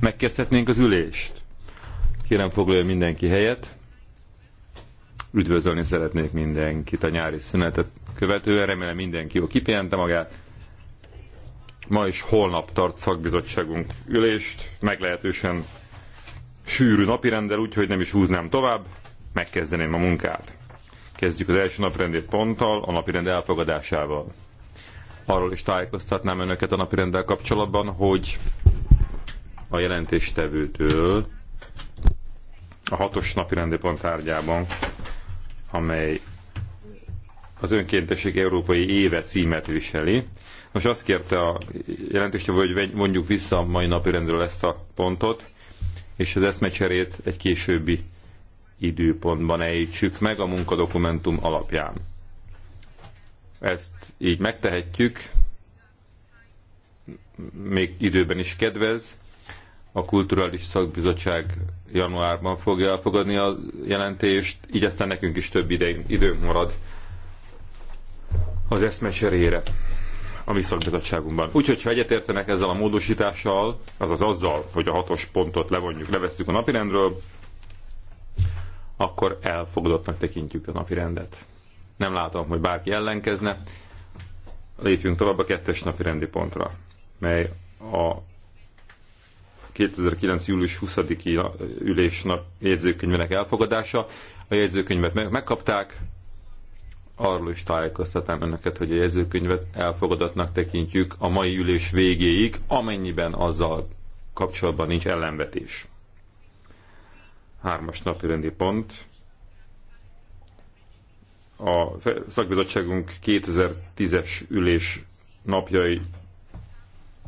Megkezdhetnénk az ülést. Kérem foglaljon mindenki helyet. Üdvözölni szeretnék mindenkit a nyári szünetet követően. Remélem mindenki jól kipihente magát. Ma és holnap tart szakbizottságunk ülést, meglehetősen sűrű napirendel, úgyhogy nem is húznám tovább, megkezdeném a munkát. Kezdjük az első naprendi ponttal, a napirend elfogadásával arról is tájékoztatnám önöket a napirenddel kapcsolatban, hogy a jelentéstevőtől a hatos napirendi pont tárgyában, amely az önkéntesség európai éve címet viseli. Most azt kérte a jelentéstevő, hogy mondjuk vissza a mai napirendről ezt a pontot, és az eszmecserét egy későbbi időpontban ejtsük meg a munkadokumentum alapján. Ezt így megtehetjük, még időben is kedvez. A Kulturális Szakbizottság januárban fogja elfogadni a jelentést, így aztán nekünk is több idején, időnk marad az eszmecserére a mi szakbizottságunkban. Úgyhogy, ha egyetértenek ezzel a módosítással, azaz azzal, hogy a hatos pontot levonjuk, levesszük a napirendről, akkor elfogadottnak tekintjük a napirendet. Nem látom, hogy bárki ellenkezne. Lépjünk tovább a kettes napi rendi pontra, mely a 2009. július 20-i ülés jegyzőkönyvének elfogadása. A jegyzőkönyvet megkapták, arról is tájékoztatám önöket, hogy a jegyzőkönyvet elfogadatnak tekintjük a mai ülés végéig, amennyiben azzal kapcsolatban nincs ellenvetés. Hármas napi rendi pont a szakbizottságunk 2010-es ülés napjai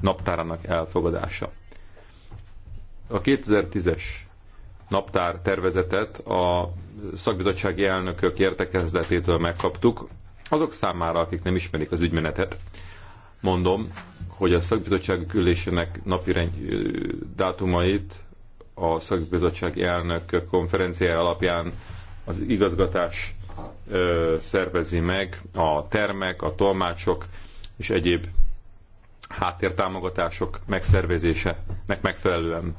naptárának elfogadása. A 2010-es naptár tervezetet a szakbizottsági elnökök értekezletétől megkaptuk. Azok számára, akik nem ismerik az ügymenetet, mondom, hogy a szakbizottság ülésének napi dátumait a szakbizottsági elnök konferenciája alapján az igazgatás ö, szervezi meg a termek, a tolmácsok és egyéb háttértámogatások meg megfelelően.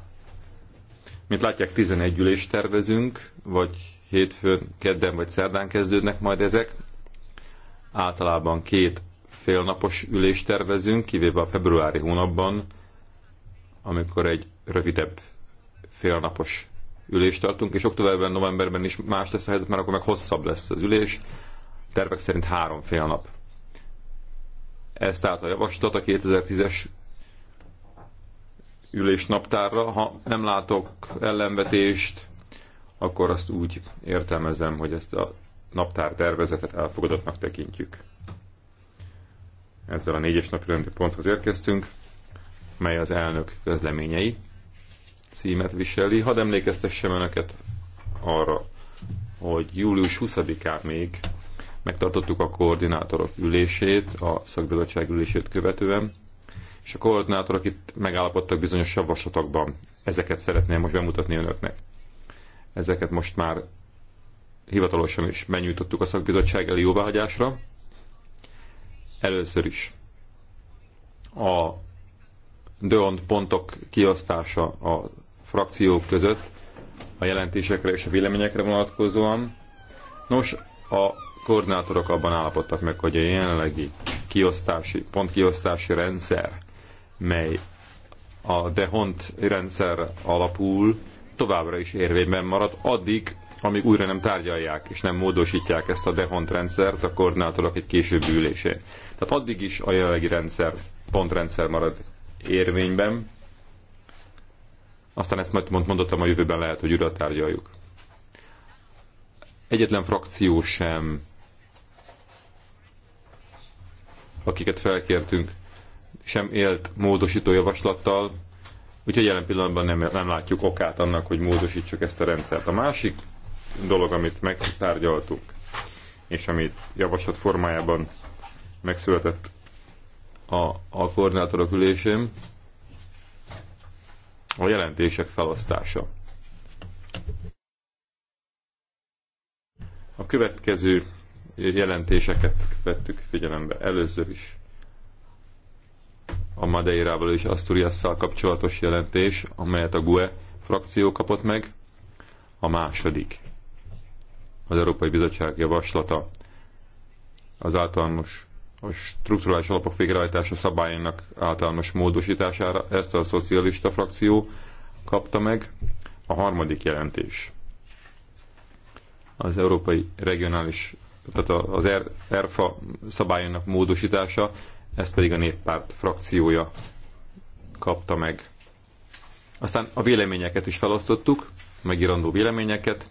Mint látják, 11 ülést tervezünk, vagy hétfőn, kedden vagy szerdán kezdődnek majd ezek. Általában két félnapos ülést tervezünk, kivéve a februári hónapban, amikor egy rövidebb félnapos ülést tartunk, és októberben, novemberben is más lesz a helyzet, mert akkor meg hosszabb lesz az ülés, tervek szerint három fél nap. Ez tehát a javaslat a 2010-es ülés naptárra. Ha nem látok ellenvetést, akkor azt úgy értelmezem, hogy ezt a naptár tervezetet elfogadottnak tekintjük. Ezzel a négyes napi ponthoz érkeztünk, mely az elnök közleményei címet viseli. Hadd emlékeztessem Önöket arra, hogy július 20-án még megtartottuk a koordinátorok ülését, a szakbizottság ülését követően, és a koordinátorok itt megállapodtak bizonyos javaslatokban. Ezeket szeretném most bemutatni Önöknek. Ezeket most már hivatalosan is benyújtottuk a szakbizottság elé jóváhagyásra. Először is a dönt pontok kiosztása a frakciók között a jelentésekre és a véleményekre vonatkozóan. Nos, a koordinátorok abban állapodtak meg, hogy a jelenlegi kiosztási, pontkiosztási rendszer, mely a Dehont rendszer alapul, továbbra is érvényben marad, addig, amíg újra nem tárgyalják és nem módosítják ezt a Dehont rendszert a koordinátorok egy későbbi ülésén. Tehát addig is a jelenlegi rendszer, pontrendszer marad érvényben. Aztán ezt majd mondottam, a jövőben lehet, hogy újra tárgyaljuk. Egyetlen frakció sem, akiket felkértünk, sem élt módosító javaslattal, úgyhogy jelen pillanatban nem, nem látjuk okát annak, hogy módosítsuk ezt a rendszert. A másik dolog, amit megtárgyaltuk, és amit javaslat formájában megszületett a, a koordinátorok ülésén a jelentések felosztása. A következő jelentéseket vettük figyelembe először is. A Madeirával és Asturiasszal kapcsolatos jelentés, amelyet a GUE frakció kapott meg. A második, az Európai Bizottság javaslata az általános a strukturális alapok végrehajtása szabályainak általános módosítására. Ezt a szocialista frakció kapta meg. A harmadik jelentés az európai regionális, tehát az ERFA szabályainak módosítása, ezt pedig a néppárt frakciója kapta meg. Aztán a véleményeket is felosztottuk, megírandó véleményeket.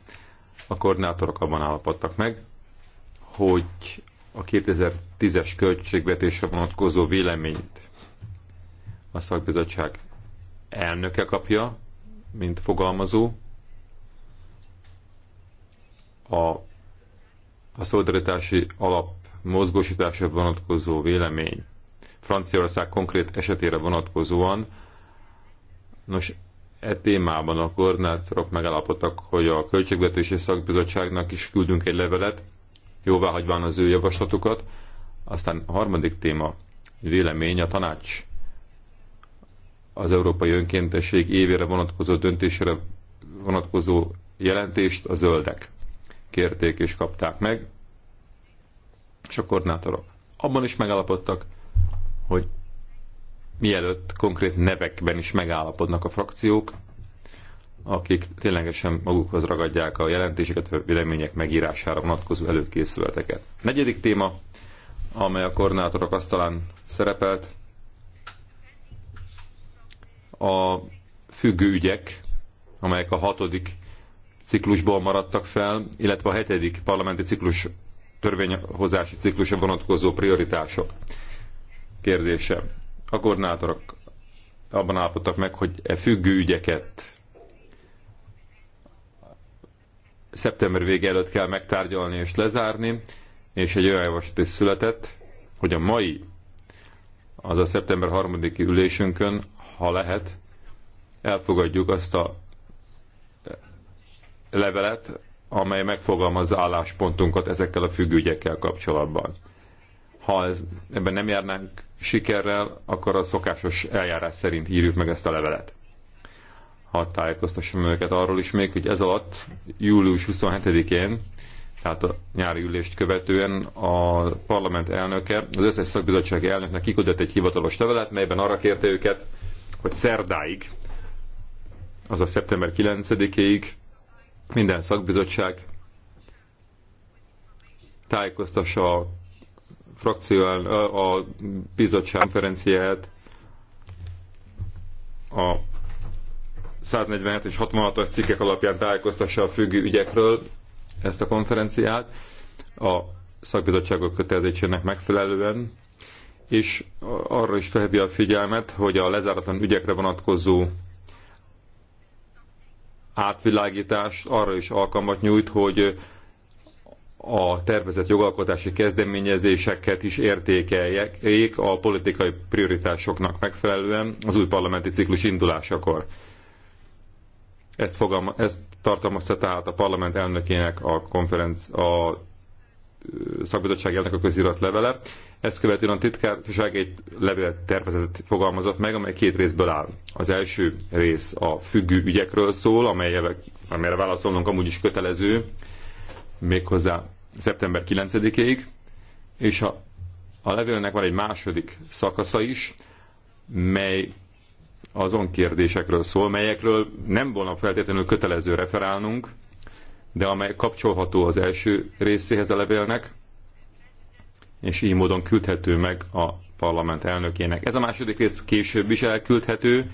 A koordinátorok abban állapodtak meg, hogy a 2010-es költségvetésre vonatkozó véleményt a szakbizottság elnöke kapja, mint fogalmazó. A, a szolidaritási alap mozgósításra vonatkozó vélemény Franciaország konkrét esetére vonatkozóan. Nos, e témában a koordinátorok megállapodtak, hogy a Költségvetési Szakbizottságnak is küldünk egy levelet, jóváhagyván az ő javaslatukat. Aztán a harmadik téma, vélemény, a tanács az Európai Önkéntesség évére vonatkozó döntésére vonatkozó jelentést a zöldek kérték és kapták meg, és a koordinátorok. Abban is megállapodtak, hogy mielőtt konkrét nevekben is megállapodnak a frakciók, akik ténylegesen magukhoz ragadják a jelentéseket, a vélemények megírására vonatkozó előkészületeket. Negyedik téma, amely a koordinátorok asztalán szerepelt, a függő ügyek, amelyek a hatodik ciklusból maradtak fel, illetve a hetedik parlamenti ciklus törvényhozási ciklusa vonatkozó prioritások kérdése. A koordinátorok abban állapodtak meg, hogy e függő ügyeket szeptember vége előtt kell megtárgyalni és lezárni, és egy olyan javaslat is született, hogy a mai, az a szeptember harmadiki ülésünkön, ha lehet, elfogadjuk azt a levelet, amely megfogalmazza álláspontunkat ezekkel a függőgyekkel kapcsolatban. Ha ez, ebben nem járnánk sikerrel, akkor a szokásos eljárás szerint írjuk meg ezt a levelet hadd tájékoztassam őket arról is még, hogy ez alatt július 27-én, tehát a nyári ülést követően a parlament elnöke az összes szakbizottság elnöknek kiküldött egy hivatalos levelet, melyben arra kérte őket, hogy szerdáig, azaz szeptember 9-ig minden szakbizottság tájékoztassa a frakció, a bizottság konferenciáját a 147 és 66-as cikkek alapján tájékoztassa a függő ügyekről ezt a konferenciát a szakbizottságok kötelezettségének megfelelően, és arra is felhívja a figyelmet, hogy a lezáratlan ügyekre vonatkozó átvilágítás arra is alkalmat nyújt, hogy a tervezett jogalkotási kezdeményezéseket is értékeljék a politikai prioritásoknak megfelelően az új parlamenti ciklus indulásakor. Ezt, fogalma, ezt tartalmazta tehát a parlament elnökének a konferenc, a szakbizottság elnök a közirat levele. Ezt követően a titkárság egy levél tervezetet fogalmazott meg, amely két részből áll. Az első rész a függő ügyekről szól, amelyre, amelyre válaszolnunk amúgy is kötelező, méghozzá szeptember 9-ig, és a, a levélnek van egy második szakasza is, mely azon kérdésekről szól, melyekről nem volna feltétlenül kötelező referálnunk, de amely kapcsolható az első részéhez a levélnek, és így módon küldhető meg a parlament elnökének. Ez a második rész később is elküldhető,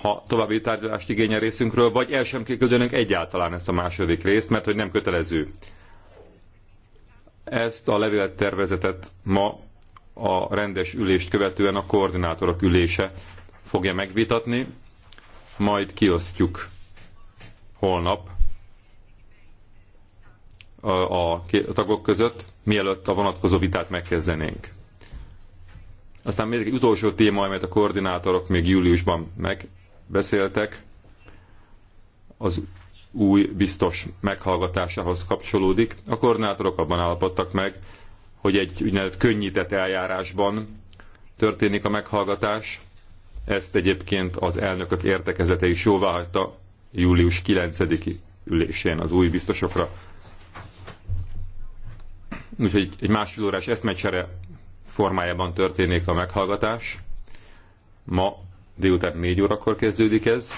ha további tárgyalást igényel részünkről, vagy el sem kiküldönünk egyáltalán ezt a második részt, mert hogy nem kötelező. Ezt a levélet tervezetet ma a rendes ülést követően a koordinátorok ülése fogja megvitatni, majd kiosztjuk holnap a tagok között, mielőtt a vonatkozó vitát megkezdenénk. Aztán még egy utolsó téma, amelyet a koordinátorok még júliusban megbeszéltek, az új biztos meghallgatásához kapcsolódik. A koordinátorok abban állapodtak meg, hogy egy úgynevezett könnyített eljárásban történik a meghallgatás, ezt egyébként az elnökök értekezete is jóváhagyta július 9-i ülésén az új biztosokra. Úgyhogy egy másfél órás eszmecsere formájában történik a meghallgatás. Ma délután 4 órakor kezdődik ez.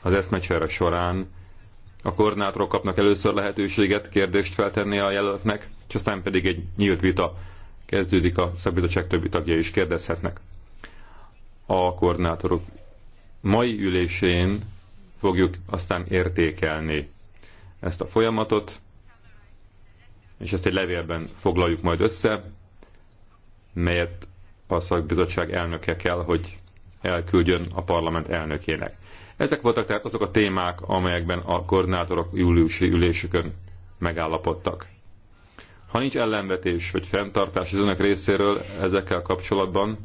Az eszmecsere során a koordinátorok kapnak először lehetőséget kérdést feltenni a jelöltnek, és aztán pedig egy nyílt vita kezdődik, a szakbizottság többi tagja is kérdezhetnek a koordinátorok mai ülésén fogjuk aztán értékelni ezt a folyamatot, és ezt egy levélben foglaljuk majd össze, melyet a szakbizottság elnöke kell, hogy elküldjön a parlament elnökének. Ezek voltak tehát azok a témák, amelyekben a koordinátorok júliusi ülésükön megállapodtak. Ha nincs ellenvetés vagy fenntartás az önök részéről ezekkel kapcsolatban,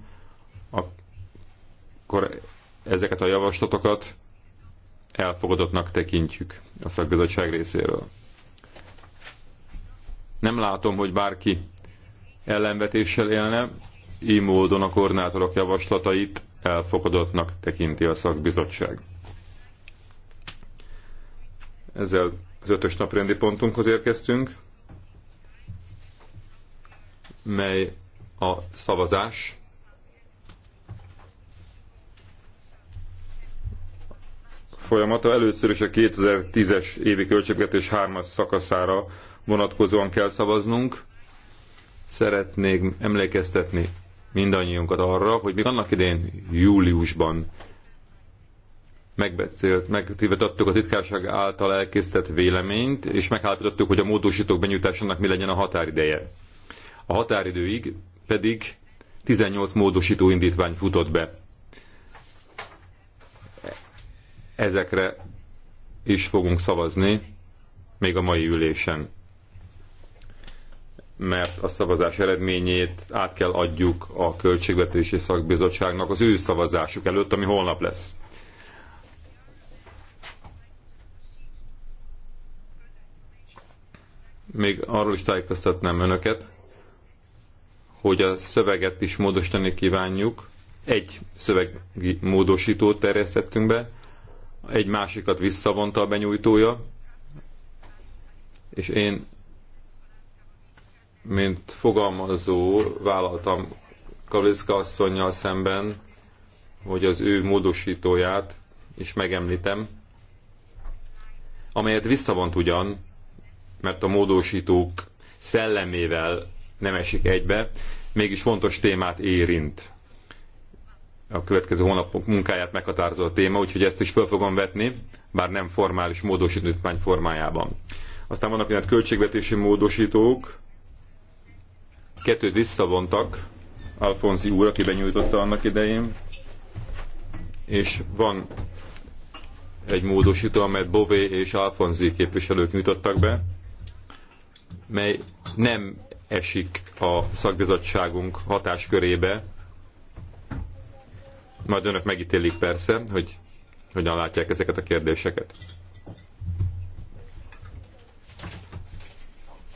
akkor ezeket a javaslatokat elfogadottnak tekintjük a szakbizottság részéről. Nem látom, hogy bárki ellenvetéssel élne, így módon a koordinátorok javaslatait elfogadottnak tekinti a szakbizottság. Ezzel az ötös naprendi pontunkhoz érkeztünk, mely a szavazás folyamata. Először is a 2010-es évi költségvetés hármas szakaszára vonatkozóan kell szavaznunk. Szeretnék emlékeztetni mindannyiunkat arra, hogy még annak idén júliusban megbeszélt, megtivetettük a titkárság által elkészített véleményt, és megállapítottuk, hogy a módosítók benyújtásának mi legyen a határideje. A határidőig pedig 18 módosító indítvány futott be. Ezekre is fogunk szavazni, még a mai ülésen. Mert a szavazás eredményét át kell adjuk a Költségvetési Szakbizottságnak az ő szavazásuk előtt, ami holnap lesz. Még arról is tájékoztatnám önöket, hogy a szöveget is módosítani kívánjuk. Egy szövegmódosítót terjesztettünk be, egy másikat visszavonta a benyújtója, és én, mint fogalmazó, vállaltam Kaliszka asszonynal szemben, hogy az ő módosítóját is megemlítem, amelyet visszavont ugyan, mert a módosítók szellemével nem esik egybe, mégis fontos témát érint a következő hónapok munkáját meghatározó a téma, úgyhogy ezt is föl fogom vetni, bár nem formális módosítvány formájában. Aztán vannak ilyen költségvetési módosítók, kettőt visszavontak, Alfonzi úr, aki benyújtotta annak idején, és van egy módosító, amelyet Bové és Alfonzi képviselők nyújtottak be, mely nem esik a szakbizottságunk hatáskörébe, majd önök megítélik persze, hogy hogyan látják ezeket a kérdéseket.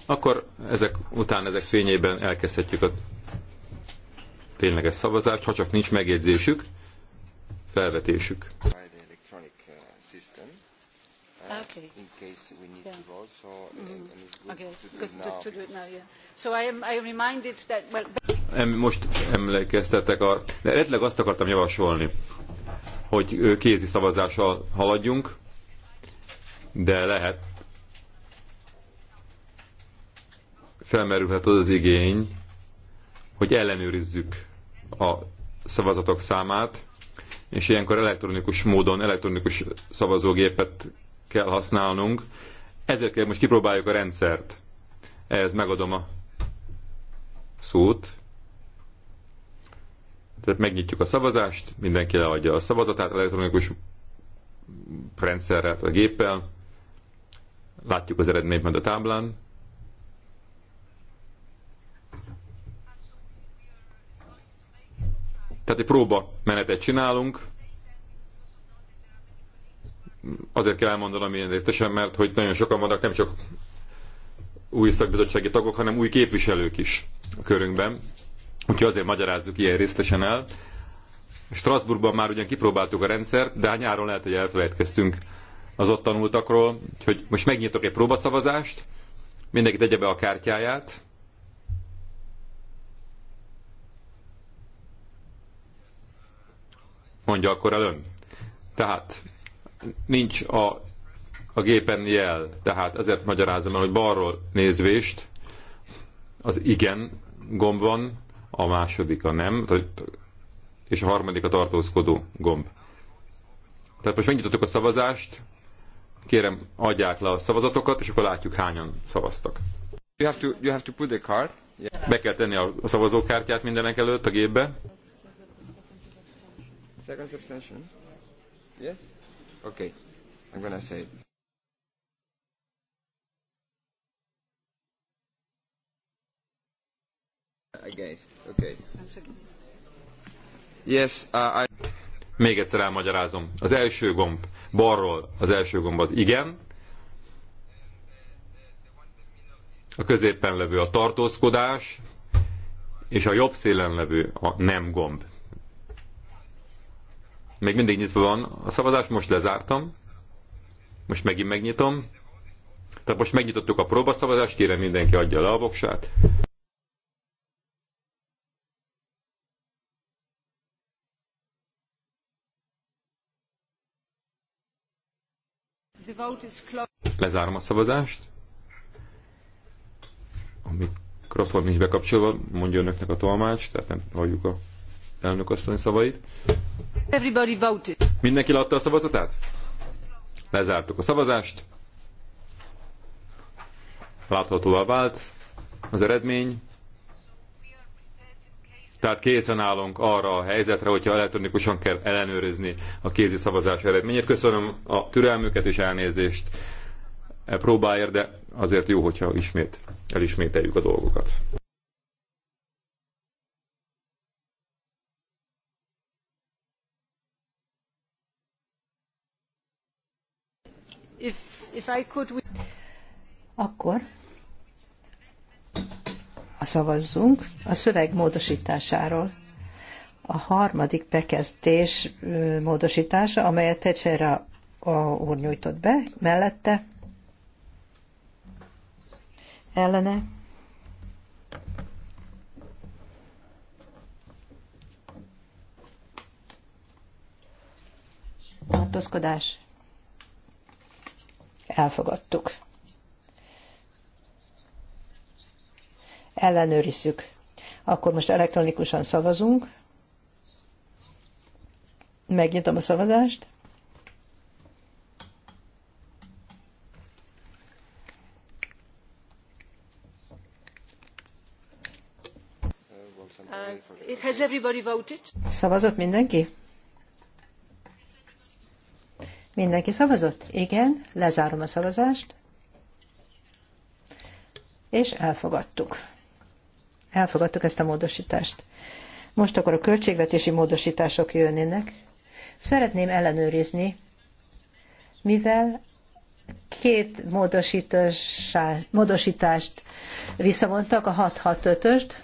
Akkor ezek után, ezek fényében elkezdhetjük a tényleges szavazást, ha csak nincs megjegyzésük, felvetésük. Uh, uh, okay. in case we need yeah. to vote. So, mm. and it's good okay. to do good, To, to do it now yeah. So I am, I am reminded that, well, most emlékeztetek a... De eredetileg azt akartam javasolni, hogy kézi szavazással haladjunk, de lehet felmerülhet az az igény, hogy ellenőrizzük a szavazatok számát, és ilyenkor elektronikus módon, elektronikus szavazógépet kell használnunk. Ezért kell most kipróbáljuk a rendszert. Ehhez megadom a szót. Tehát megnyitjuk a szavazást, mindenki leadja a szavazatát elektronikus rendszerrel, a géppel. Látjuk az eredményt majd a táblán. Tehát egy próba menetet csinálunk. Azért kell elmondanom ilyen részesen, mert hogy nagyon sokan vannak nem csak új szakbizottsági tagok, hanem új képviselők is a körünkben. Úgyhogy azért magyarázzuk ilyen részletesen el. Strasbourgban már ugyan kipróbáltuk a rendszert, de hát nyáron lehet, hogy elfelejtkeztünk az ott tanultakról. Úgyhogy most megnyitok egy próbaszavazást, mindenki tegye be a kártyáját. Mondja akkor el ön. Tehát nincs a, a gépen jel, tehát ezért magyarázom el, hogy balról nézvést az igen gomb van, a második a nem, és a harmadik a tartózkodó gomb. Tehát most megnyitottuk a szavazást, kérem adják le a szavazatokat, és akkor látjuk hányan szavaztak. You have to, you have to put the card. Yeah. Be kell tenni a szavazókártyát mindenek előtt a gépbe. Second substantion. Yes? Okay. I'm gonna say it. against. Okay. Yes, uh, I... Még egyszer elmagyarázom. Az első gomb balról az első gomb az igen, a középen levő a tartózkodás, és a jobb szélen levő a nem gomb. Még mindig nyitva van a szavazás, most lezártam, most megint megnyitom. Tehát most megnyitottuk a próbaszavazást, kérem mindenki adja le a voksát. Lezárom a szavazást. A mikrofon nincs bekapcsolva, mondja önöknek a tolmács, tehát nem halljuk a elnök asszony szavait. Everybody voted. Mindenki látta a szavazatát? Lezártuk a szavazást. Láthatóvá vált az eredmény. Tehát készen állunk arra a helyzetre, hogyha elektronikusan kell ellenőrizni a kézi szavazás eredményét. Köszönöm a türelmüket és elnézést e, próbáért, de azért jó, hogyha ismét elismételjük a dolgokat. If, if I could... Akkor szavazzunk a szöveg módosításáról. A harmadik bekezdés módosítása, amelyet Tecsera úr nyújtott be, mellette ellene. Tartózkodás. Elfogadtuk. ellenőrizzük. Akkor most elektronikusan szavazunk. Megnyitom a szavazást. Uh, has everybody voted? Szavazott mindenki? Mindenki szavazott? Igen, lezárom a szavazást. És elfogadtuk. Elfogadtuk ezt a módosítást. Most akkor a költségvetési módosítások jönnének. Szeretném ellenőrizni, mivel két módosítást visszavontak, a 665-öst,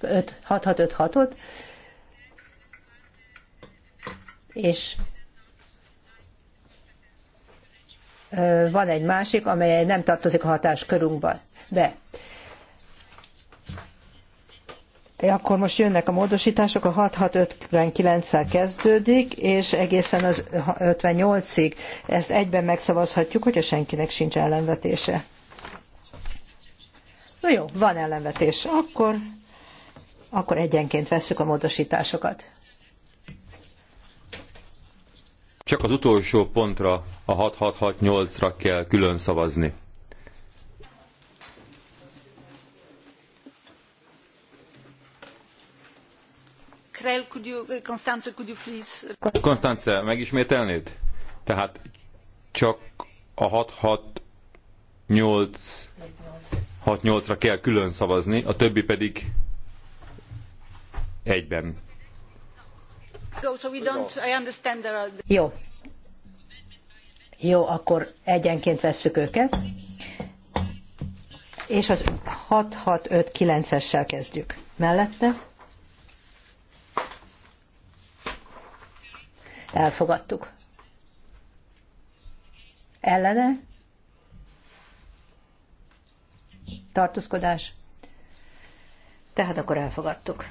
6656-ot, és van egy másik, amely nem tartozik a hatáskörünkbe akkor most jönnek a módosítások, a 6659-szel kezdődik, és egészen az 58-ig ezt egyben megszavazhatjuk, hogyha senkinek sincs ellenvetése. Na jó, van ellenvetés, akkor, akkor egyenként vesszük a módosításokat. Csak az utolsó pontra, a 6668-ra kell külön szavazni. Krell, could you, uh, Constance, could you please... Uh, Constance, megismételnéd? Tehát csak a 668 6-8-ra kell külön szavazni, a többi pedig egyben. Jó. Jó, akkor egyenként vesszük őket. És az 6-6-5-9-essel kezdjük. Mellette? Elfogadtuk. Ellene? Tartózkodás? Tehát akkor elfogadtuk.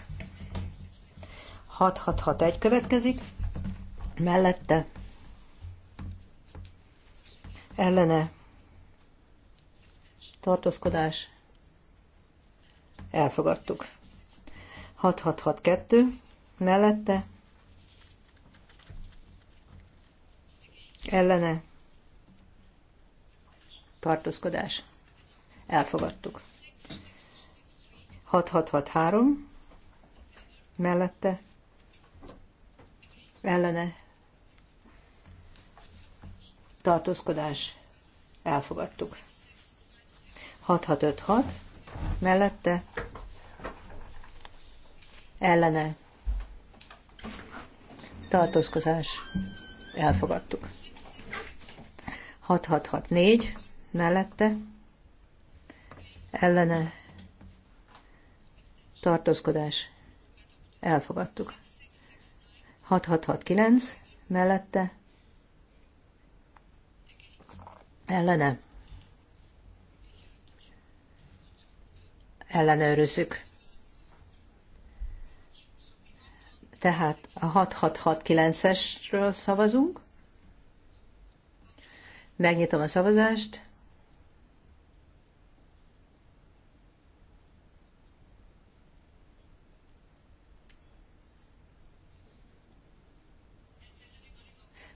6661 következik. Mellette? Ellene? Tartózkodás? Elfogadtuk. 6662 mellette ellene tartózkodás. Elfogadtuk. 6663 mellette ellene tartózkodás. Elfogadtuk. 6656 mellette ellene tartózkodás. Elfogadtuk. 6664 mellette ellene tartózkodás elfogadtuk. 6669 mellette ellene ellenőrizzük. Tehát a 6669-esről szavazunk. Megnyitom a szavazást.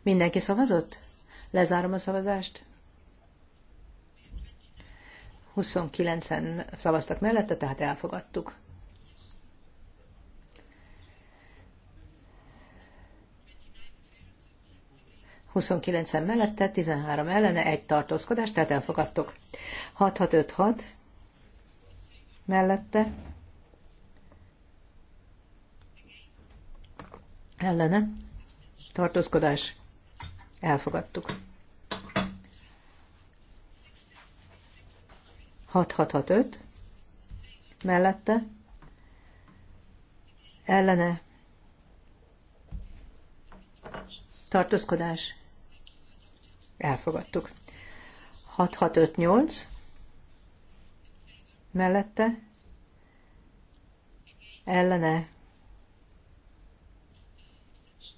Mindenki szavazott? Lezárom a szavazást. 29-en szavaztak mellette, tehát elfogadtuk. 29-en mellette, 13 ellene, egy tartózkodás, tehát elfogadtuk. 6656 mellette, ellene, tartózkodás, elfogadtuk. 6665 mellette, ellene, tartózkodás, Elfogadtuk. 6658 mellette ellene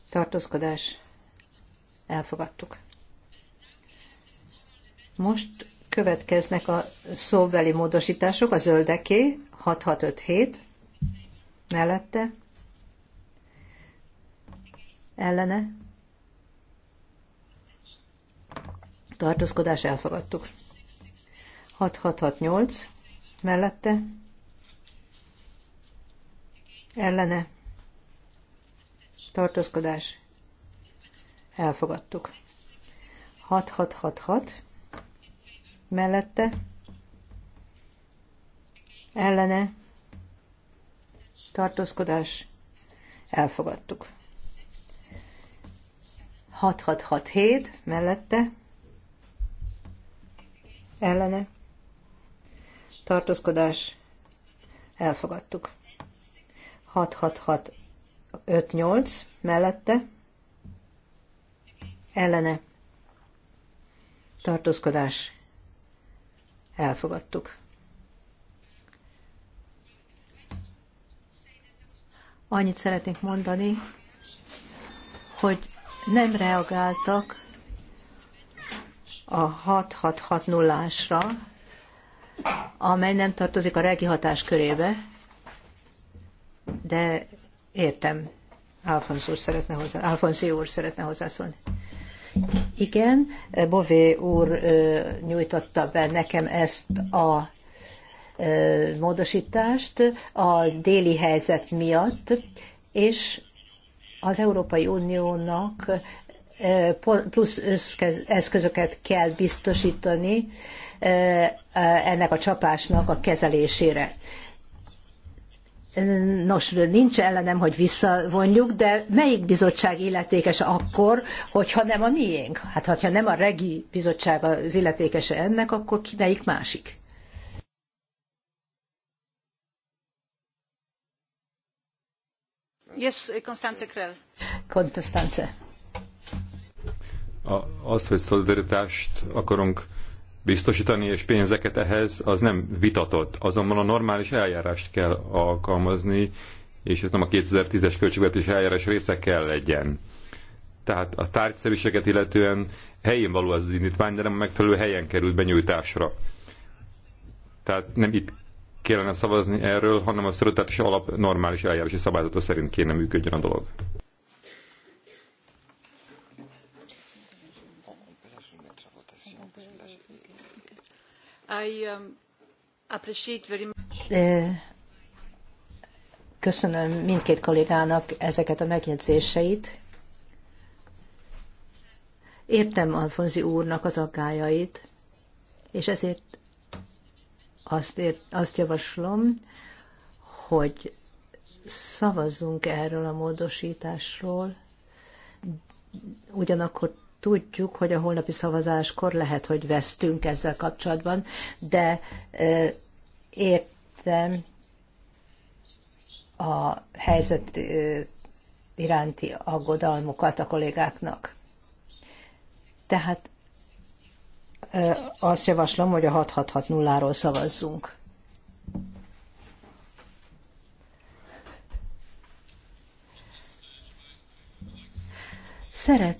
tartózkodás elfogadtuk. Most következnek a szóbeli módosítások, a zöldeké 6657 mellette ellene tartózkodás elfogadtuk. 6668 mellette ellene tartózkodás elfogadtuk. 6666 mellette ellene tartózkodás elfogadtuk. 6667 mellette ellene tartózkodás elfogadtuk. 66658 mellette ellene tartózkodás elfogadtuk. Annyit szeretnék mondani, hogy nem reagáltak a 6660-ásra, amely nem tartozik a regi hatás körébe, de értem, Alfonszi úr szeretne hozzá, Alfonszi úr szeretne hozzászólni. Igen, Bové úr nyújtotta be nekem ezt a módosítást a déli helyzet miatt, és az Európai Uniónak plusz eszközöket kell biztosítani ennek a csapásnak a kezelésére. Nos, nincs ellenem, hogy visszavonjuk, de melyik bizottság illetékes akkor, hogyha nem a miénk? Hát, ha nem a regi bizottság az illetékese ennek, akkor ki, melyik másik? Yes, Konstance Krell. Konstance az, hogy szolidaritást akarunk biztosítani, és pénzeket ehhez, az nem vitatott. Azonban a normális eljárást kell alkalmazni, és ez nem a 2010-es költségvetés eljárás része kell legyen. Tehát a tárgyszerűséget illetően helyén való az indítvány, de nem a megfelelő helyen került benyújtásra. Tehát nem itt kellene szavazni erről, hanem a szörötetes alap normális eljárási szabályzata szerint kéne működjön a dolog. Um, köszönöm mindkét kollégának ezeket a megjegyzéseit. Értem Alfonzi úrnak az aggájait, és ezért azt, ért, azt javaslom, hogy szavazzunk erről a módosításról, ugyanakkor Tudjuk, hogy a holnapi szavazáskor lehet, hogy vesztünk ezzel kapcsolatban, de értem a helyzet iránti aggodalmukat a kollégáknak. Tehát azt javaslom, hogy a 6660-ról szavazzunk. Szeret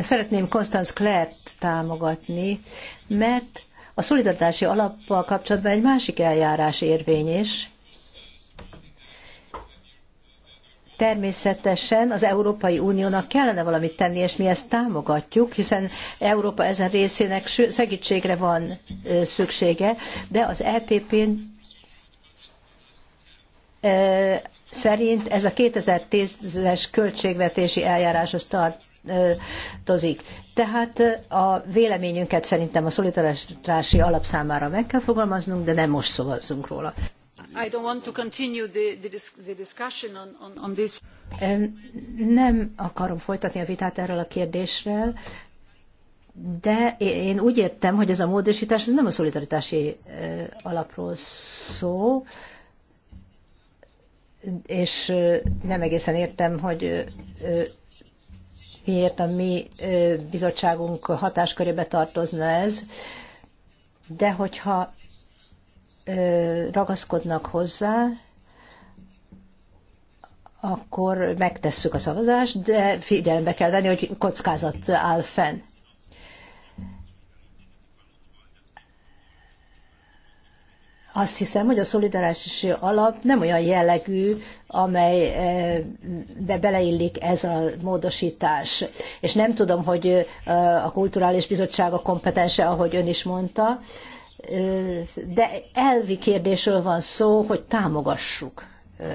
szeretném claire Klert támogatni, mert a szolidaritási alappal kapcsolatban egy másik eljárás érvényes. Természetesen az Európai Uniónak kellene valamit tenni, és mi ezt támogatjuk, hiszen Európa ezen részének segítségre van szüksége, de az EPP-n szerint ez a 2010-es költségvetési eljáráshoz tart tartozik. Tehát a véleményünket szerintem a szolidaritási alapszámára meg kell fogalmaznunk, de nem most szavazzunk róla. I don't want to continue the, the discussion on, on, on this. Nem akarom folytatni a vitát erről a kérdésről, de én úgy értem, hogy ez a módosítás ez nem a szolidaritási alapról szó, és nem egészen értem, hogy miért a mi bizottságunk hatáskörébe tartozna ez, de hogyha ragaszkodnak hozzá, akkor megtesszük a szavazást, de figyelembe kell venni, hogy kockázat áll fenn. Azt hiszem, hogy a szolidaritás alap nem olyan jellegű, amelybe eh, beleillik ez a módosítás. És nem tudom, hogy eh, a Kulturális Bizottság a kompetense, ahogy ön is mondta, eh, de elvi kérdésről van szó, hogy támogassuk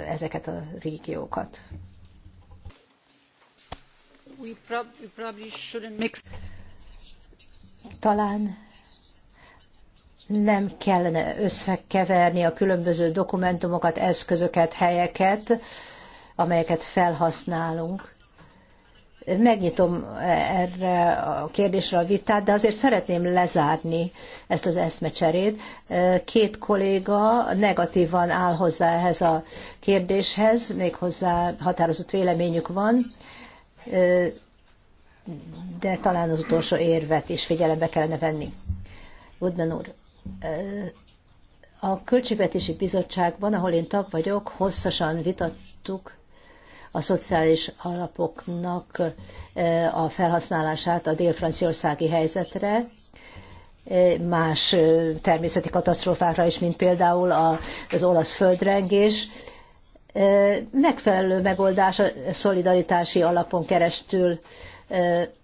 ezeket a régiókat. Talán nem kellene összekeverni a különböző dokumentumokat, eszközöket, helyeket, amelyeket felhasználunk. Megnyitom erre a kérdésre a vitát, de azért szeretném lezárni ezt az eszmecserét. Két kolléga negatívan áll hozzá ehhez a kérdéshez, méghozzá határozott véleményük van de talán az utolsó érvet is figyelembe kellene venni. Woodman úr, a Költségvetési Bizottságban, ahol én tag vagyok, hosszasan vitattuk a szociális alapoknak e, a felhasználását a dél-franciaországi helyzetre, e, más e, természeti katasztrófákra is, mint például az olasz földrengés. Megfelelő megoldás a szolidaritási alapon keresztül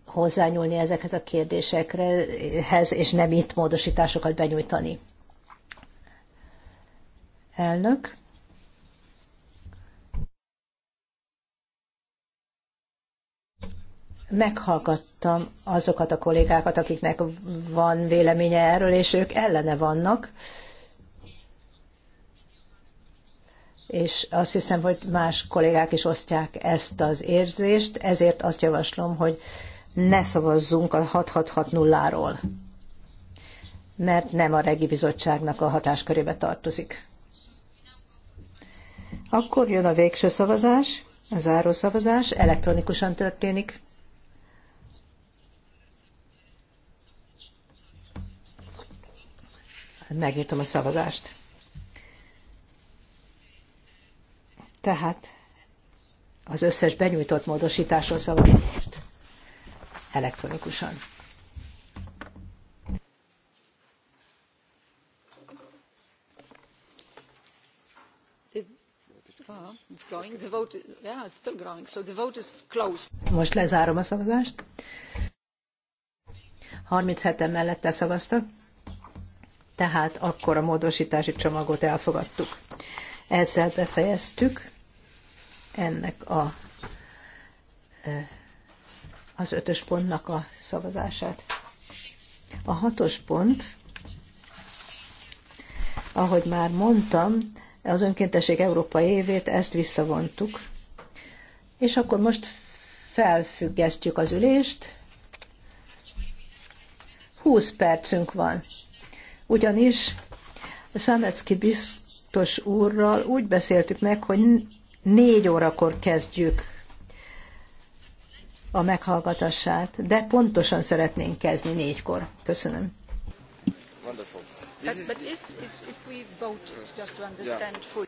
hozzányúlni ezekhez a kérdésekhez, és nem itt módosításokat benyújtani. Elnök. meghallgattam azokat a kollégákat, akiknek van véleménye erről, és ők ellene vannak. És azt hiszem, hogy más kollégák is osztják ezt az érzést, ezért azt javaslom, hogy ne szavazzunk a 6660-ról, mert nem a regi bizottságnak a hatáskörébe tartozik. Akkor jön a végső szavazás, a záró szavazás, elektronikusan történik. Megnyitom a szavazást. Tehát az összes benyújtott módosításról szavazunk elektronikusan. Most lezárom a szavazást. 37-en mellette szavaztak, tehát akkor a módosítási csomagot elfogadtuk. Ezzel befejeztük ennek a eh, az ötös pontnak a szavazását. A hatos pont, ahogy már mondtam, az önkéntesség Európai évét, ezt visszavontuk. És akkor most felfüggesztjük az ülést. 20 percünk van. Ugyanis Szamecki biztos úrral úgy beszéltük meg, hogy négy órakor kezdjük a meghallgatását, de pontosan szeretnénk kezdni négykor. Köszönöm. But, but if, if, if we vote, just to understand yeah. fully.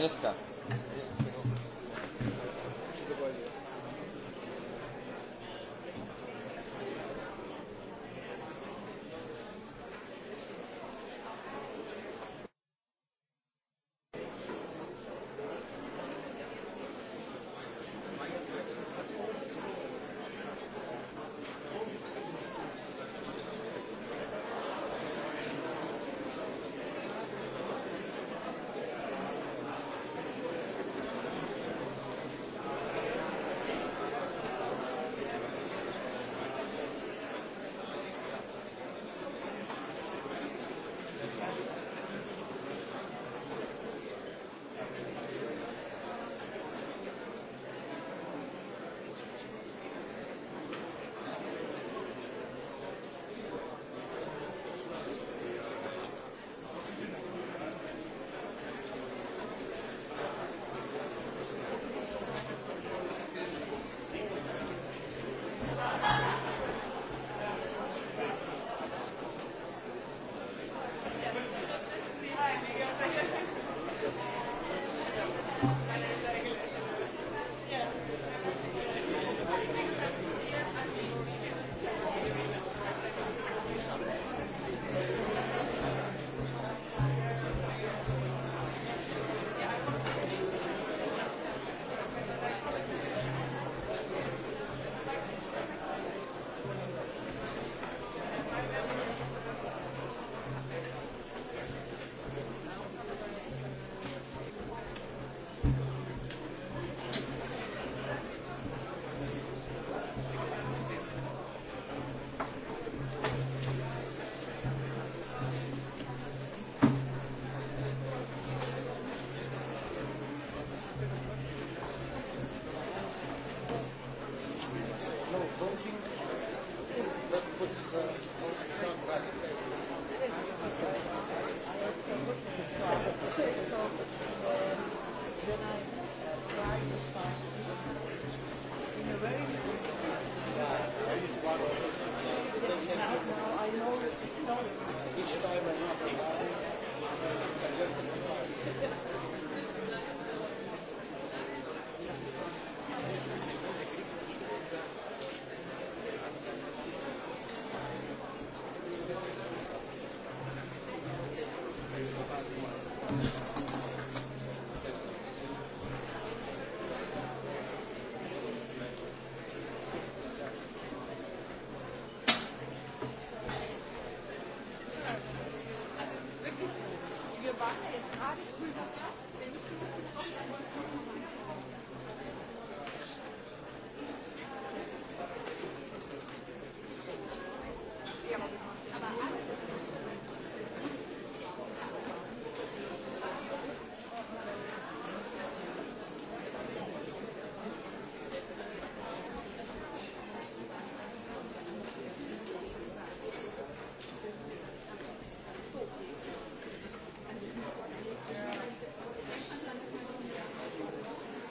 Mieszka.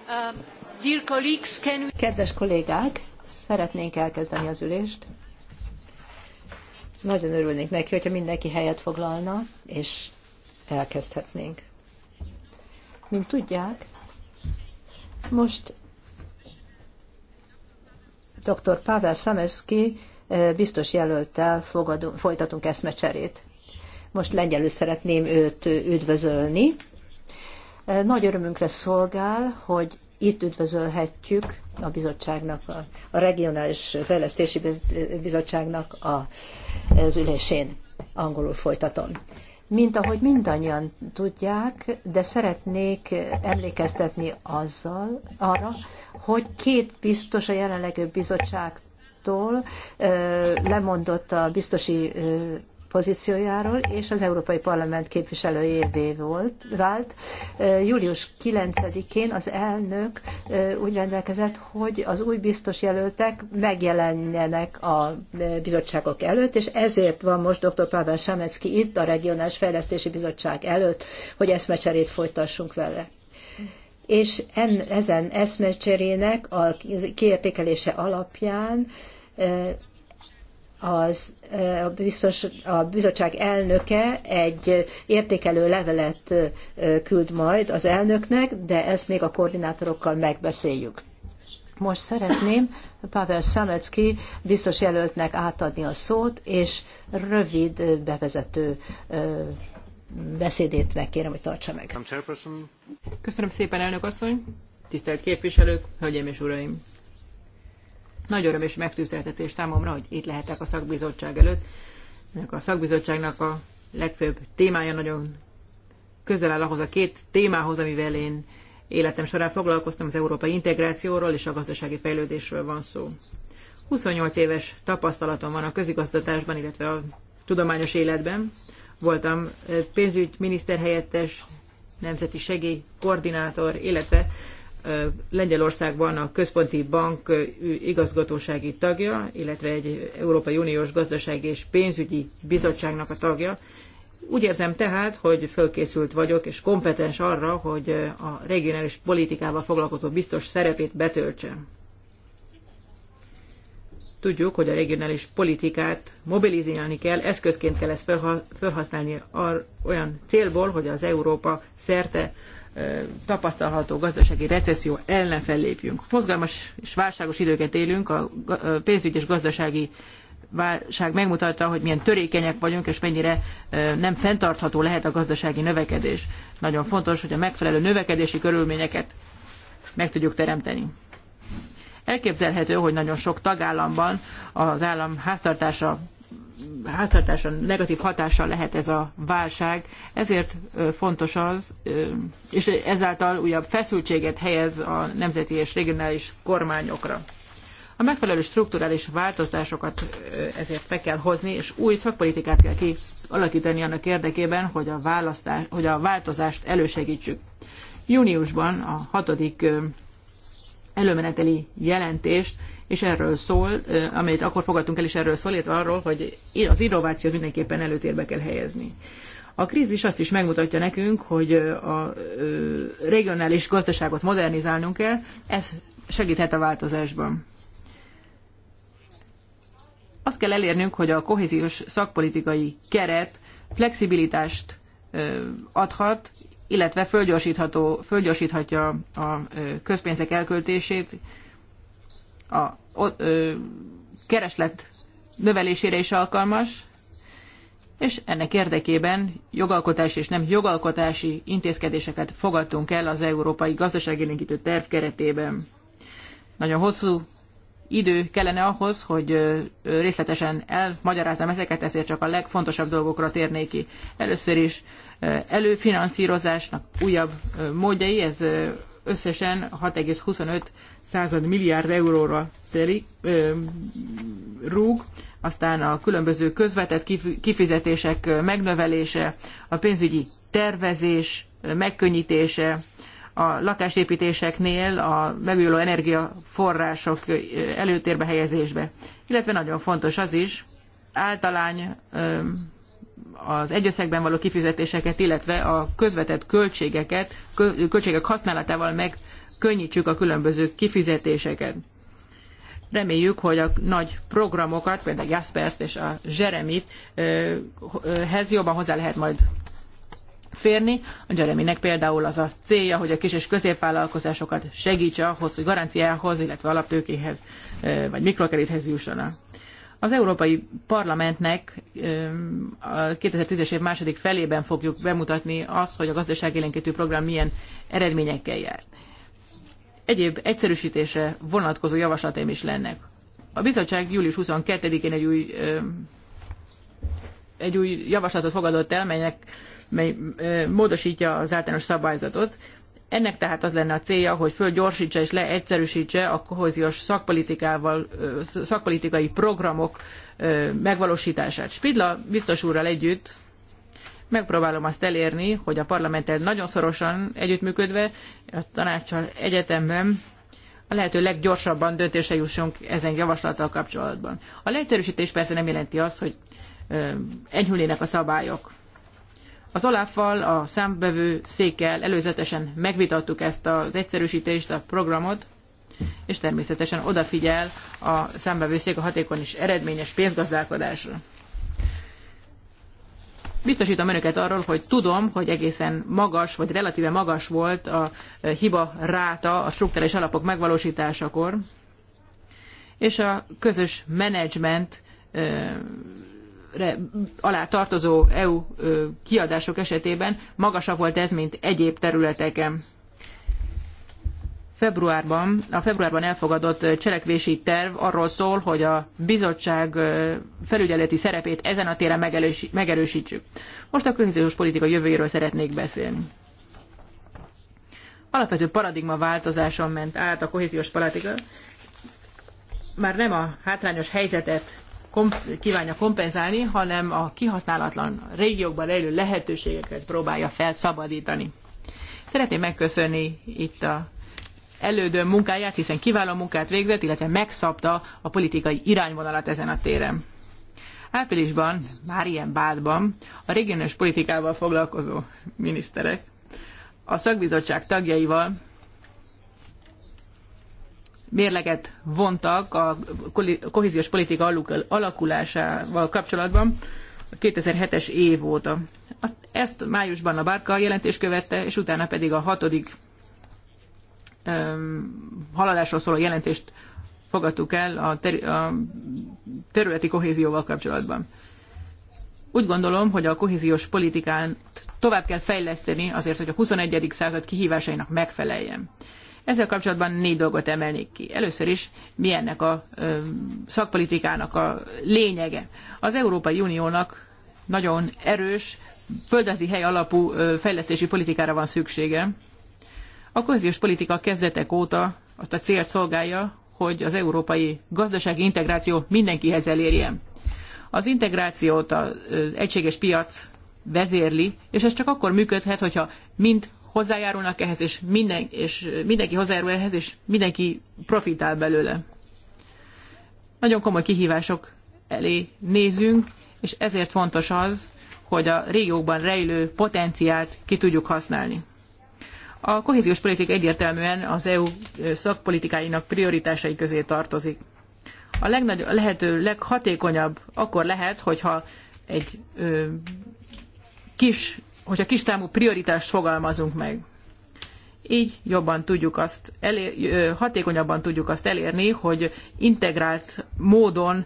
Um, Kedves kollégák, szeretnénk elkezdeni az ülést. Nagyon örülnék neki, hogyha mindenki helyet foglalna, és elkezdhetnénk. Mint tudják, most dr. Pavel Szameszki eh, biztos jelöltel fogadunk, folytatunk eszmecserét. Most lengyelül szeretném őt eh, üdvözölni nagy örömünkre szolgál, hogy itt üdvözölhetjük a bizottságnak, a, a Regionális Fejlesztési Bizottságnak a, az ülésén. Angolul folytatom. Mint ahogy mindannyian tudják, de szeretnék emlékeztetni azzal, arra, hogy két biztos a jelenlegő bizottságtól lemondott a biztosi pozíciójáról, és az Európai Parlament képviselőjévé volt, vált. Július 9-én az elnök úgy rendelkezett, hogy az új biztos jelöltek megjelenjenek a bizottságok előtt, és ezért van most dr. Pavel Semecki itt a Regionális Fejlesztési Bizottság előtt, hogy eszmecserét folytassunk vele és en, ezen eszmecserének a kiértékelése alapján az a, biztos, a bizottság elnöke egy értékelő levelet küld majd az elnöknek, de ezt még a koordinátorokkal megbeszéljük. Most szeretném Pavel Szamecki biztos jelöltnek átadni a szót, és rövid bevezető beszédét megkérem, hogy tartsa meg. Köszönöm szépen, elnök asszony! Tisztelt képviselők, hölgyeim és uraim! Nagy öröm és megtűzteltetés számomra, hogy itt lehetek a szakbizottság előtt. a szakbizottságnak a legfőbb témája nagyon közel áll ahhoz a két témához, amivel én életem során foglalkoztam, az európai integrációról és a gazdasági fejlődésről van szó. 28 éves tapasztalatom van a közigazgatásban, illetve a tudományos életben. Voltam eh, pénzügyminiszter helyettes, nemzeti segélykoordinátor, illetve Lengyelországban a központi bank igazgatósági tagja, illetve egy Európai Uniós Gazdasági és Pénzügyi Bizottságnak a tagja. Úgy érzem tehát, hogy fölkészült vagyok, és kompetens arra, hogy a regionális politikával foglalkozó biztos szerepét betöltsem. Tudjuk, hogy a regionális politikát mobilizálni kell, eszközként kell ezt felhasználni olyan célból, hogy az Európa szerte tapasztalható gazdasági recesszió ellen fellépjünk. Mozgalmas és válságos időket élünk, a pénzügy és gazdasági válság megmutatta, hogy milyen törékenyek vagyunk, és mennyire nem fenntartható lehet a gazdasági növekedés. Nagyon fontos, hogy a megfelelő növekedési körülményeket meg tudjuk teremteni. Elképzelhető, hogy nagyon sok tagállamban az állam háztartása háztartásra negatív hatással lehet ez a válság, ezért fontos az, és ezáltal újabb feszültséget helyez a nemzeti és regionális kormányokra. A megfelelő strukturális változásokat ezért be kell hozni, és új szakpolitikát kell kialakítani annak érdekében, hogy a, választás, hogy a változást elősegítsük. Júniusban a hatodik előmeneteli jelentést és erről szól, amelyet akkor fogadtunk el, és erről szól, illetve arról, hogy az innovációt mindenképpen előtérbe kell helyezni. A krízis azt is megmutatja nekünk, hogy a regionális gazdaságot modernizálnunk kell, ez segíthet a változásban. Azt kell elérnünk, hogy a kohéziós szakpolitikai keret flexibilitást adhat, illetve fölgyorsítható, fölgyorsíthatja a közpénzek elköltését, a ö, kereslet növelésére is alkalmas, és ennek érdekében jogalkotási és nem jogalkotási intézkedéseket fogadtunk el az Európai Gazdaságélénkítő Terv keretében. Nagyon hosszú idő kellene ahhoz, hogy részletesen ez, magyarázom ezeket, ezért csak a legfontosabb dolgokra térnék ki. Először is előfinanszírozásnak újabb módjai, ez összesen 6,25 század milliárd euróra teli, rúg, aztán a különböző közvetett kifizetések megnövelése, a pénzügyi tervezés megkönnyítése, a lakásépítéseknél a megújuló energiaforrások előtérbe helyezésbe. Illetve nagyon fontos az is, általány az egyösszegben való kifizetéseket, illetve a közvetett költségeket, költségek használatával megkönnyítsük a különböző kifizetéseket. Reméljük, hogy a nagy programokat, például Jaspers és a Jeremit hez jobban hozzá lehet majd férni. A Jeremynek például az a célja, hogy a kis és középvállalkozásokat segítse ahhoz, hogy garanciához, illetve alaptőkéhez vagy mikrokredithez jussanak. Az Európai Parlamentnek a 2010-es év második felében fogjuk bemutatni azt, hogy a gazdaságélénkítő program milyen eredményekkel jár. Egyéb egyszerűsítése vonatkozó javaslataim is lennek. A bizottság július 22-én egy új, egy új javaslatot fogadott el, melynek mely módosítja az általános szabályzatot. Ennek tehát az lenne a célja, hogy fölgyorsítsa és leegyszerűsítse a kohéziós szakpolitikával, szakpolitikai programok megvalósítását. Spidla biztos úrral együtt megpróbálom azt elérni, hogy a parlamenttel nagyon szorosan együttműködve, a tanácssal egyetemben a lehető leggyorsabban döntése jussunk ezen javaslattal kapcsolatban. A leegyszerűsítés persze nem jelenti azt, hogy enyhülnének a szabályok. Az aláfal a számbevő székkel előzetesen megvitattuk ezt az egyszerűsítést, a programot, és természetesen odafigyel a szék a hatékony és eredményes pénzgazdálkodásra. Biztosítom önöket arról, hogy tudom, hogy egészen magas, vagy relatíve magas volt a eh, hiba ráta a struktúrális alapok megvalósításakor, és a közös menedzsment eh, alá tartozó EU kiadások esetében magasabb volt ez, mint egyéb területeken. Februárban, a februárban elfogadott cselekvési terv arról szól, hogy a bizottság felügyeleti szerepét ezen a téren megerősítsük. Most a kohéziós politika jövőjéről szeretnék beszélni. Alapvető paradigma változáson ment át a kohéziós politika. Már nem a hátrányos helyzetet komp- kívánja kompenzálni, hanem a kihasználatlan régiókban rejlő lehetőségeket próbálja felszabadítani. Szeretném megköszönni itt a elődön munkáját, hiszen kiváló munkát végzett, illetve megszabta a politikai irányvonalat ezen a téren. Áprilisban, már ilyen bádban, a regionális politikával foglalkozó miniszterek a szakbizottság tagjaival mérleget vontak a kohéziós politika alakulásával kapcsolatban 2007-es év óta. ezt májusban a Bárka jelentés követte, és utána pedig a hatodik öm, haladásról szóló jelentést fogadtuk el a, ter- a területi kohézióval kapcsolatban. Úgy gondolom, hogy a kohéziós politikán tovább kell fejleszteni azért, hogy a 21. század kihívásainak megfeleljen. Ezzel kapcsolatban négy dolgot emelnék ki. Először is, mi ennek a ö, szakpolitikának a lényege. Az Európai Uniónak nagyon erős, földrajzi hely alapú ö, fejlesztési politikára van szüksége. A kohéziós politika kezdetek óta azt a célt szolgálja, hogy az európai gazdasági integráció mindenkihez elérjen. Az integrációt az egységes piac vezérli, és ez csak akkor működhet, hogyha mind hozzájárulnak ehhez, és, minden, és mindenki hozzájárul ehhez, és mindenki profitál belőle. Nagyon komoly kihívások elé nézünk, és ezért fontos az, hogy a régiókban rejlő potenciált ki tudjuk használni. A kohéziós politika egyértelműen az EU szakpolitikáinak prioritásai közé tartozik. A legnagy, lehető leghatékonyabb akkor lehet, hogyha egy ö, kis, hogyha kis számú prioritást fogalmazunk meg. Így jobban tudjuk azt, elér, hatékonyabban tudjuk azt elérni, hogy integrált módon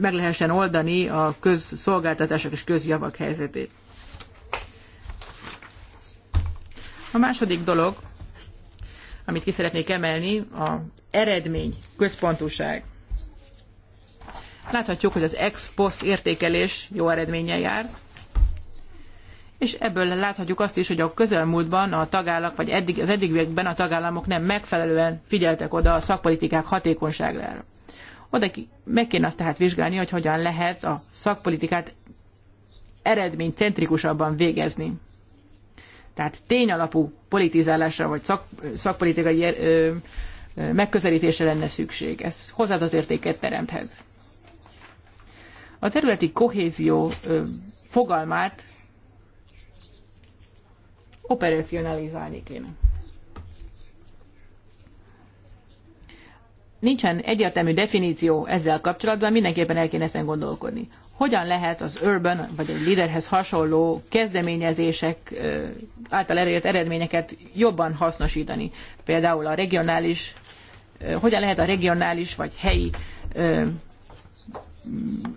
meg lehessen oldani a közszolgáltatások és közjavak helyzetét. A második dolog, amit ki szeretnék emelni, a eredmény, központúság. Láthatjuk, hogy az ex post értékelés jó eredménnyel járt és ebből láthatjuk azt is, hogy a közelmúltban a tagállamok, vagy eddig, az eddigiekben a tagállamok nem megfelelően figyeltek oda a szakpolitikák hatékonyságára. Oda meg kéne azt tehát vizsgálni, hogy hogyan lehet a szakpolitikát eredménycentrikusabban végezni. Tehát tényalapú politizálásra vagy szak, szakpolitikai ö, lenne szükség. Ez hozzáadott értéket teremthet. A területi kohézió ö, fogalmát operacionalizálni kéne. Nincsen egyértelmű definíció ezzel kapcsolatban, mindenképpen el kéne ezen gondolkodni. Hogyan lehet az Urban vagy egy líderhez hasonló kezdeményezések által elért eredményeket jobban hasznosítani? Például a regionális, hogyan lehet a regionális vagy helyi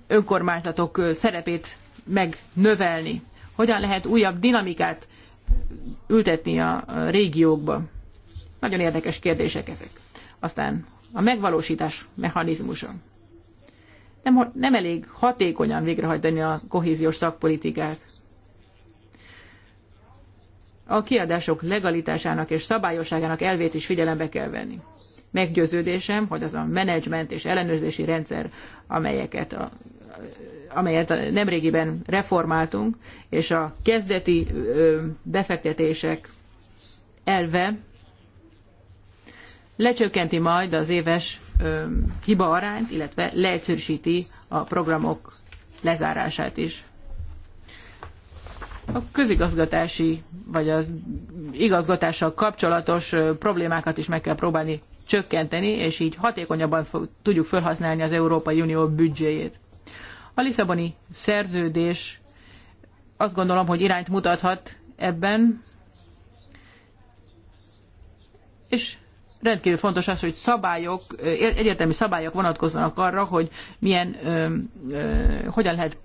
önkormányzatok szerepét megnövelni? Hogyan lehet újabb dinamikát ültetni a régiókba. Nagyon érdekes kérdések ezek. Aztán a megvalósítás mechanizmusa. Nem, nem elég hatékonyan végrehajtani a kohéziós szakpolitikát. A kiadások legalitásának és szabályosságának elvét is figyelembe kell venni. Meggyőződésem, hogy az a menedzsment és ellenőrzési rendszer, amelyeket a amelyet nemrégiben reformáltunk, és a kezdeti befektetések elve lecsökkenti majd az éves hiba arányt, illetve leegyszerűsíti a programok lezárását is. A közigazgatási vagy az igazgatással kapcsolatos problémákat is meg kell próbálni csökkenteni, és így hatékonyabban tudjuk felhasználni az Európai Unió büdzséjét. A Lisszaboni szerződés azt gondolom, hogy irányt mutathat ebben, és rendkívül fontos az, hogy szabályok, egyértelmű szabályok vonatkozzanak arra, hogy milyen, ö, ö, hogyan lehet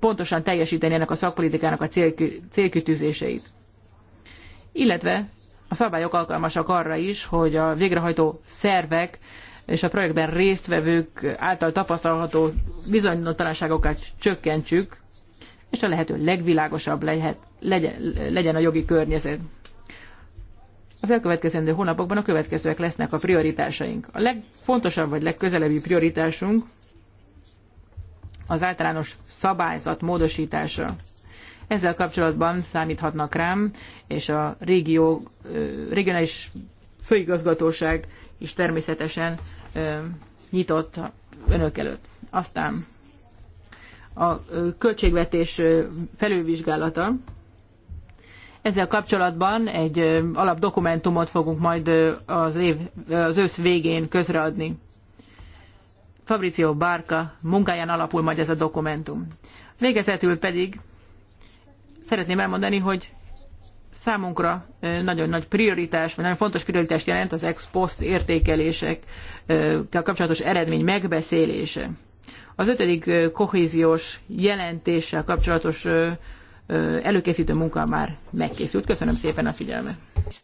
pontosan teljesíteni ennek a szakpolitikának a célkü, célkütűzéseit. Illetve a szabályok alkalmasak arra is, hogy a végrehajtó szervek és a projektben résztvevők által tapasztalható bizonytalanságokat csökkentsük, és a lehető legvilágosabb lehet, legyen, legyen a jogi környezet. Az elkövetkezendő hónapokban a következőek lesznek a prioritásaink. A legfontosabb vagy legközelebbi prioritásunk az általános szabályzat módosítása. Ezzel kapcsolatban számíthatnak rám, és a régió, regionális főigazgatóság is természetesen nyitott önök előtt. Aztán a költségvetés felülvizsgálata. Ezzel kapcsolatban egy alapdokumentumot fogunk majd az, év, az ősz végén közreadni. Fabrizio Bárka munkáján alapul majd ez a dokumentum. Végezetül pedig szeretném elmondani, hogy Számunkra nagyon nagy prioritás, vagy nagyon fontos prioritást jelent az ex post értékelésekkel kapcsolatos eredmény megbeszélése. Az ötödik kohéziós jelentéssel kapcsolatos előkészítő munka már megkészült. Köszönöm szépen a figyelmet.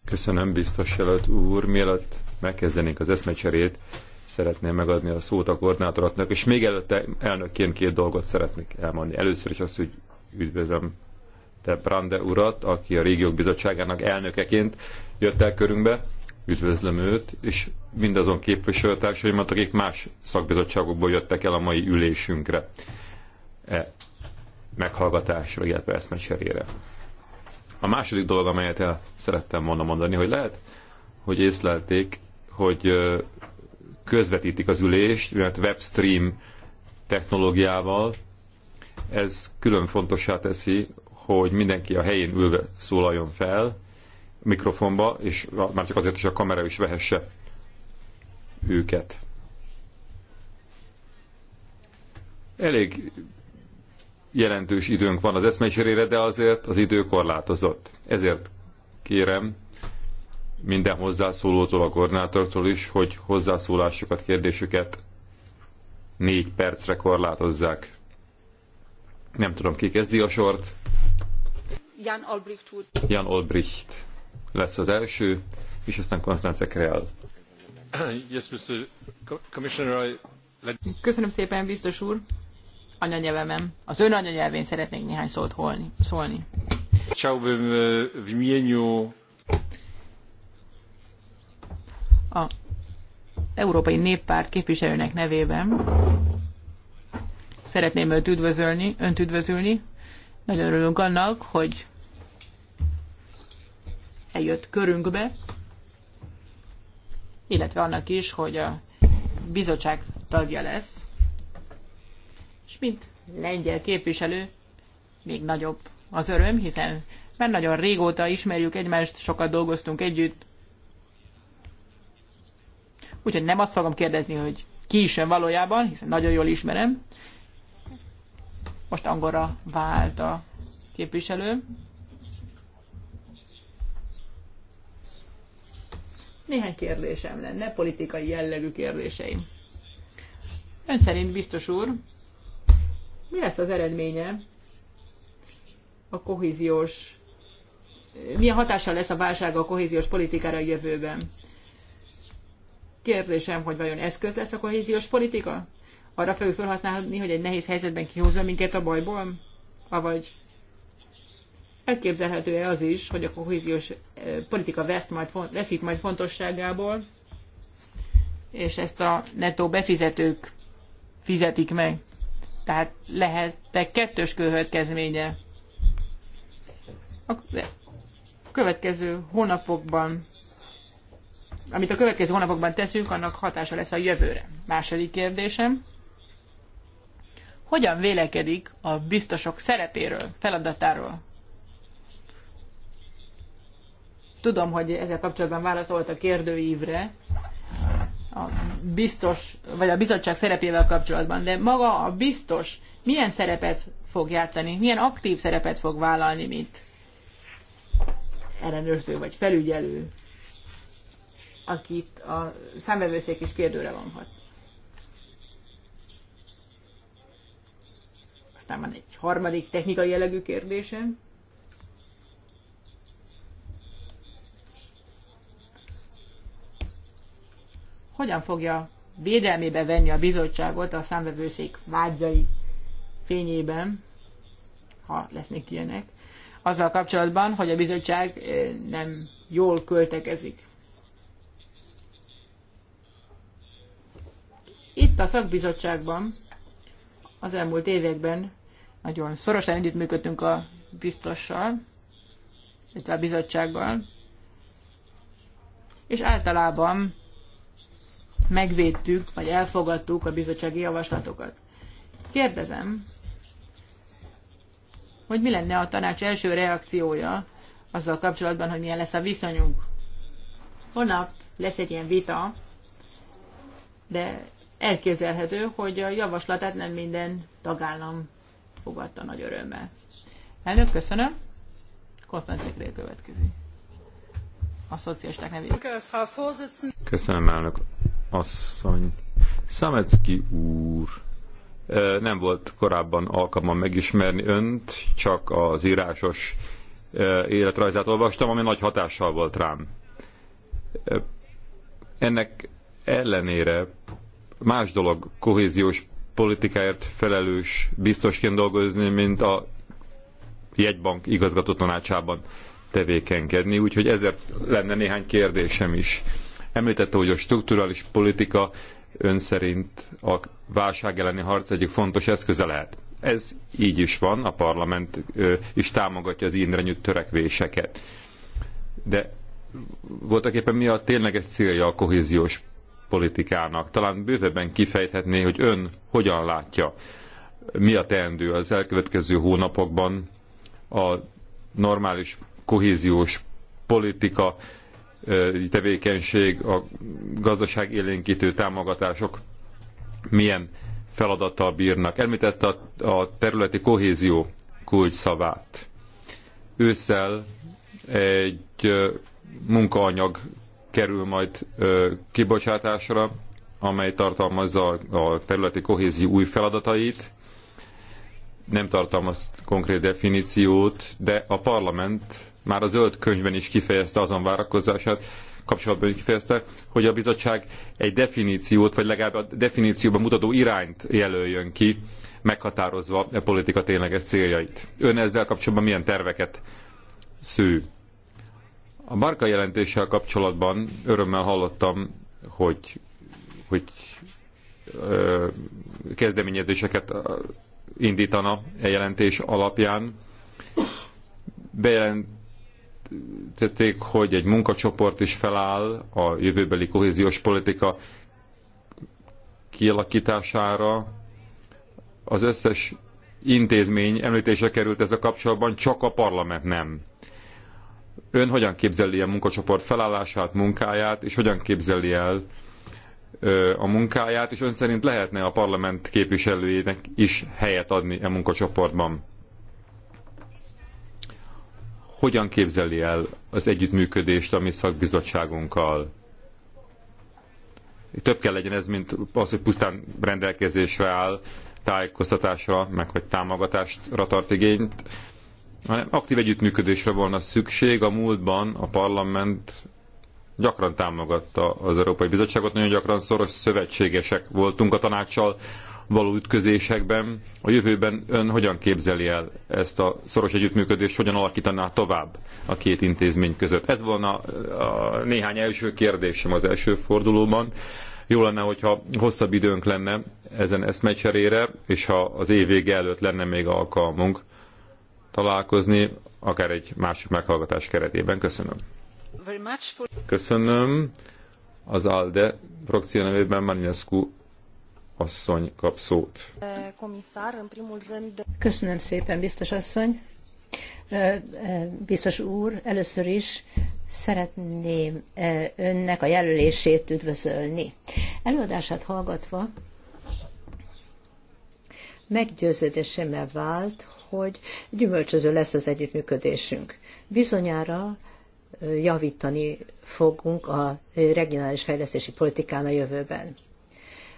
Köszönöm, biztos jelölt úr. Mielőtt megkezdenénk az eszmecserét, szeretném megadni a szót a koordinátoratnak, és még előtte elnökként két dolgot szeretnék elmondani. Először is azt, hogy üdvözlöm te Brande urat, aki a régiók bizottságának elnökeként jött el körünkbe, üdvözlöm őt, és mindazon képviselőtársaimat, akik más szakbizottságokból jöttek el a mai ülésünkre, e meghallgatásra, illetve eszmecserére. A második dolog, amelyet el szerettem volna mondani, hogy lehet, hogy észlelték, hogy közvetítik az ülést, mert webstream technológiával. Ez külön fontossá teszi, hogy mindenki a helyén ülve szólaljon fel mikrofonba, és már csak azért is a kamera is vehesse őket. Elég jelentős időnk van az eszmecserére, de azért az idő korlátozott. Ezért kérem minden hozzászólótól, a koordinátortól is, hogy hozzászólásokat, kérdésüket négy percre korlátozzák. Nem tudom, ki kezdi a sort. Jan Olbricht úr. Jan Olbricht lesz az első, és aztán Konstance Krell. Yes, Mr. Commissioner, I... Köszönöm szépen, biztos úr. Anyanyelvemem. az ön anyanyelvén szeretnék néhány szót holni, szólni. Chciałbym e, w imieniu a Európai Néppárt képviselőnek nevében Szeretném önt üdvözölni, önt üdvözölni. Nagyon örülünk annak, hogy eljött körünkbe, illetve annak is, hogy a bizottság tagja lesz, és mint lengyel képviselő még nagyobb az öröm, hiszen már nagyon régóta ismerjük egymást, sokat dolgoztunk együtt, úgyhogy nem azt fogom kérdezni, hogy ki is valójában, hiszen nagyon jól ismerem, most angolra vált a képviselő. Néhány kérdésem lenne, politikai jellegű kérdéseim. Ön szerint, biztos úr, mi lesz az eredménye a kohéziós, milyen hatása lesz a válság a kohéziós politikára a jövőben? Kérdésem, hogy vajon eszköz lesz a kohéziós politika? arra fogjuk felhasználni, hogy egy nehéz helyzetben kihozza minket a bajból? Avagy elképzelhető-e az is, hogy a kohéziós eh, politika vesz majd, veszít majd fontosságából, és ezt a nettó befizetők fizetik meg. Tehát lehet egy kettős következménye. A következő hónapokban, amit a következő hónapokban teszünk, annak hatása lesz a jövőre. Második kérdésem hogyan vélekedik a biztosok szerepéről, feladatáról. Tudom, hogy ezzel kapcsolatban válaszolt a kérdőívre, a biztos, vagy a bizottság szerepével kapcsolatban, de maga a biztos milyen szerepet fog játszani, milyen aktív szerepet fog vállalni, mint ellenőrző vagy felügyelő, akit a számvevőszék is kérdőre vonhat. Aztán van egy harmadik technikai jellegű kérdésem. Hogyan fogja védelmébe venni a bizottságot a számvevőszék vágyai fényében, ha lesznek ilyenek, azzal kapcsolatban, hogy a bizottság eh, nem jól költekezik. Itt a szakbizottságban az elmúlt években nagyon szorosan együttműködtünk a biztossal, illetve a bizottsággal, és általában megvédtük, vagy elfogadtuk a bizottsági javaslatokat. Kérdezem, hogy mi lenne a tanács első reakciója azzal kapcsolatban, hogy milyen lesz a viszonyunk. Holnap lesz egy ilyen vita, de elképzelhető, hogy a javaslatát nem minden tagállam fogadta nagy örömmel. Elnök, köszönöm. Konstantin Krél következik. A szocialisták nevét. Köszönöm, elnök asszony. Szamecki úr, nem volt korábban alkalmam megismerni önt, csak az írásos életrajzát olvastam, ami nagy hatással volt rám. Ennek ellenére más dolog kohéziós politikáért felelős biztosként dolgozni, mint a jegybank igazgató tanácsában tevékenykedni, úgyhogy ezért lenne néhány kérdésem is. Említette, hogy a strukturális politika ön szerint a válság elleni harc egyik fontos eszköze lehet. Ez így is van, a parlament is támogatja az índrenyű törekvéseket. De voltak éppen mi a tényleges célja a kohéziós politikának. Talán bővebben kifejthetné, hogy ön hogyan látja, mi a teendő az elkövetkező hónapokban a normális kohéziós politika tevékenység, a gazdaság élénkítő támogatások milyen feladattal bírnak. Elmitette a, a területi kohézió kulcsszavát. Ősszel egy munkaanyag kerül majd kibocsátásra, amely tartalmazza a területi kohézió új feladatait, nem tartalmaz konkrét definíciót, de a parlament már a zöld könyvben is kifejezte azon várakozását, kapcsolatban is kifejezte, hogy a bizottság egy definíciót, vagy legalább a definícióban mutató irányt jelöljön ki, meghatározva a e politika tényleges céljait. Ön ezzel kapcsolatban milyen terveket szű? A marka jelentéssel kapcsolatban örömmel hallottam, hogy, hogy ö, kezdeményezéseket indítana e jelentés alapján. Bejelentették, hogy egy munkacsoport is feláll a jövőbeli kohéziós politika kialakítására. Az összes intézmény említése került ez a kapcsolatban, csak a parlament nem. Ön hogyan képzeli a munkacsoport felállását, munkáját, és hogyan képzeli el a munkáját, és ön szerint lehetne a parlament képviselőjének is helyet adni a e munkacsoportban? Hogyan képzeli el az együttműködést a mi szakbizottságunkkal? Több kell legyen ez, mint az, hogy pusztán rendelkezésre áll, tájékoztatásra, meg hogy támogatásra tart igényt hanem aktív együttműködésre volna szükség. A múltban a parlament gyakran támogatta az Európai Bizottságot, nagyon gyakran szoros szövetségesek voltunk a tanácssal való ütközésekben. A jövőben ön hogyan képzeli el ezt a szoros együttműködést, hogyan alakítaná tovább a két intézmény között? Ez volna a néhány első kérdésem az első fordulóban. Jó lenne, hogyha hosszabb időnk lenne ezen eszmecserére, és ha az év vége előtt lenne még alkalmunk találkozni, akár egy másik meghallgatás keretében. Köszönöm. Köszönöm. Az ALDE frakció nevében Marinescu asszony kap szót. Eh, Köszönöm szépen, biztos asszony. Eh, eh, biztos úr, először is szeretném önnek a jelölését üdvözölni. Előadását hallgatva meggyőződésemmel vált, hogy gyümölcsöző lesz az együttműködésünk. Bizonyára javítani fogunk a regionális fejlesztési politikán a jövőben.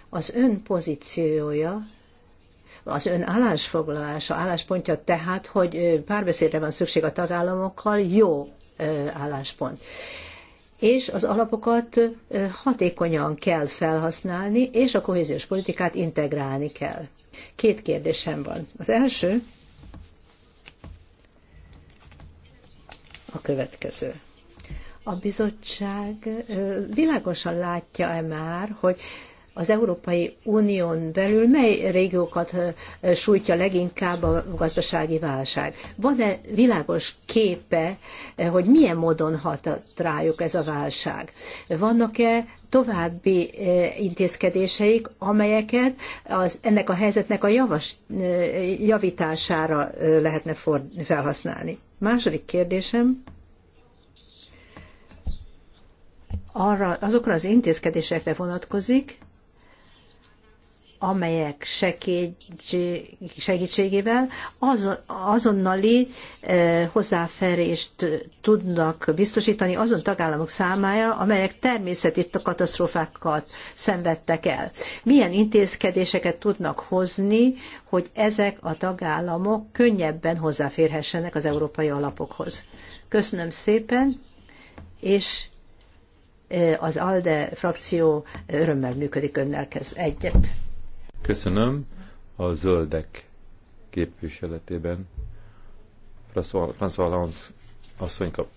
Az ön pozíciója, az ön állásfoglalása, álláspontja tehát, hogy párbeszédre van szükség a tagállamokkal, jó álláspont és az alapokat hatékonyan kell felhasználni, és a kohéziós politikát integrálni kell. Két kérdésem van. Az első, a következő. A bizottság világosan látja-e már, hogy az Európai Unión belül mely régiókat sújtja leginkább a gazdasági válság? Van-e világos képe, hogy milyen módon hat rájuk ez a válság? Vannak-e további intézkedéseik, amelyeket az, ennek a helyzetnek a javas, javítására lehetne for, felhasználni? Második kérdésem arra, azokra az intézkedésekre vonatkozik, amelyek segítségével az, azonnali eh, hozzáférést tudnak biztosítani azon tagállamok számára, amelyek természeti katasztrófákat szenvedtek el. Milyen intézkedéseket tudnak hozni, hogy ezek a tagállamok könnyebben hozzáférhessenek az európai alapokhoz. Köszönöm szépen, és eh, az ALDE frakció örömmel működik önnel kezd egyet. Köszönöm a zöldek képviseletében. François Lanz asszony kap.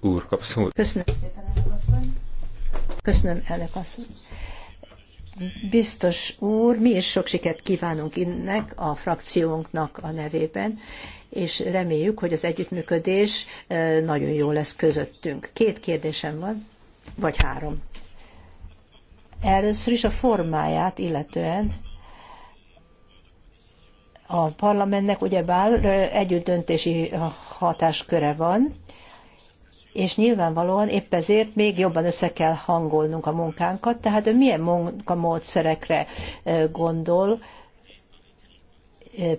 Úr kap szót. Köszönöm szépen, elnök asszony. Köszönöm, elnök asszony. Biztos úr, mi is sok sikert kívánunk innek a frakciónknak a nevében, és reméljük, hogy az együttműködés eh, nagyon jó lesz közöttünk. Két kérdésem van, vagy három. Először is a formáját illetően a parlamentnek ugyebár együttdöntési hatásköre van, és nyilvánvalóan épp ezért még jobban össze kell hangolnunk a munkánkat, tehát ő milyen munkamódszerekre gondol,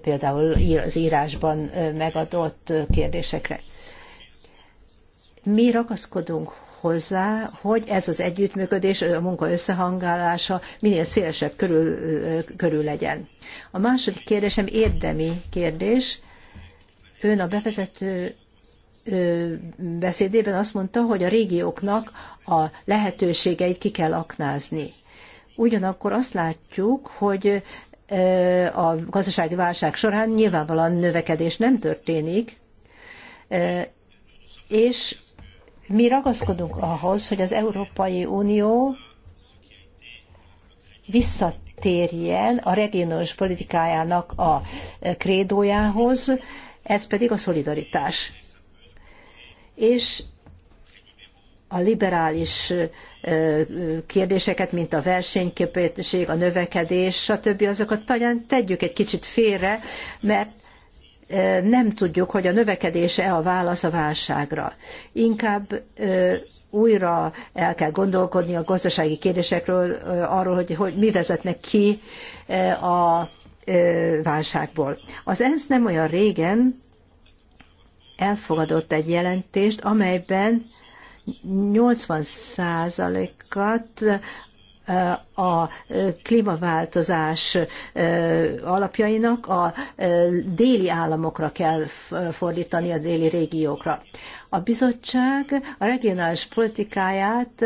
például az írásban megadott kérdésekre. Mi ragaszkodunk hozzá, hogy ez az együttműködés, a munka összehangolása minél szélesebb körül, körül legyen. A második kérdésem érdemi kérdés. Ön a bevezető beszédében azt mondta, hogy a régióknak a lehetőségeit ki kell aknázni. Ugyanakkor azt látjuk, hogy a gazdasági válság során nyilvánvalóan növekedés nem történik, és mi ragaszkodunk ahhoz, hogy az Európai Unió visszatérjen a regionális politikájának a krédójához, ez pedig a szolidaritás. És a liberális kérdéseket, mint a versenyképesség, a növekedés, stb. azokat talán tegyük egy kicsit félre, mert nem tudjuk, hogy a növekedése a válasz a válságra. Inkább újra el kell gondolkodni a gazdasági kérdésekről, arról, hogy, hogy mi vezetne ki a válságból. Az ENSZ nem olyan régen elfogadott egy jelentést, amelyben 80 százalékat a klímaváltozás alapjainak a déli államokra kell fordítani, a déli régiókra. A bizottság a regionális politikáját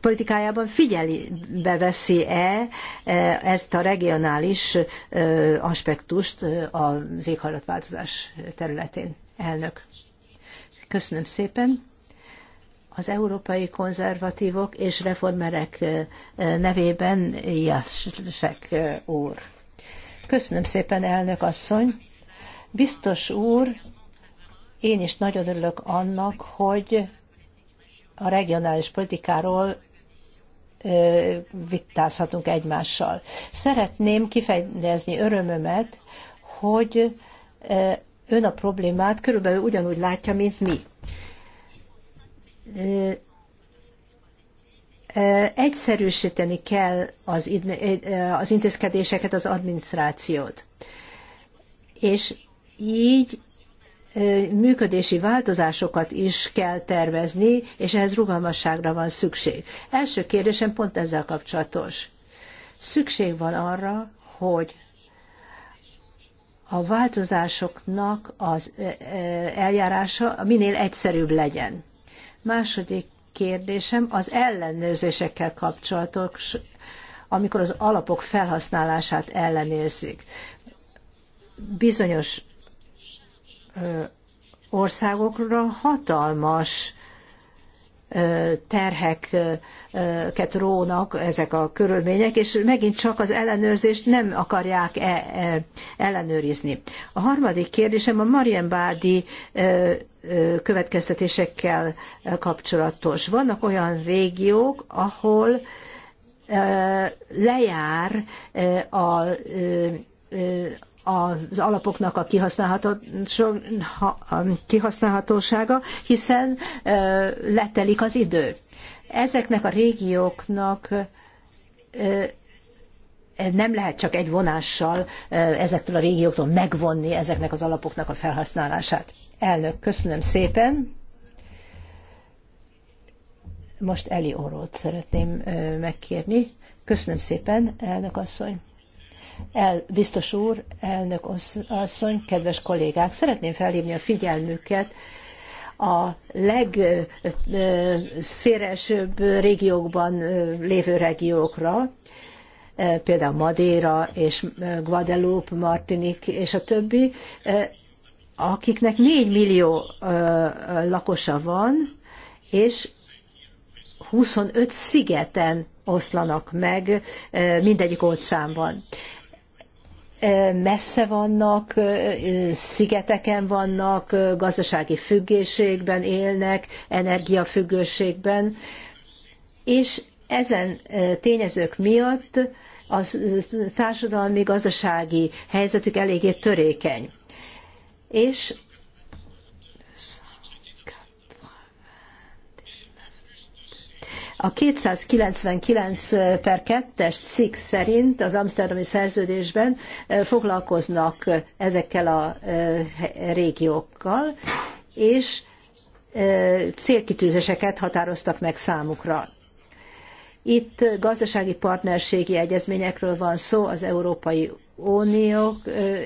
politikájában figyelembe veszi-e ezt a regionális aspektust az éghajlatváltozás területén? Elnök. Köszönöm szépen. Az európai konzervatívok és reformerek nevében Jasek úr. Köszönöm szépen, elnök asszony. Biztos úr, én is nagyon örülök annak, hogy a regionális politikáról vitázhatunk egymással. Szeretném kifejezni örömömet, hogy ön a problémát körülbelül ugyanúgy látja, mint mi egyszerűsíteni kell az, az intézkedéseket, az adminisztrációt. És így működési változásokat is kell tervezni, és ehhez rugalmasságra van szükség. Első kérdésem pont ezzel kapcsolatos. Szükség van arra, hogy a változásoknak az eljárása minél egyszerűbb legyen. Második kérdésem az ellenőrzésekkel kapcsolatos, amikor az alapok felhasználását ellenőrzik. Bizonyos országokra hatalmas terheket rónak ezek a körülmények, és megint csak az ellenőrzést nem akarják e, e, ellenőrizni. A harmadik kérdésem a Marienbádi következtetésekkel kapcsolatos. Vannak olyan régiók, ahol lejár a az alapoknak a kihasználhatósága, hiszen letelik az idő. Ezeknek a régióknak nem lehet csak egy vonással ezektől a régióktól megvonni ezeknek az alapoknak a felhasználását. Elnök, köszönöm szépen. Most Eli Orót szeretném megkérni. Köszönöm szépen, elnök asszony. El, biztos úr, elnök asszony, kedves kollégák, szeretném felhívni a figyelmüket a legszféresebb régiókban lévő régiókra, például Madeira és Guadeloupe, Martinique és a többi, akiknek 4 millió lakosa van, és 25 szigeten oszlanak meg mindegyik óceánban. Messze vannak, szigeteken vannak, gazdasági függőségben élnek, energiafüggőségben, és ezen tényezők miatt a társadalmi-gazdasági helyzetük eléggé törékeny és a 299 eh, per 2-es cikk szerint az Amsterdami szerződésben eh, foglalkoznak eh, ezekkel a régiókkal, és célkitűzéseket határoztak meg számukra. Itt gazdasági partnerségi egyezményekről van szó az Európai uniók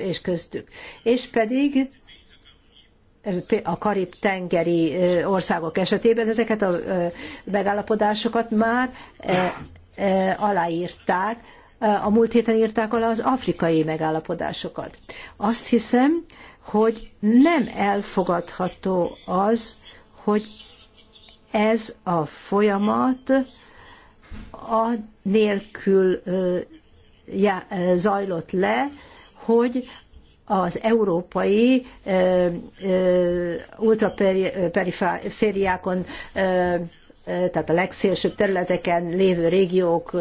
és köztük. És pedig a karib-tengeri országok esetében ezeket a megállapodásokat már aláírták, a múlt héten írták alá az afrikai megállapodásokat. Azt hiszem, hogy nem elfogadható az, hogy ez a folyamat a nélkül Eh, zajlott le, hogy az európai eh, eh, ultraperifériákon, tehát a legszélsőbb területeken lévő régiók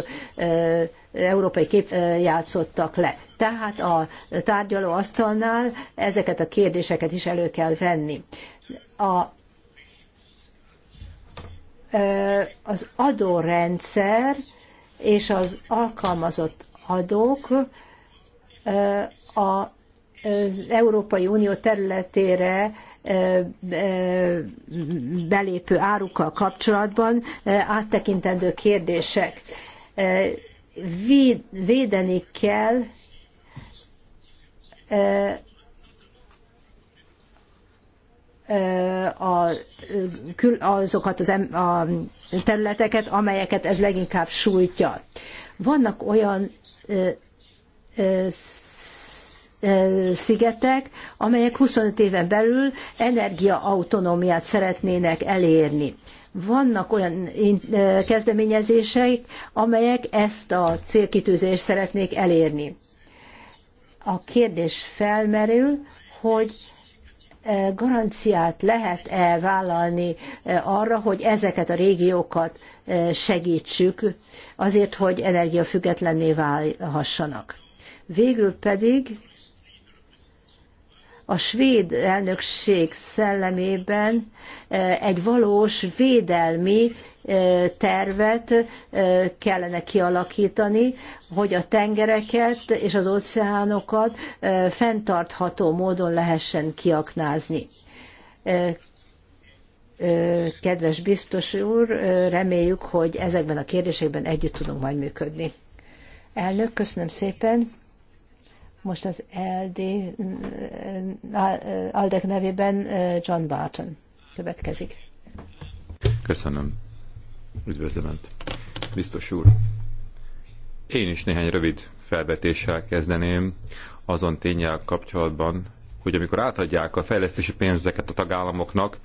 európai kép játszottak le. Tehát a tárgyaló asztalnál ezeket a kérdéseket is elő kell venni. A, az adórendszer és az alkalmazott adók az Európai Unió területére belépő árukkal kapcsolatban áttekintendő kérdések. Védeni kell azokat az, a területeket, amelyeket ez leginkább sújtja. Vannak olyan ö, ö, szigetek, amelyek 25 éven belül energiaautonómiát szeretnének elérni. Vannak olyan kezdeményezéseik, amelyek ezt a célkitűzést szeretnék elérni. A kérdés felmerül, hogy garanciát lehet-e vállalni arra, hogy ezeket a régiókat segítsük azért, hogy energiafüggetlenné válhassanak. Végül pedig a svéd elnökség szellemében egy valós védelmi tervet kellene kialakítani, hogy a tengereket és az óceánokat fenntartható módon lehessen kiaknázni. Kedves biztos úr, reméljük, hogy ezekben a kérdésekben együtt tudunk majd működni. Elnök, köszönöm szépen. Most az LD, Aldek nevében John Barton következik. Köszönöm. Üdvözlöm Önt, biztos úr. Én is néhány rövid felvetéssel kezdeném azon tényel kapcsolatban, hogy amikor átadják a fejlesztési pénzeket a tagállamoknak,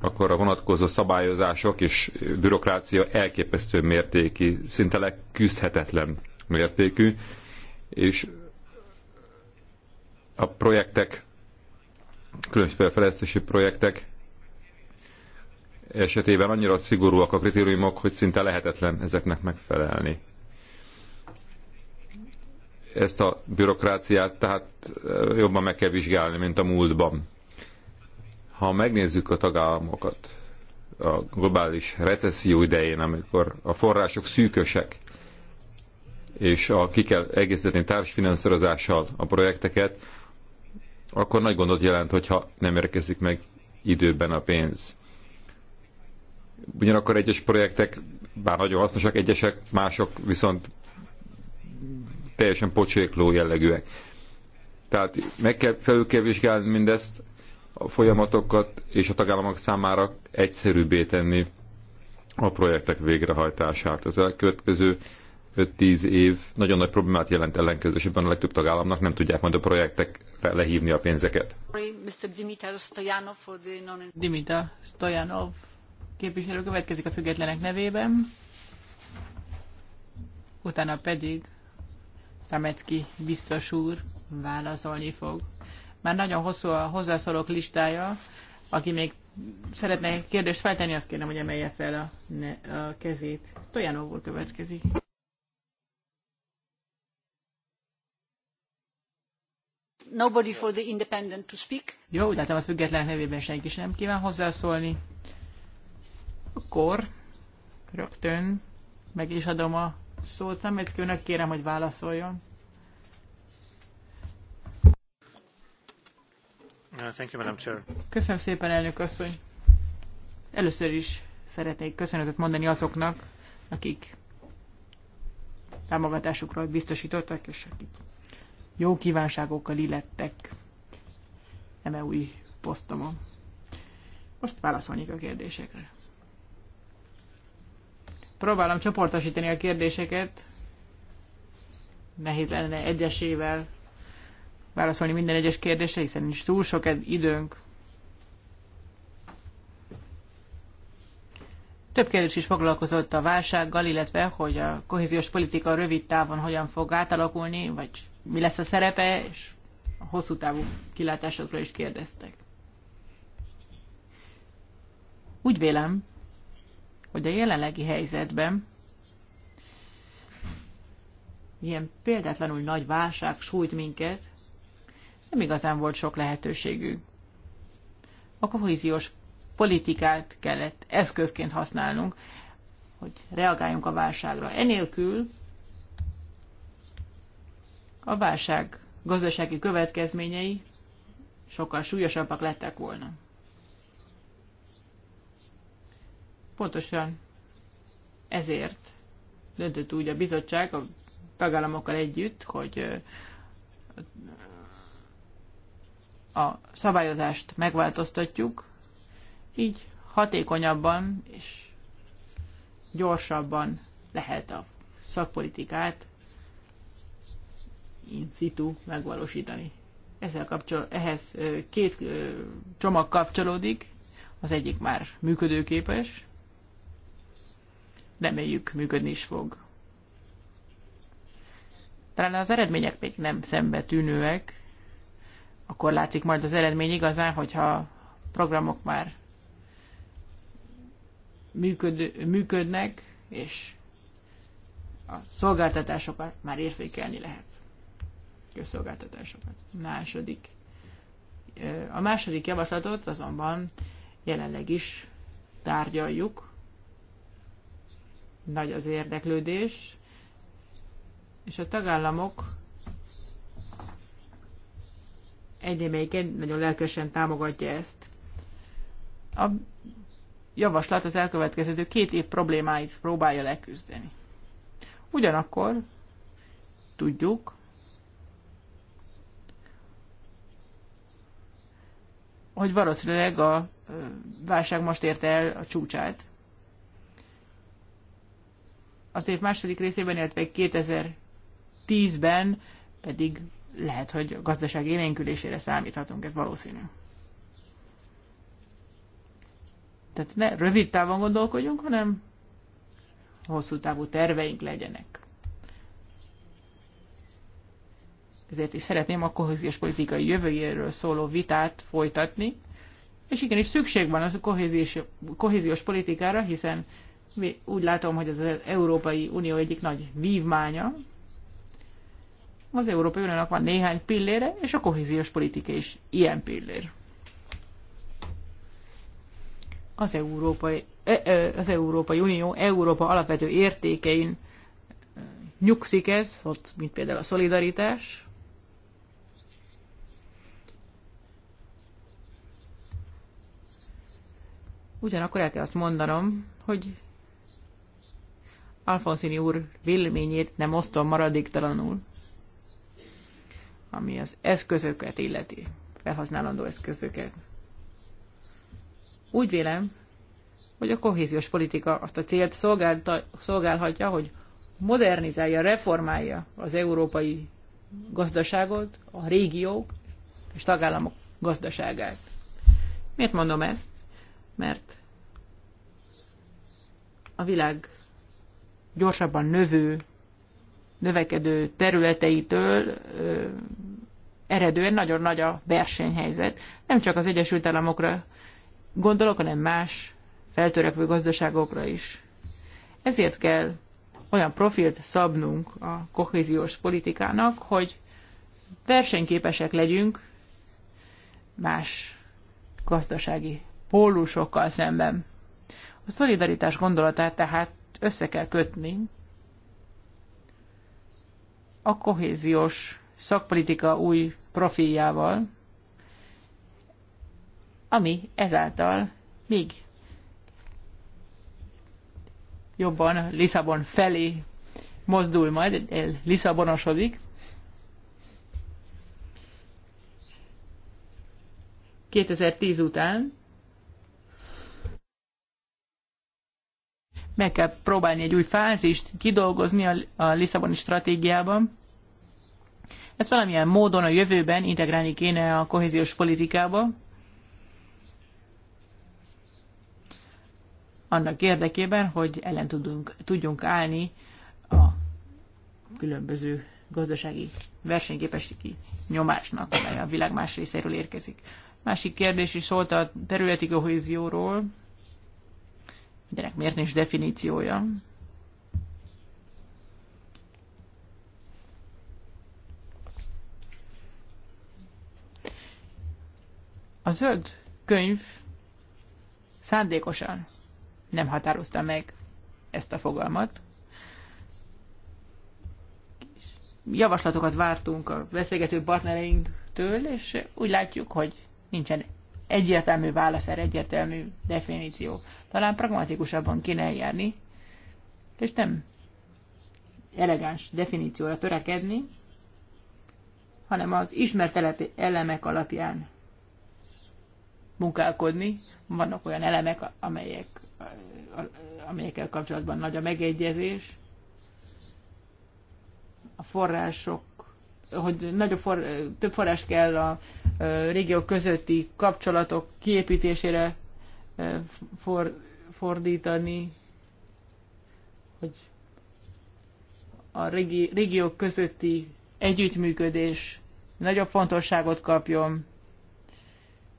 akkor a vonatkozó szabályozások és bürokrácia elképesztő mértékű, szinte legküzdhetetlen mértékű, és a projektek, különféle fejlesztési projektek esetében annyira szigorúak a kritériumok, hogy szinte lehetetlen ezeknek megfelelni. Ezt a bürokráciát tehát eh, jobban meg kell vizsgálni, mint a múltban. Ha megnézzük a tagállamokat a globális recesszió idején, amikor a források szűkösek, és a, ki kell egészíteni társfinanszírozással a projekteket, akkor nagy gondot jelent, hogyha nem érkezik meg időben a pénz Ugyanakkor egyes projektek bár nagyon hasznosak, egyesek, mások viszont teljesen pocsékló jellegűek. Tehát meg kell, felül kell vizsgálni mindezt, a folyamatokat és a tagállamok számára egyszerűbbé tenni a projektek végrehajtását. Az elkövetkező 5-10 év nagyon nagy problémát jelent ellenkezősében a legtöbb tagállamnak nem tudják majd a projektek lehívni a pénzeket. Dimitar Stojanov képviselő következik a függetlenek nevében, utána pedig Szamecki biztos úr válaszolni fog. Már nagyon hosszú a hozzászólók listája, aki még szeretne kérdést feltenni, azt kérem, hogy emelje fel a, ne, a kezét. Tojanov úr következik. Nobody for the independent to speak. Jó, úgy látom a független nevében senki sem kíván hozzászólni. Akkor rögtön meg is adom a szót szemétkőnek, kérem, hogy válaszoljon. Uh, thank you, Madam Chair. Köszönöm szépen, elnök asszony. Először is szeretnék köszönetet mondani azoknak, akik támogatásukról biztosítottak, és akik jó kívánságokkal illettek eme új posztomon. Most válaszolnék a kérdésekre próbálom csoportosítani a kérdéseket. Nehéz lenne egyesével válaszolni minden egyes kérdésre, hiszen nincs túl sok időnk. Több kérdés is foglalkozott a válsággal, illetve hogy a kohéziós politika rövid távon hogyan fog átalakulni, vagy mi lesz a szerepe, és a hosszú távú kilátásokról is kérdeztek. Úgy vélem, hogy a jelenlegi helyzetben ilyen példátlanul nagy válság sújt minket, nem igazán volt sok lehetőségünk. A kohéziós politikát kellett eszközként használnunk, hogy reagáljunk a válságra. Enélkül a válság gazdasági következményei sokkal súlyosabbak lettek volna. Pontosan ezért döntött úgy a bizottság a tagállamokkal együtt, hogy a szabályozást megváltoztatjuk, így hatékonyabban és gyorsabban lehet a szakpolitikát in situ megvalósítani. Ezzel kapcsol, ehhez két csomag kapcsolódik, az egyik már működőképes, reméljük működni is fog. Talán az eredmények még nem szembe tűnőek, akkor látszik majd az eredmény igazán, hogyha a programok már működ, működnek, és a szolgáltatásokat már érzékelni lehet. Közszolgáltatásokat. Második. A második javaslatot azonban jelenleg is tárgyaljuk nagy az érdeklődés, és a tagállamok egyébként nagyon lelkesen támogatja ezt. A javaslat az elkövetkező két év problémáit próbálja leküzdeni. Ugyanakkor tudjuk, hogy valószínűleg a válság most érte el a csúcsát, az év második részében, illetve 2010-ben pedig lehet, hogy a gazdaság élénkülésére számíthatunk, ez valószínű. Tehát ne rövid távon gondolkodjunk, hanem hosszú távú terveink legyenek. Ezért is szeretném a kohéziós politikai jövőjéről szóló vitát folytatni, és igenis szükség van az a kohéziós, kohéziós politikára, hiszen úgy látom, hogy ez az Európai Unió egyik nagy vívmánya. Az Európai Uniónak van néhány pillére, és a kohéziós politika is ilyen pillér. Az Európai, e, e, az Európai Unió Európa alapvető értékein e, nyugszik ez, ott, mint például a szolidaritás, Ugyanakkor el kell azt mondanom, hogy Alfonszini úr véleményét nem osztom maradéktalanul, ami az eszközöket illeti, felhasználandó eszközöket. Úgy vélem, hogy a kohéziós politika azt a célt szolgálta, szolgálhatja, hogy modernizálja, reformálja az európai gazdaságot, a régiók és tagállamok gazdaságát. Miért mondom ezt? Mert a világ gyorsabban növő, növekedő területeitől eredően nagyon nagy a versenyhelyzet. Nem csak az Egyesült Államokra gondolok, hanem más feltörekvő gazdaságokra is. Ezért kell olyan profilt szabnunk a kohéziós politikának, hogy versenyképesek legyünk más gazdasági pólusokkal szemben. A szolidaritás gondolatát tehát össze kell kötni a kohéziós szakpolitika új profiljával, ami ezáltal még jobban Lisszabon felé mozdul majd, el Lisszabonosodik. 2010 után meg kell próbálni egy új fázist kidolgozni a, a Lisszaboni stratégiában. Ezt valamilyen módon a jövőben integrálni kéne a kohéziós politikába. Annak érdekében, hogy ellen tudunk, tudjunk állni a különböző gazdasági versenyképességi nyomásnak, amely a világ más részéről érkezik. Másik kérdés is szólt a területi kohézióról, Mindenek miért nincs definíciója? A zöld könyv szándékosan nem határozta meg ezt a fogalmat. Javaslatokat vártunk a beszélgető partnereinktől, és úgy látjuk, hogy nincsen egyértelmű válasz egyértelmű definíció. Talán pragmatikusabban kéne eljárni, és nem elegáns definícióra törekedni, hanem az ismert elemek alapján munkálkodni. Vannak olyan elemek, amelyek, amelyekkel kapcsolatban nagy a megegyezés, a források, hogy nagyobb for, több forrás kell a régió közötti kapcsolatok kiépítésére for, fordítani, hogy a régi, régiók közötti együttműködés nagyobb fontosságot kapjon,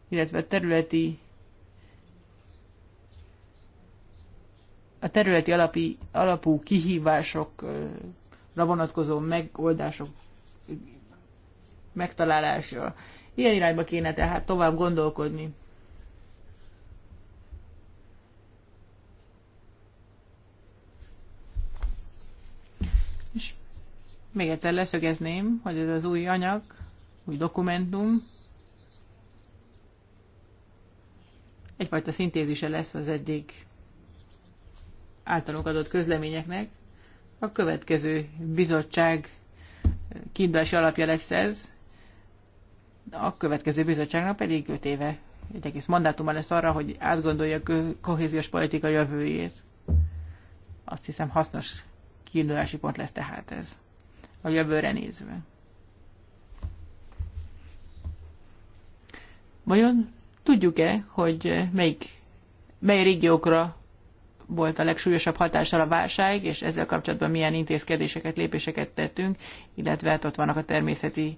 illetve a területi a területi alapi, alapú kihívásokra vonatkozó megoldások megtalálása. Ilyen irányba kéne tehát tovább gondolkodni. Még egyszer leszögezném, hogy ez az új anyag, új dokumentum egyfajta szintézise lesz az eddig általunk adott közleményeknek. A következő bizottság kiindulási alapja lesz ez, a következő bizottságnak pedig 5 éve egy egész mandátuma lesz arra, hogy átgondolja a kohéziós politika jövőjét. Azt hiszem hasznos kiindulási pont lesz tehát ez a jövőre nézve. Vajon tudjuk-e, hogy melyik, mely régiókra volt a legsúlyosabb hatással a válság, és ezzel kapcsolatban milyen intézkedéseket, lépéseket tettünk, illetve hát ott vannak a természeti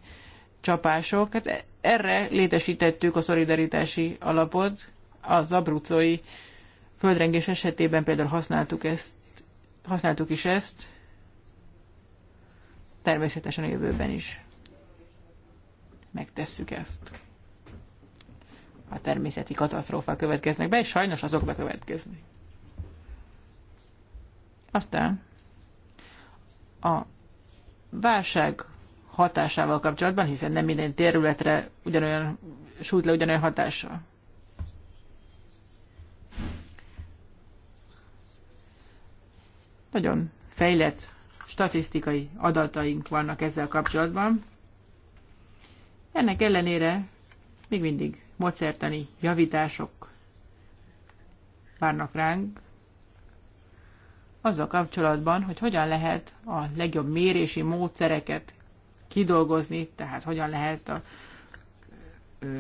csapások. Hát erre létesítettük a szolidaritási alapot, az abrucói földrengés esetében például használtuk ezt, használtuk is ezt, természetesen a jövőben is megtesszük ezt. A természeti katasztrófa következnek be, és sajnos azok bekövetkeznek. Aztán a válság hatásával kapcsolatban, hiszen nem minden területre ugyanolyan sújt le ugyanolyan hatással. Nagyon fejlett statisztikai adataink vannak ezzel kapcsolatban. Ennek ellenére még mindig mozertani javítások várnak ránk azzal kapcsolatban, hogy hogyan lehet a legjobb mérési módszereket kidolgozni, tehát hogyan lehet a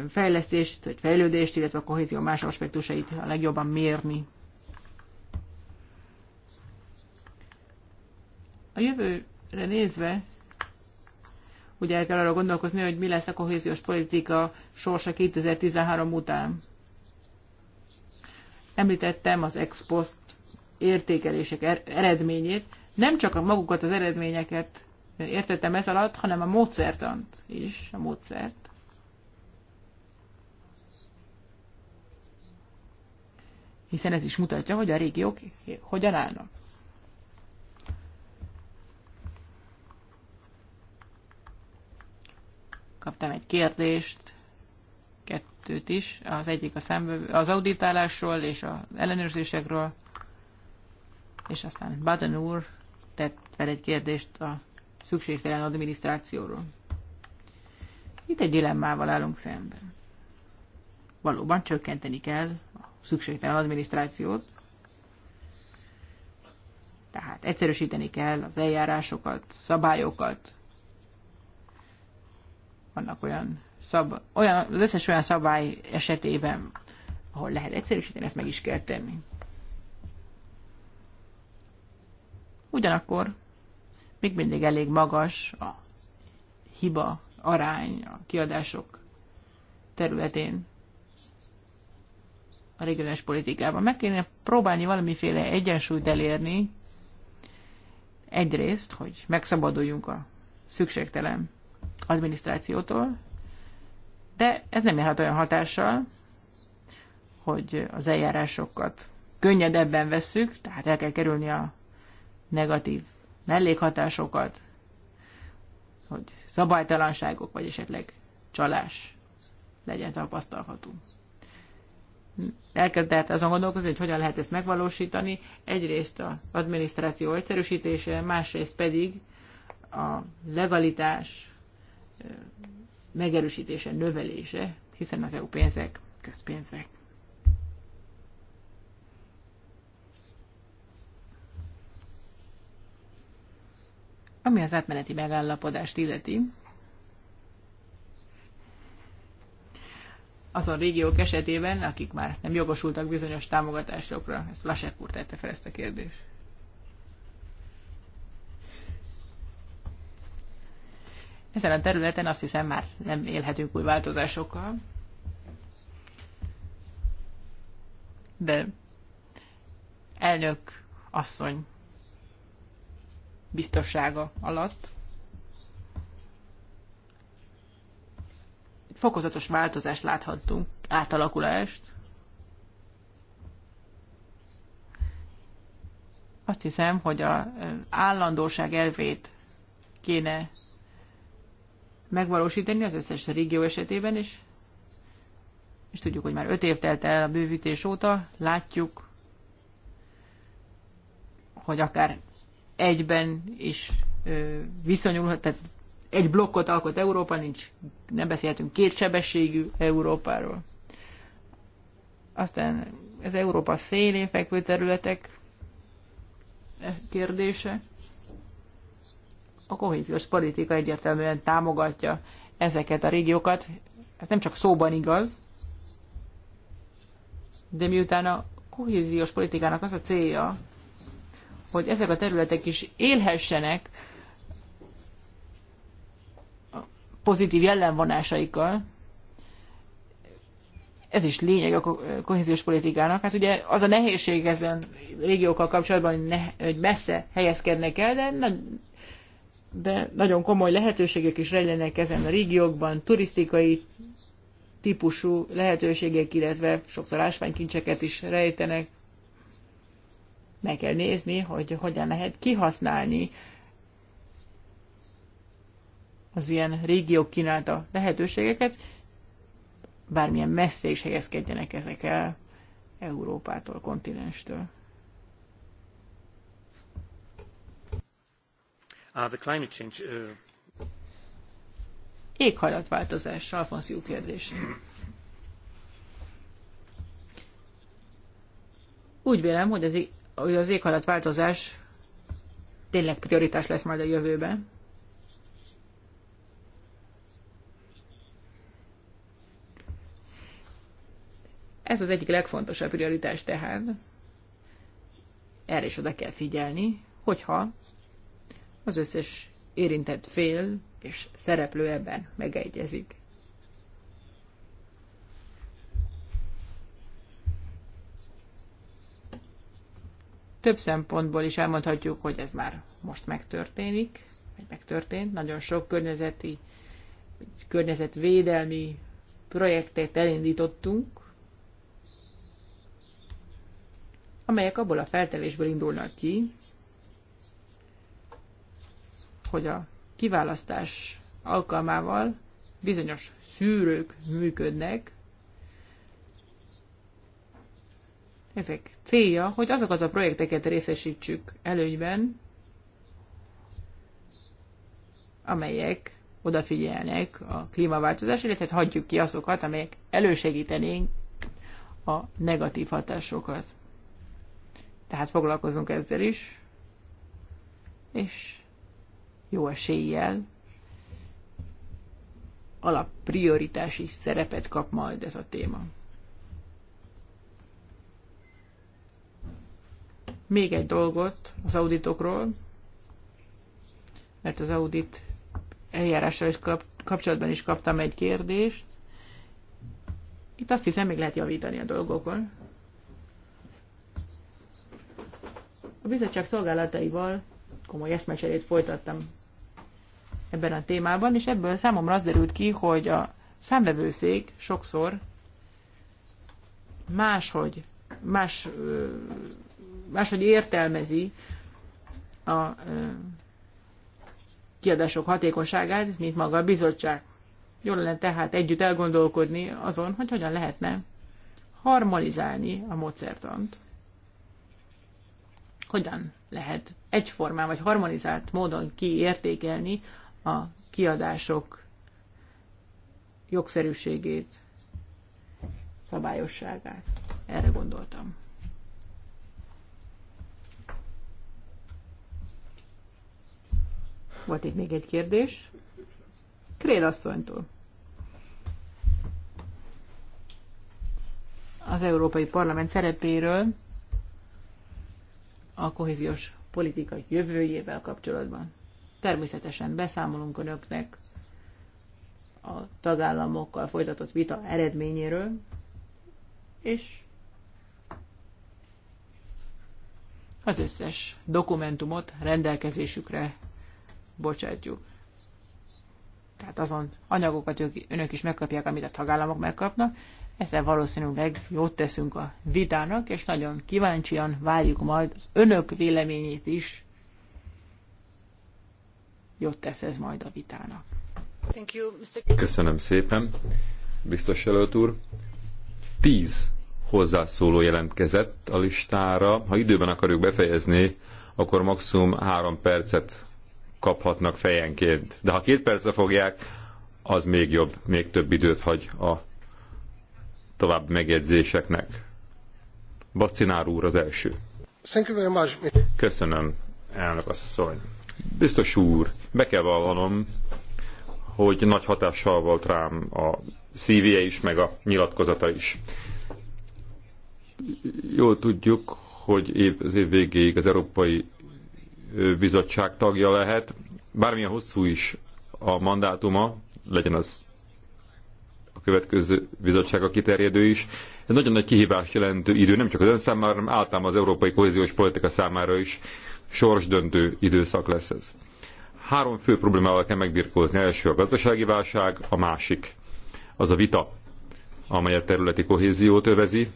fejlesztést, vagy fejlődést, illetve a kohézió más aspektusait a legjobban mérni. A jövőre nézve ugye el kell arra gondolkozni, hogy mi lesz a kohéziós politika sorsa 2013 után. Említettem az ex post értékelések er- eredményét, nem csak a magukat az eredményeket értettem ez alatt, hanem a módszertant is, a módszert. Hiszen ez is mutatja, hogy a régiók hogyan állnak. kaptam egy kérdést, kettőt is, az egyik a szembe, az auditálásról és az ellenőrzésekről, és aztán Baden úr tett fel egy kérdést a szükségtelen adminisztrációról. Itt egy dilemmával állunk szemben. Valóban csökkenteni kell a szükségtelen adminisztrációt, tehát egyszerűsíteni kell az eljárásokat, szabályokat, vannak olyan, szab, olyan az összes olyan szabály esetében, ahol lehet egyszerűsíteni, ezt meg is kell tenni. Ugyanakkor még mindig elég magas a hiba arány a kiadások területén a regionális politikában. Meg kéne próbálni valamiféle egyensúlyt elérni, egyrészt, hogy megszabaduljunk a szükségtelen adminisztrációtól, de ez nem járhat olyan hatással, hogy az eljárásokat könnyedebben vesszük, tehát el kell kerülni a negatív mellékhatásokat, hogy szabálytalanságok, vagy esetleg csalás legyen tapasztalható. El kell tehát azon gondolkozni, hogy hogyan lehet ezt megvalósítani. Egyrészt az adminisztráció egyszerűsítése, másrészt pedig a legalitás, megerősítése, növelése, hiszen az EU pénzek közpénzek. Ami az átmeneti megállapodást illeti, azon régiók esetében, akik már nem jogosultak bizonyos támogatásokra, ezt Lasek úr tette fel ezt a kérdést. Ezen a területen azt hiszem már nem élhetünk új változásokkal. De elnök asszony biztossága alatt fokozatos változást láthattunk, átalakulást. Azt hiszem, hogy a állandóság elvét kéne megvalósítani az összes régió esetében, is. és tudjuk, hogy már öt év telt el a bővítés óta, látjuk, hogy akár egyben is ö, viszonyulhat, tehát egy blokkot alkot Európa, nincs, nem beszélhetünk kétsebességű Európáról. Aztán ez Európa szélén fekvő területek kérdése a kohéziós politika egyértelműen támogatja ezeket a régiókat. Ez nem csak szóban igaz, de miután a kohéziós politikának az a célja, hogy ezek a területek is élhessenek pozitív jellemvonásaikkal, ez is lényeg a kohéziós politikának. Hát ugye az a nehézség ezen régiókkal kapcsolatban, hogy, ne, hogy messze helyezkednek el, de de nagyon komoly lehetőségek is rejlenek ezen a régiókban, turisztikai típusú lehetőségek, illetve sokszor ásványkincseket is rejtenek. Meg kell nézni, hogy hogyan lehet kihasználni az ilyen régiók kínálta lehetőségeket, bármilyen messze is helyezkedjenek ezek el Európától, kontinenstől. Uh, uh, éghajlatváltozás, Alfonsz kérdés. Úgy vélem, hogy az, hogy az éghajlatváltozás tényleg prioritás lesz majd a jövőben. Ez az egyik legfontosabb prioritás tehát. Erre is oda kell figyelni, hogyha az összes érintett fél és szereplő ebben megegyezik. Több szempontból is elmondhatjuk, hogy ez már most megtörténik, vagy megtörtént. Nagyon sok környezeti, környezetvédelmi projektet elindítottunk, amelyek abból a feltevésből indulnak ki, hogy a kiválasztás alkalmával bizonyos szűrők működnek. Ezek célja, hogy azokat a projekteket részesítsük előnyben, amelyek odafigyelnek a klímaváltozásra, illetve hát hagyjuk ki azokat, amelyek elősegítenénk a negatív hatásokat. Tehát foglalkozunk ezzel is, és jó eséllyel alapprioritási szerepet kap majd ez a téma. Még egy dolgot az auditokról, mert az audit eljárással is kap, kapcsolatban is kaptam egy kérdést. Itt azt hiszem, még lehet javítani a dolgokon. A bizottság szolgálataival komoly eszmecserét folytattam ebben a témában, és ebből számomra az derült ki, hogy a számvevőszék sokszor máshogy, más, máshogy értelmezi a kiadások hatékonyságát, mint maga a bizottság. Jól lenne tehát együtt elgondolkodni azon, hogy hogyan lehetne harmonizálni a módszertant. Hogyan lehet egyformán vagy harmonizált módon kiértékelni a kiadások jogszerűségét, szabályosságát. Erre gondoltam. Volt itt még egy kérdés. Krél asszonytól. Az Európai Parlament szerepéről a kohéziós politika jövőjével kapcsolatban. Természetesen beszámolunk önöknek a tagállamokkal folytatott vita eredményéről, és az összes dokumentumot rendelkezésükre bocsátjuk. Tehát azon anyagokat önök is megkapják, amit a tagállamok megkapnak, ezzel valószínűleg jót teszünk a vitának, és nagyon kíváncsian várjuk majd az önök véleményét is. Jót tesz ez majd a vitának. Köszönöm szépen, biztos jelölt úr. Tíz hozzászóló jelentkezett a listára. Ha időben akarjuk befejezni, akkor maximum három percet kaphatnak fejenként. De ha két percre fogják, az még jobb, még több időt hagy a további megjegyzéseknek. Basztinár úr az első. Köszönöm, elnök asszony. Biztos úr, be kell vallanom, hogy nagy hatással volt rám a szívje is, meg a nyilatkozata is. Jól tudjuk, hogy év, az év végéig az Európai Bizottság tagja lehet. Bármilyen hosszú is a mandátuma, legyen az következő bizottsága kiterjedő is. Ez nagyon nagy kihívást jelentő idő, nem csak az ön számára, hanem általában az európai kohéziós politika számára is sorsdöntő időszak lesz ez. Három fő problémával kell megbirkózni. Első a gazdasági válság, a másik az a vita, amely a területi kohéziót övezi,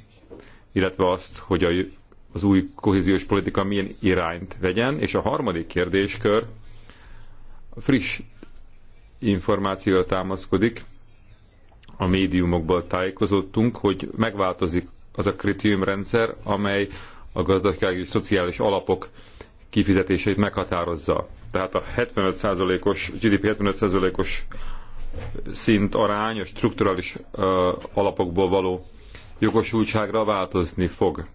illetve azt, hogy a, az új kohéziós politika milyen irányt vegyen, és a harmadik kérdéskör friss információra támaszkodik a médiumokból tájékozottunk, hogy megváltozik az a kritériumrendszer, amely a gazdasági és szociális alapok kifizetését meghatározza. Tehát a 75%-os, GDP 75%-os szint arány a strukturális uh, alapokból való jogosultságra változni fog.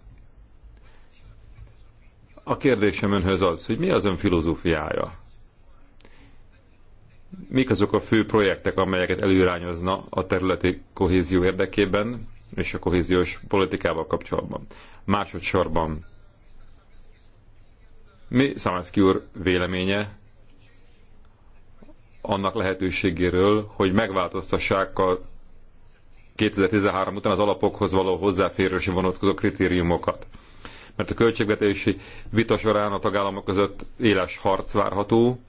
A kérdésem önhöz az, hogy mi az ön filozófiája mik azok a fő projektek, amelyeket előirányozna a területi kohézió érdekében és a kohéziós politikával kapcsolatban. Másodszorban, mi Szamászki úr véleménye annak lehetőségéről, hogy megváltoztassák a 2013 után az alapokhoz való hozzáférési vonatkozó kritériumokat. Mert a költségvetési vita során a tagállamok között éles harc várható,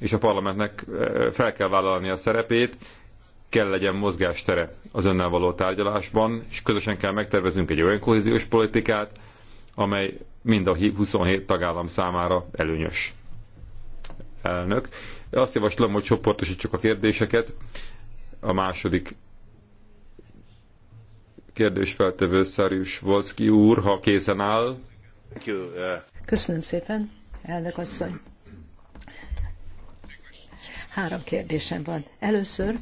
és a parlamentnek eh, fel kell vállalni a szerepét, kell legyen mozgástere az önnel való tárgyalásban, és közösen kell megtervezünk egy olyan kohéziós politikát, amely mind a 27 tagállam számára előnyös. Elnök. Azt javaslom, hogy csoportosítsuk a kérdéseket. A második kérdésfeltevő Szarius Volszki úr, ha készen áll. Uh, Köszönöm szépen, elnök asszony. Három kérdésem van. Először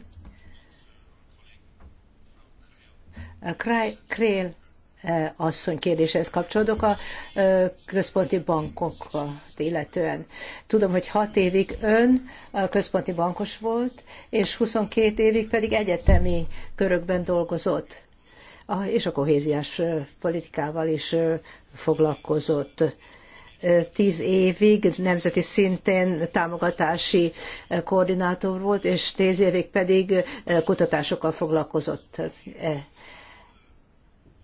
Krél eh, asszony kérdéshez kapcsolódok a eh, központi bankokat illetően. Tudom, hogy hat évig ön központi bankos volt, és 22 évig pedig egyetemi körökben dolgozott, és a kohéziás eh, politikával is foglalkozott tíz évig nemzeti szinten támogatási koordinátor volt, és tíz évig pedig kutatásokkal foglalkozott. E,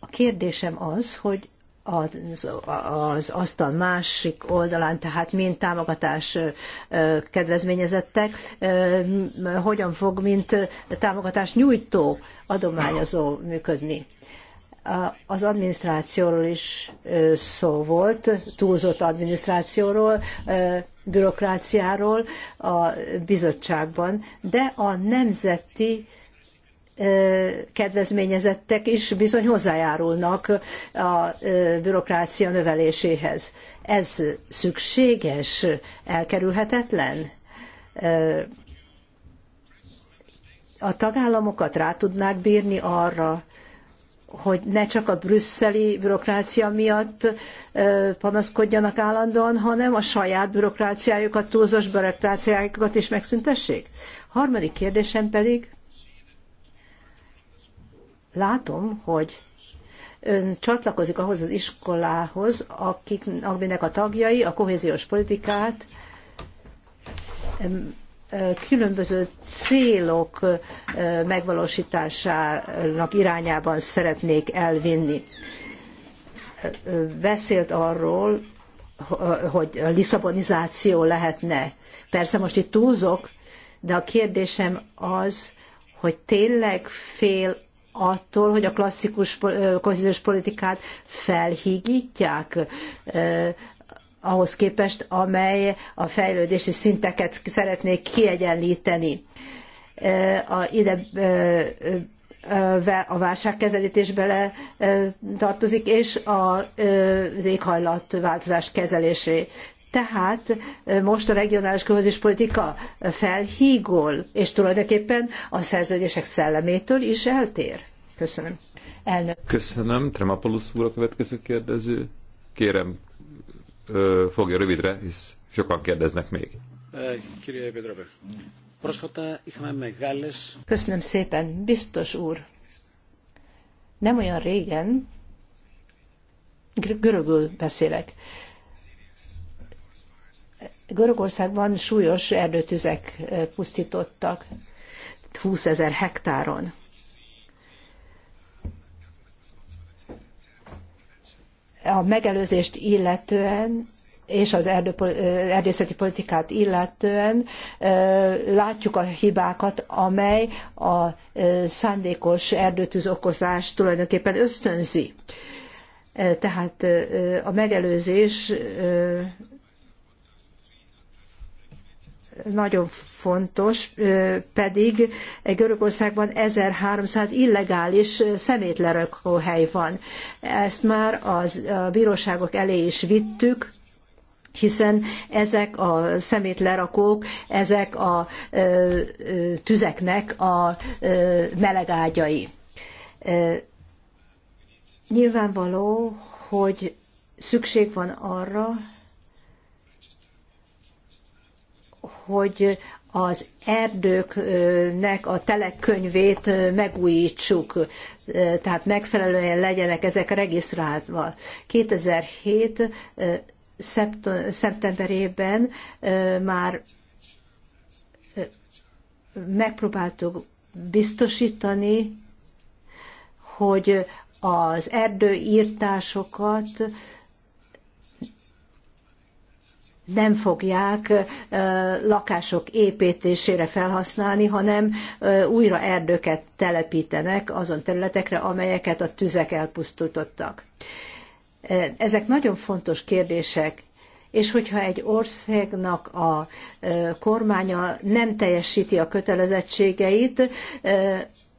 a kérdésem az, hogy az, az asztal másik oldalán, tehát mint támogatás kedvezményezettek, hogyan fog mint támogatás nyújtó adományozó működni az adminisztrációról is szó volt, túlzott adminisztrációról, bürokráciáról a bizottságban, de a nemzeti kedvezményezettek is bizony hozzájárulnak a bürokrácia növeléséhez. Ez szükséges, elkerülhetetlen? A tagállamokat rá tudnák bírni arra, hogy ne csak a brüsszeli bürokrácia miatt panaszkodjanak állandóan, hanem a saját bürokráciájukat, túlzos bürokráciájukat is megszüntessék? Harmadik kérdésem pedig, látom, hogy ön csatlakozik ahhoz az iskolához, akik, aminek a tagjai a kohéziós politikát különböző célok megvalósításának irányában szeretnék elvinni. Beszélt arról, hogy a liszabonizáció lehetne. Persze most itt túlzok, de a kérdésem az, hogy tényleg fél attól, hogy a klasszikus kohéziós politikát felhígítják ahhoz képest, amely a fejlődési szinteket szeretnék kiegyenlíteni. A, ide a válságkezelítés bele tartozik, és az éghajlatváltozás kezelésé. Tehát most a regionális közös politika felhígol, és tulajdonképpen a szerződések szellemétől is eltér. Köszönöm. Elnök. Köszönöm. Tremapolusz úr a következő kérdező. Kérem, ö, fogja rövidre, hisz sokan kérdeznek még. Köszönöm szépen, biztos úr. Nem olyan régen, görögül beszélek, Görögországban súlyos erdőtüzek pusztítottak 20 ezer hektáron. a megelőzést illetően és az erdészeti politikát illetően látjuk a hibákat, amely a szándékos erdőtűz okozás tulajdonképpen ösztönzi. Tehát a megelőzés nagyon fontos, pedig Görögországban 1300 illegális szemétlerakóhely van. Ezt már az, a bíróságok elé is vittük, hiszen ezek a szemétlerakók, ezek a ö, ö, tüzeknek a ö, melegágyai. nyilvánvaló, hogy szükség van arra, hogy az erdőknek a telekönyvét megújítsuk, tehát megfelelően legyenek ezek regisztrálva. 2007 szeptemberében már megpróbáltuk biztosítani, hogy az erdőírtásokat nem fogják lakások építésére felhasználni, hanem újra erdőket telepítenek azon területekre, amelyeket a tüzek elpusztítottak. Ezek nagyon fontos kérdések, és hogyha egy országnak a kormánya nem teljesíti a kötelezettségeit,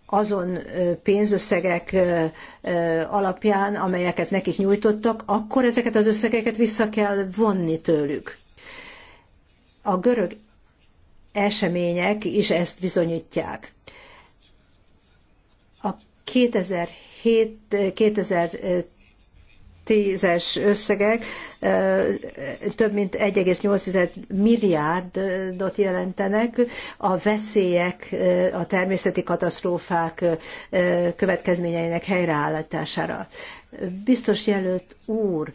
azon pénzösszegek alapján, amelyeket nekik nyújtottak, akkor ezeket az összegeket vissza kell vonni tőlük. A görög események is ezt bizonyítják. A 2007-2010 2010 összegek több mint 1,8 milliárdot jelentenek. A veszélyek a természeti katasztrófák következményeinek helyreállítására. Biztos jelölt úr,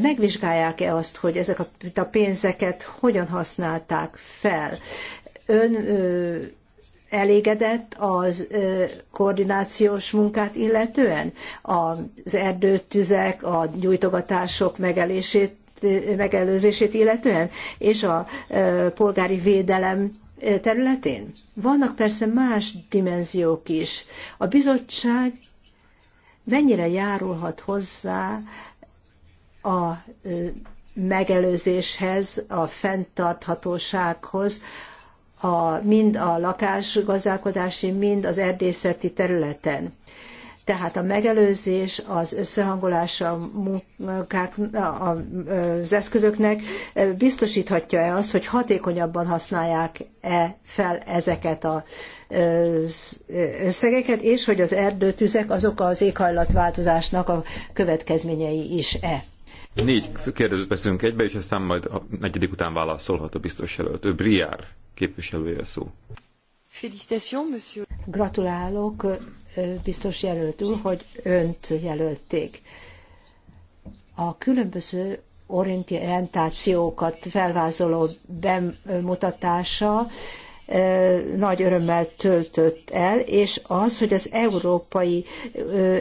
megvizsgálják-e azt, hogy ezek a pénzeket hogyan használták fel? Ön elégedett az koordinációs munkát illetően? Az erdőtüzek, a gyújtogatások megelését, megelőzését illetően, és a polgári védelem területén? Vannak persze más dimenziók is. A bizottság mennyire járulhat hozzá a megelőzéshez, a fenntarthatósághoz, a, mind a lakásgazdálkodási, mind az erdészeti területen. Tehát a megelőzés, az összehangolása a munkák, az eszközöknek biztosíthatja-e azt, hogy hatékonyabban használják-e fel ezeket az összegeket, és hogy az erdőtüzek azok az éghajlatváltozásnak a következményei is-e? Négy kérdezőt veszünk egybe, és aztán majd a negyedik után válaszolhat a biztos jelölt. Ő Briár képviselője szó. Gratulálok biztos jelölt úr, hogy önt jelölték. A különböző orientációkat felvázoló bemutatása nagy örömmel töltött el, és az, hogy az európai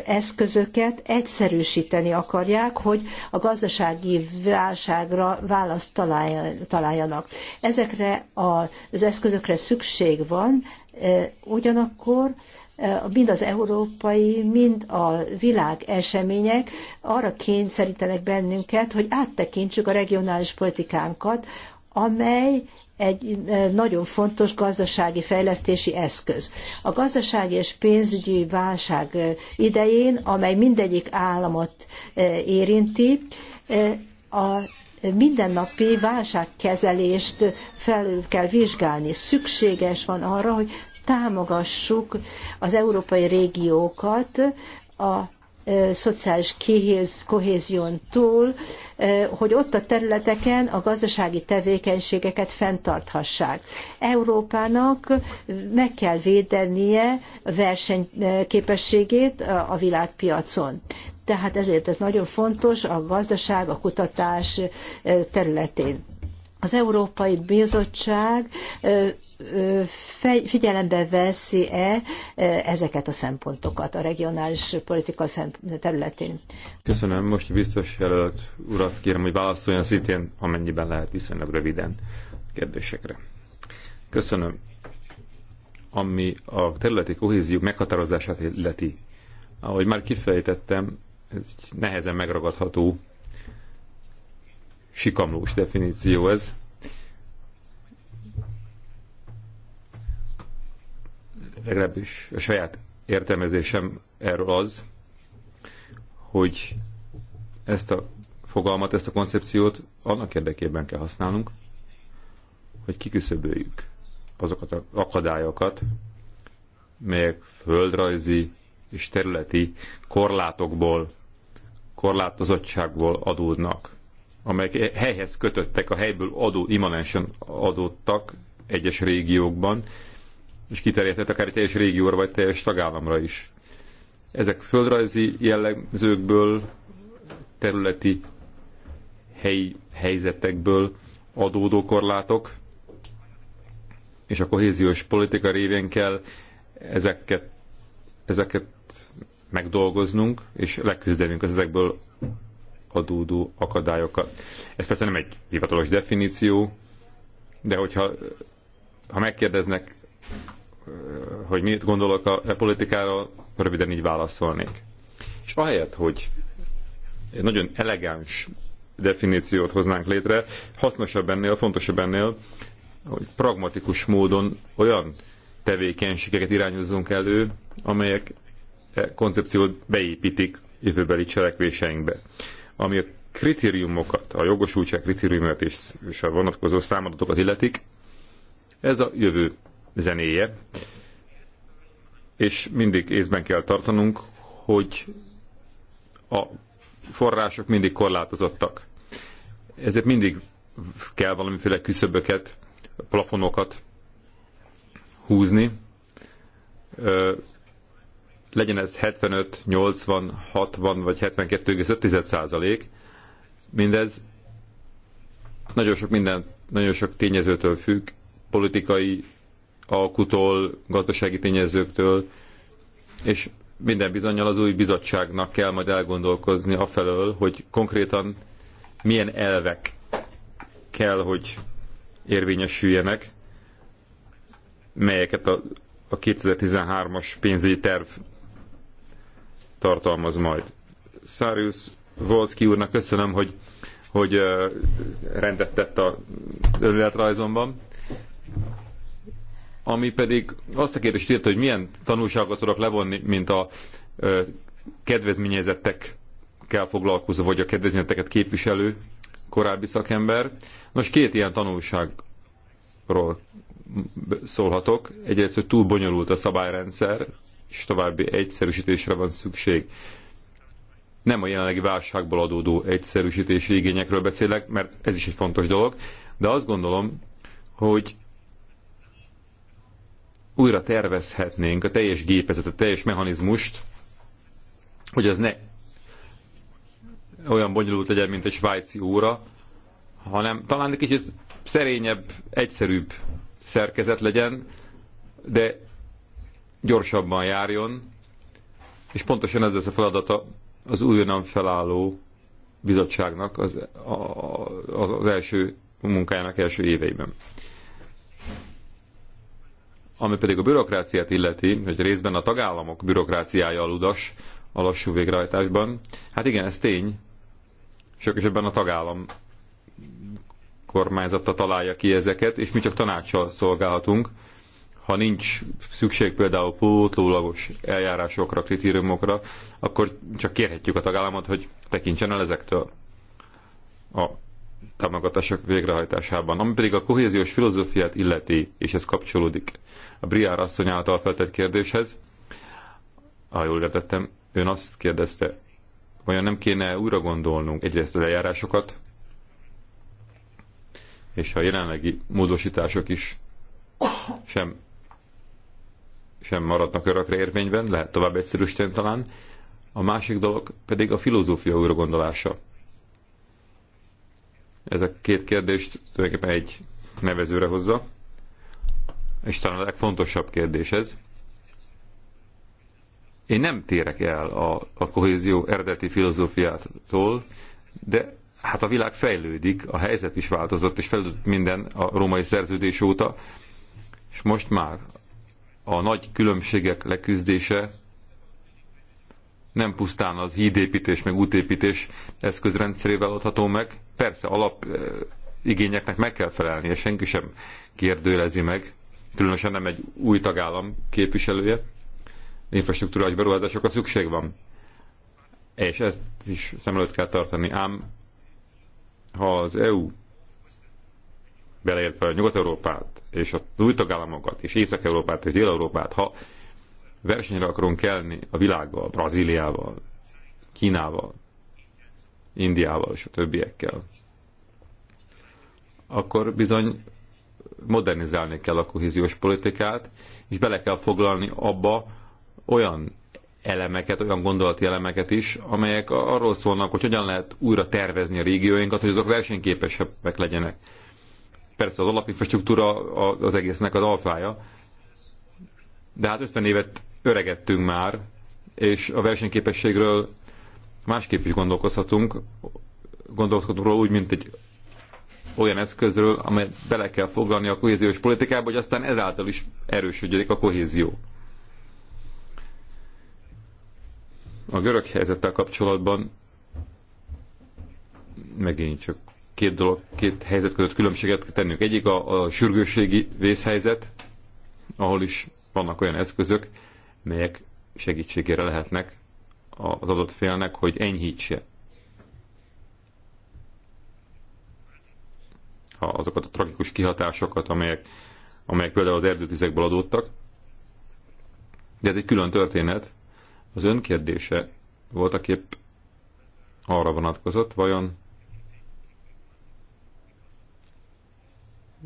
eszközöket egyszerűsíteni akarják, hogy a gazdasági válságra választ találjanak. Ezekre az eszközökre szükség van, ugyanakkor mind az európai, mind a világ események arra kényszerítenek bennünket, hogy áttekintsük a regionális politikánkat, amely egy eh, nagyon fontos gazdasági fejlesztési eszköz. A gazdasági és pénzügyi válság eh, idején, amely mindegyik államot eh, érinti, a mindennapi válságkezelést felül kell vizsgálni. Szükséges van arra, hogy támogassuk az európai régiókat a szociális kihéz, kohézión túl, hogy ott a területeken a gazdasági tevékenységeket fenntarthassák. Európának meg kell védenie a versenyképességét a világpiacon. Tehát ezért ez nagyon fontos a gazdaság, a kutatás területén az Európai Bizottság figyelembe veszi-e ezeket a szempontokat a regionális politika területén? Köszönöm. Most biztos jelölt urat kérem, hogy válaszoljon szintén, amennyiben lehet viszonylag röviden a kérdésekre. Köszönöm. Ami a területi kohézió meghatározását illeti, ahogy már kifejtettem, ez nehezen megragadható sikamlós definíció ez. Legalábbis a saját értelmezésem erről az, hogy ezt a fogalmat, ezt a koncepciót annak érdekében kell használnunk, hogy kiküszöböljük azokat az akadályokat, melyek földrajzi és területi korlátokból, korlátozottságból adódnak amelyek helyhez kötöttek, a helyből adó, immanensen adottak egyes régiókban, és kiterjedhet akár egy teljes régióra, vagy teljes tagállamra is. Ezek földrajzi jellemzőkből, területi helyi helyzetekből adódó korlátok, és a kohéziós politika révén kell ezeket, ezeket megdolgoznunk, és leküzdenünk az ezekből adódó akadályokat. Ez persze nem egy hivatalos definíció, de hogyha ha megkérdeznek, eh, hogy mit gondolok a, a politikáról, röviden így válaszolnék. És ahelyett, hogy egy nagyon elegáns definíciót hoznánk létre, hasznosabb ennél, fontosabb ennél, hogy pragmatikus módon olyan tevékenységeket irányozzunk elő, amelyek e koncepciót beépítik jövőbeli cselekvéseinkbe ami a kritériumokat, a jogosultság kritériumokat és, és a vonatkozó számadatokat illetik, ez a jövő zenéje. És mindig észben kell tartanunk, hogy a források mindig korlátozottak. Ezért mindig kell valamiféle küszöböket, plafonokat húzni, legyen ez 75, 80, 60 vagy 72,5 százalék, mindez nagyon sok minden, nagyon sok tényezőtől függ, politikai alkutól, gazdasági tényezőktől, és minden bizonyal az új bizottságnak kell majd elgondolkozni afelől, hogy konkrétan milyen elvek kell, hogy érvényesüljenek, melyeket a, a 2013-as pénzügyi terv tartalmaz majd. Szárius Volszki úrnak köszönöm, hogy, hogy rendet tett az önéletrajzomban. Ami pedig azt a kérdést írta, hogy milyen tanulságot tudok levonni, mint a kedvezményezettekkel foglalkozó, vagy a kedvezményezetteket képviselő korábbi szakember. Nos, két ilyen tanulságról szólhatok. Egyrészt, hogy túl bonyolult a szabályrendszer, és további egyszerűsítésre van szükség. Nem a jelenlegi válságból adódó egyszerűsítési igényekről beszélek, mert ez is egy fontos dolog, de azt gondolom, hogy újra tervezhetnénk a teljes gépezetet, a teljes mechanizmust, hogy az ne olyan bonyolult legyen, mint egy svájci óra, hanem talán egy kicsit szerényebb, egyszerűbb szerkezet legyen, de gyorsabban járjon, és pontosan ez lesz a feladata az újonnan felálló bizottságnak az, az, az első munkájának első éveiben. Ami pedig a bürokráciát illeti, hogy részben a tagállamok bürokráciája aludas a lassú végrehajtásban, hát igen, ez tény, sok esetben a tagállam kormányzata találja ki ezeket, és mi csak tanácssal szolgálhatunk, ha nincs szükség például pótlólagos eljárásokra, kritériumokra, akkor csak kérhetjük a tagállamot, hogy tekintsen el ezektől a támogatások végrehajtásában. Ami pedig a kohéziós filozófiát illeti, és ez kapcsolódik a Briár asszony által feltett kérdéshez, ha jól értettem, ön azt kérdezte, vajon nem kéne újra gondolnunk egyrészt az eljárásokat, és a jelenlegi módosítások is sem sem maradnak örökre érvényben, lehet tovább egyszerűsíteni talán. A másik dolog pedig a filozófia újragondolása. Ez a két kérdést tulajdonképpen egy nevezőre hozza, és talán a legfontosabb kérdés ez. Én nem térek el a, a kohézió eredeti filozófiától, de hát a világ fejlődik, a helyzet is változott, és fejlődött minden a római szerződés óta, és most már a nagy különbségek leküzdése nem pusztán az hídépítés meg útépítés eszközrendszerével adható meg. Persze alap eh, igényeknek meg kell felelni, és senki sem kérdőlezi meg, különösen nem egy új tagállam képviselője. Infrastruktúrális beruházásokra szükség van. És ezt is szem előtt kell tartani. Ám ha az EU beleértve a Nyugat-Európát, és az új tagállamokat, és Észak-Európát, és Dél-Európát, ha versenyre akarunk kelni a világgal, Brazíliával, Kínával, Indiával és a többiekkel, akkor bizony modernizálni kell a kohéziós politikát, és bele kell foglalni abba olyan elemeket, olyan gondolati elemeket is, amelyek arról szólnak, hogy hogyan lehet újra tervezni a régióinkat, hogy azok versenyképesebbek legyenek Persze az alapinfrastruktúra az egésznek az alfája, de hát 50 évet öregettünk már, és a versenyképességről másképp is gondolkozhatunk, Gondolkozhatunk róla úgy, mint egy olyan eszközről, amely bele kell foglalni a kohéziós politikába, hogy aztán ezáltal is erősödjék a kohézió. A görög helyzettel kapcsolatban megint csak két, dolog, két helyzet között különbséget tennünk. Egyik a, a sürgősségi vészhelyzet, ahol is vannak olyan eszközök, melyek segítségére lehetnek az adott félnek, hogy enyhítse ha azokat a tragikus kihatásokat, amelyek, amelyek például az erdőtizekből adódtak. De ez egy külön történet. Az önkérdése voltak épp arra vonatkozott, vajon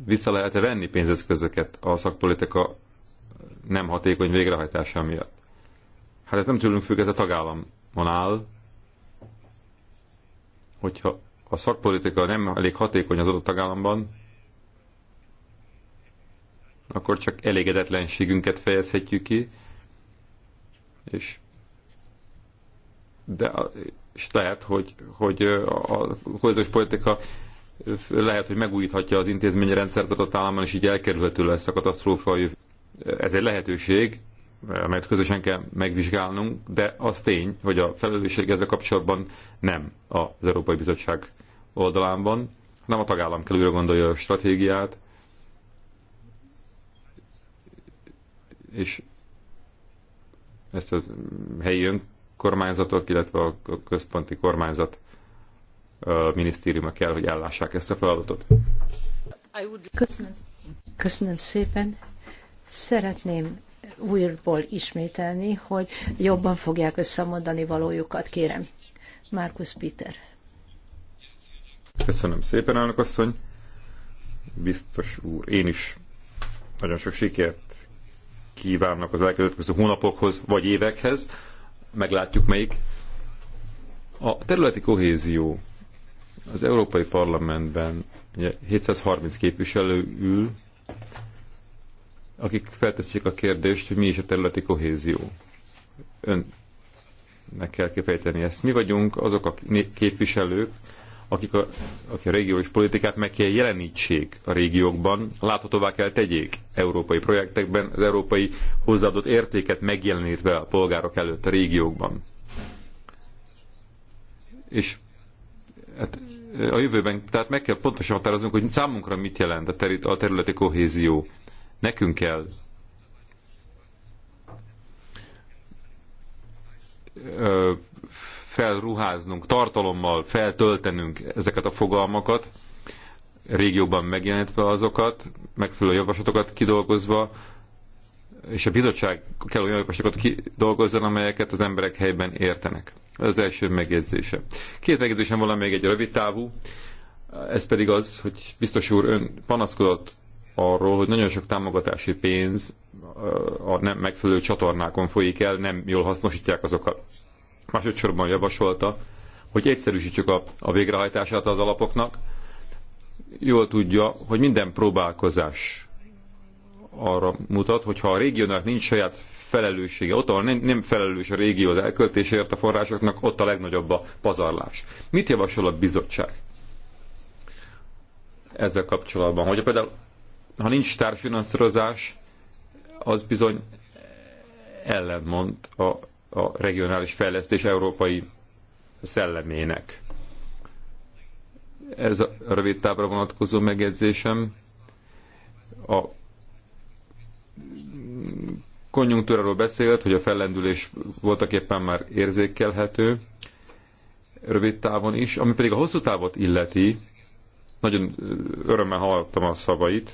vissza lehet -e venni pénzeszközöket a szakpolitika nem hatékony végrehajtása miatt. Hát ez nem tőlünk függ, ez a tagállamon áll, hogyha a szakpolitika nem elég hatékony az adott tagállamban, akkor csak elégedetlenségünket fejezhetjük ki, és de és lehet, hogy, hogy a kohéziós politika lehet, hogy megújíthatja az intézményrendszert adott államban, és így elkerülhető lesz a katasztrófa Ez egy lehetőség, amelyet közösen kell megvizsgálnunk, de az tény, hogy a felelősség ezzel kapcsolatban nem az Európai Bizottság oldalán van, hanem a tagállam kell újra gondolja a stratégiát, és ezt az helyi önkormányzatok, illetve a központi kormányzat minisztériuma kell, hogy ellássák ezt a feladatot. Köszönöm, Köszönöm szépen. Szeretném újból ismételni, hogy jobban fogják összemondani valójukat, kérem. Markus Peter. Köszönöm szépen, elnök asszony. Biztos úr, én is nagyon sok sikert kívánnak az elkövetkező hónapokhoz vagy évekhez. Meglátjuk melyik. A területi kohézió az Európai Parlamentben 730 képviselő ül, akik felteszik a kérdést, hogy mi is a területi kohézió. Önnek kell kifejteni ezt. Mi vagyunk azok a képviselők, akik a, akik a régiós politikát meg kell jelenítsék a régiókban, láthatóvá kell tegyék európai projektekben, az európai hozzáadott értéket megjelenítve a polgárok előtt a régiókban. És hát a jövőben, tehát meg kell pontosan határoznunk, hogy számunkra mit jelent a, terület, a területi kohézió. Nekünk kell felruháznunk, tartalommal feltöltenünk ezeket a fogalmakat, régióban megjelenítve azokat, megfelelő javaslatokat kidolgozva, és a bizottság kell olyan javaslatokat kidolgozzon, amelyeket az emberek helyben értenek. Ez az első megjegyzése. Két megjegyzésem van még egy rövid távú, ez pedig az, hogy biztos úr ön panaszkodott arról, hogy nagyon sok támogatási pénz a nem megfelelő csatornákon folyik el, nem jól hasznosítják azokat. Másodszorban javasolta, hogy egyszerűsítsük a, a végrehajtását az alapoknak. Jól tudja, hogy minden próbálkozás arra mutat, hogy ha a régiónak nincs saját felelőssége, ott, ahol nem, nem felelős a régió az elköltéséért a forrásoknak, ott a legnagyobb a pazarlás. Mit javasol a bizottság ezzel kapcsolatban? Hogy például, ha nincs társfinanszírozás, az bizony ellentmond a, a regionális fejlesztés európai szellemének. Ez a rövid távra vonatkozó megjegyzésem. A konjunktúráról beszélt, hogy a fellendülés voltak éppen már érzékelhető rövid távon is, ami pedig a hosszú távot illeti, nagyon örömmel hallottam a szavait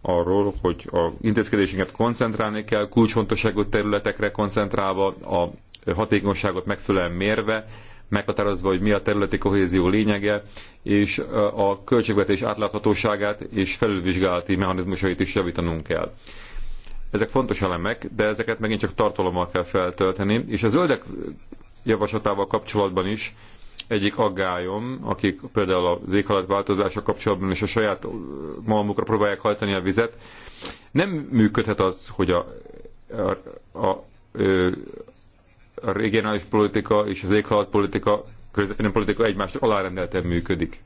arról, hogy a intézkedésünket koncentrálni kell, kulcsfontosságú területekre koncentrálva, a hatékonyságot megfelelően mérve, meghatározva, hogy mi a területi kohézió lényege, és a költségvetés átláthatóságát és felülvizsgálati mechanizmusait is javítanunk kell. Ezek fontos elemek, de ezeket megint csak tartalommal kell feltölteni, és a zöldek javaslatával kapcsolatban is egyik aggályom, akik például az éghajlatváltozása kapcsolatban és a saját malmukra próbálják hajtani a vizet, nem működhet az, hogy a, a, a, a regionális politika és az éghajlatpolitika, politika egymást alárendelten működik.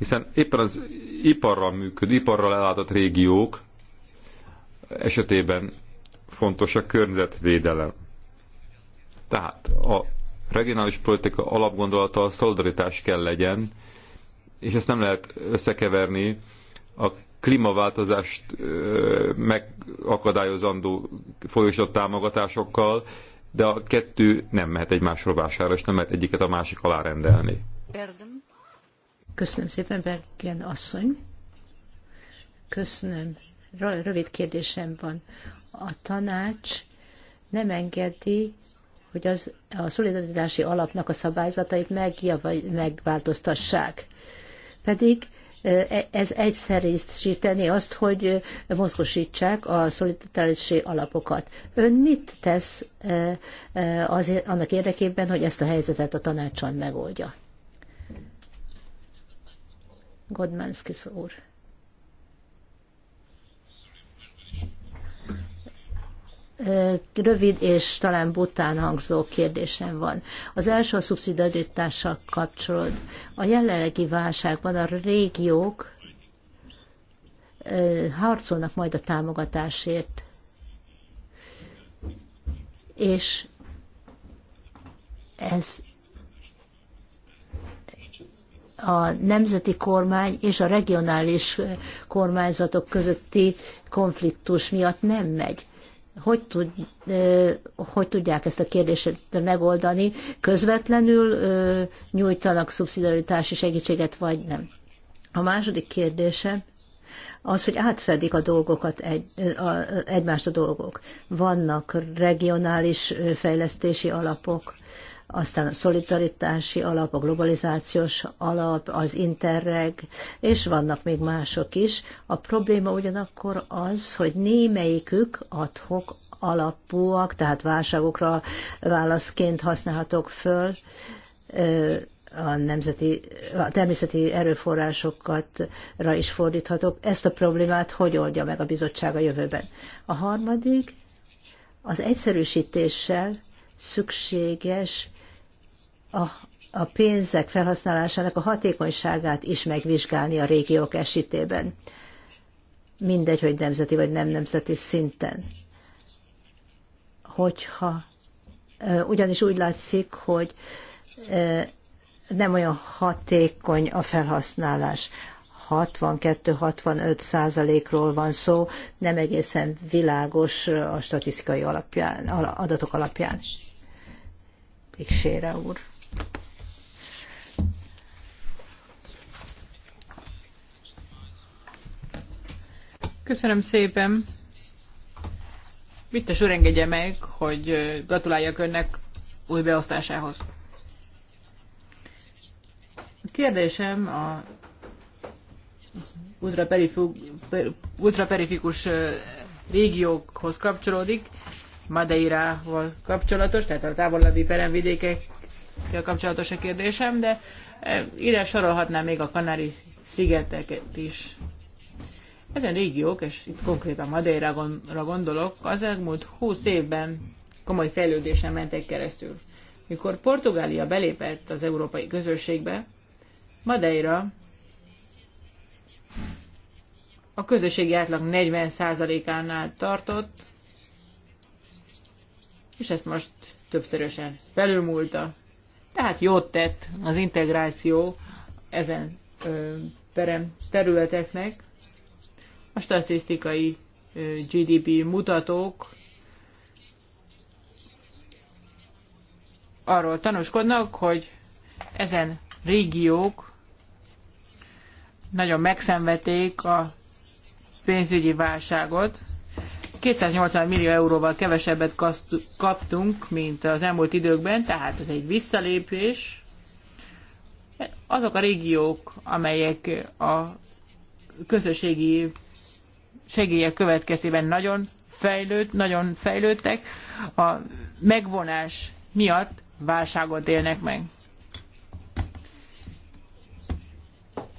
hiszen éppen az iparral működő, iparral ellátott régiók esetében fontos a környezetvédelem. Tehát a regionális politika alapgondolata a szolidaritás kell legyen, és ezt nem lehet összekeverni a klímaváltozást megakadályozandó folyosított támogatásokkal, de a kettő nem mehet egymásról vására, és nem mehet egyiket a másik alá rendelni. Pardon. Köszönöm szépen, Bergen asszony. Köszönöm. Rövid kérdésem van. A tanács nem engedi, hogy az, a szolidaritási alapnak a szabályzatait megjav, megváltoztassák. Pedig e, ez egyszerűsíteni azt, hogy mozgosítsák a szolidaritási alapokat. Ön mit tesz e, e, azért, annak érdekében, hogy ezt a helyzetet a tanácson megoldja? Godmanskis úr. Rövid és talán bután hangzó kérdésem van. Az első a szubszidaritással kapcsolód. A jelenlegi válságban a régiók harcolnak majd a támogatásért. És ez a nemzeti kormány és a regionális kormányzatok közötti konfliktus miatt nem megy. Hogy, tud, hogy tudják ezt a kérdést megoldani? Közvetlenül nyújtanak szubszidiaritási segítséget, vagy nem? A második kérdésem az, hogy átfedik a dolgokat egy, a, egymást a dolgok. Vannak regionális fejlesztési alapok, aztán a szolidaritási alap, a globalizációs alap, az interreg, és vannak még mások is. A probléma ugyanakkor az, hogy némelyikük adhok alapúak, tehát válságokra válaszként használhatok föl, a nemzeti, a természeti rá is fordíthatok. Ezt a problémát hogy oldja meg a bizottság a jövőben? A harmadik, az egyszerűsítéssel szükséges a, a pénzek felhasználásának a hatékonyságát is megvizsgálni a régiók esetében. Mindegy, hogy nemzeti vagy nem nemzeti szinten. Hogyha ugyanis úgy látszik, hogy nem olyan hatékony a felhasználás. 62-65 százalékról van szó, nem egészen világos a statisztikai alapján, adatok alapján. Pixére úr. Köszönöm szépen. Vittes úr engedje meg, hogy gratuláljak önnek új beosztásához. A kérdésem a ultraperifikus régiókhoz kapcsolódik, Madeirahoz kapcsolatos, tehát a távolabbi peremvidékekkel kapcsolatos a kérdésem, de ide sorolhatnám még a Kanári szigeteket is. Ezen régiók, és itt konkrétan Madeira-ra gondolok, az elmúlt 20 évben komoly fejlődésen mentek keresztül. Mikor Portugália belépett az európai közösségbe, Madeira a közösségi átlag 40%-ánál tartott, és ezt most többszörösen felülmúlta. Tehát jót tett az integráció ezen ö, terem területeknek, statisztikai GDP mutatók arról tanúskodnak, hogy ezen régiók nagyon megszenvedték a pénzügyi válságot. 280 millió euróval kevesebbet kaptunk, mint az elmúlt időkben, tehát ez egy visszalépés. Azok a régiók, amelyek a közösségi segélyek következtében nagyon fejlőtt, nagyon fejlődtek, a megvonás miatt válságot élnek meg.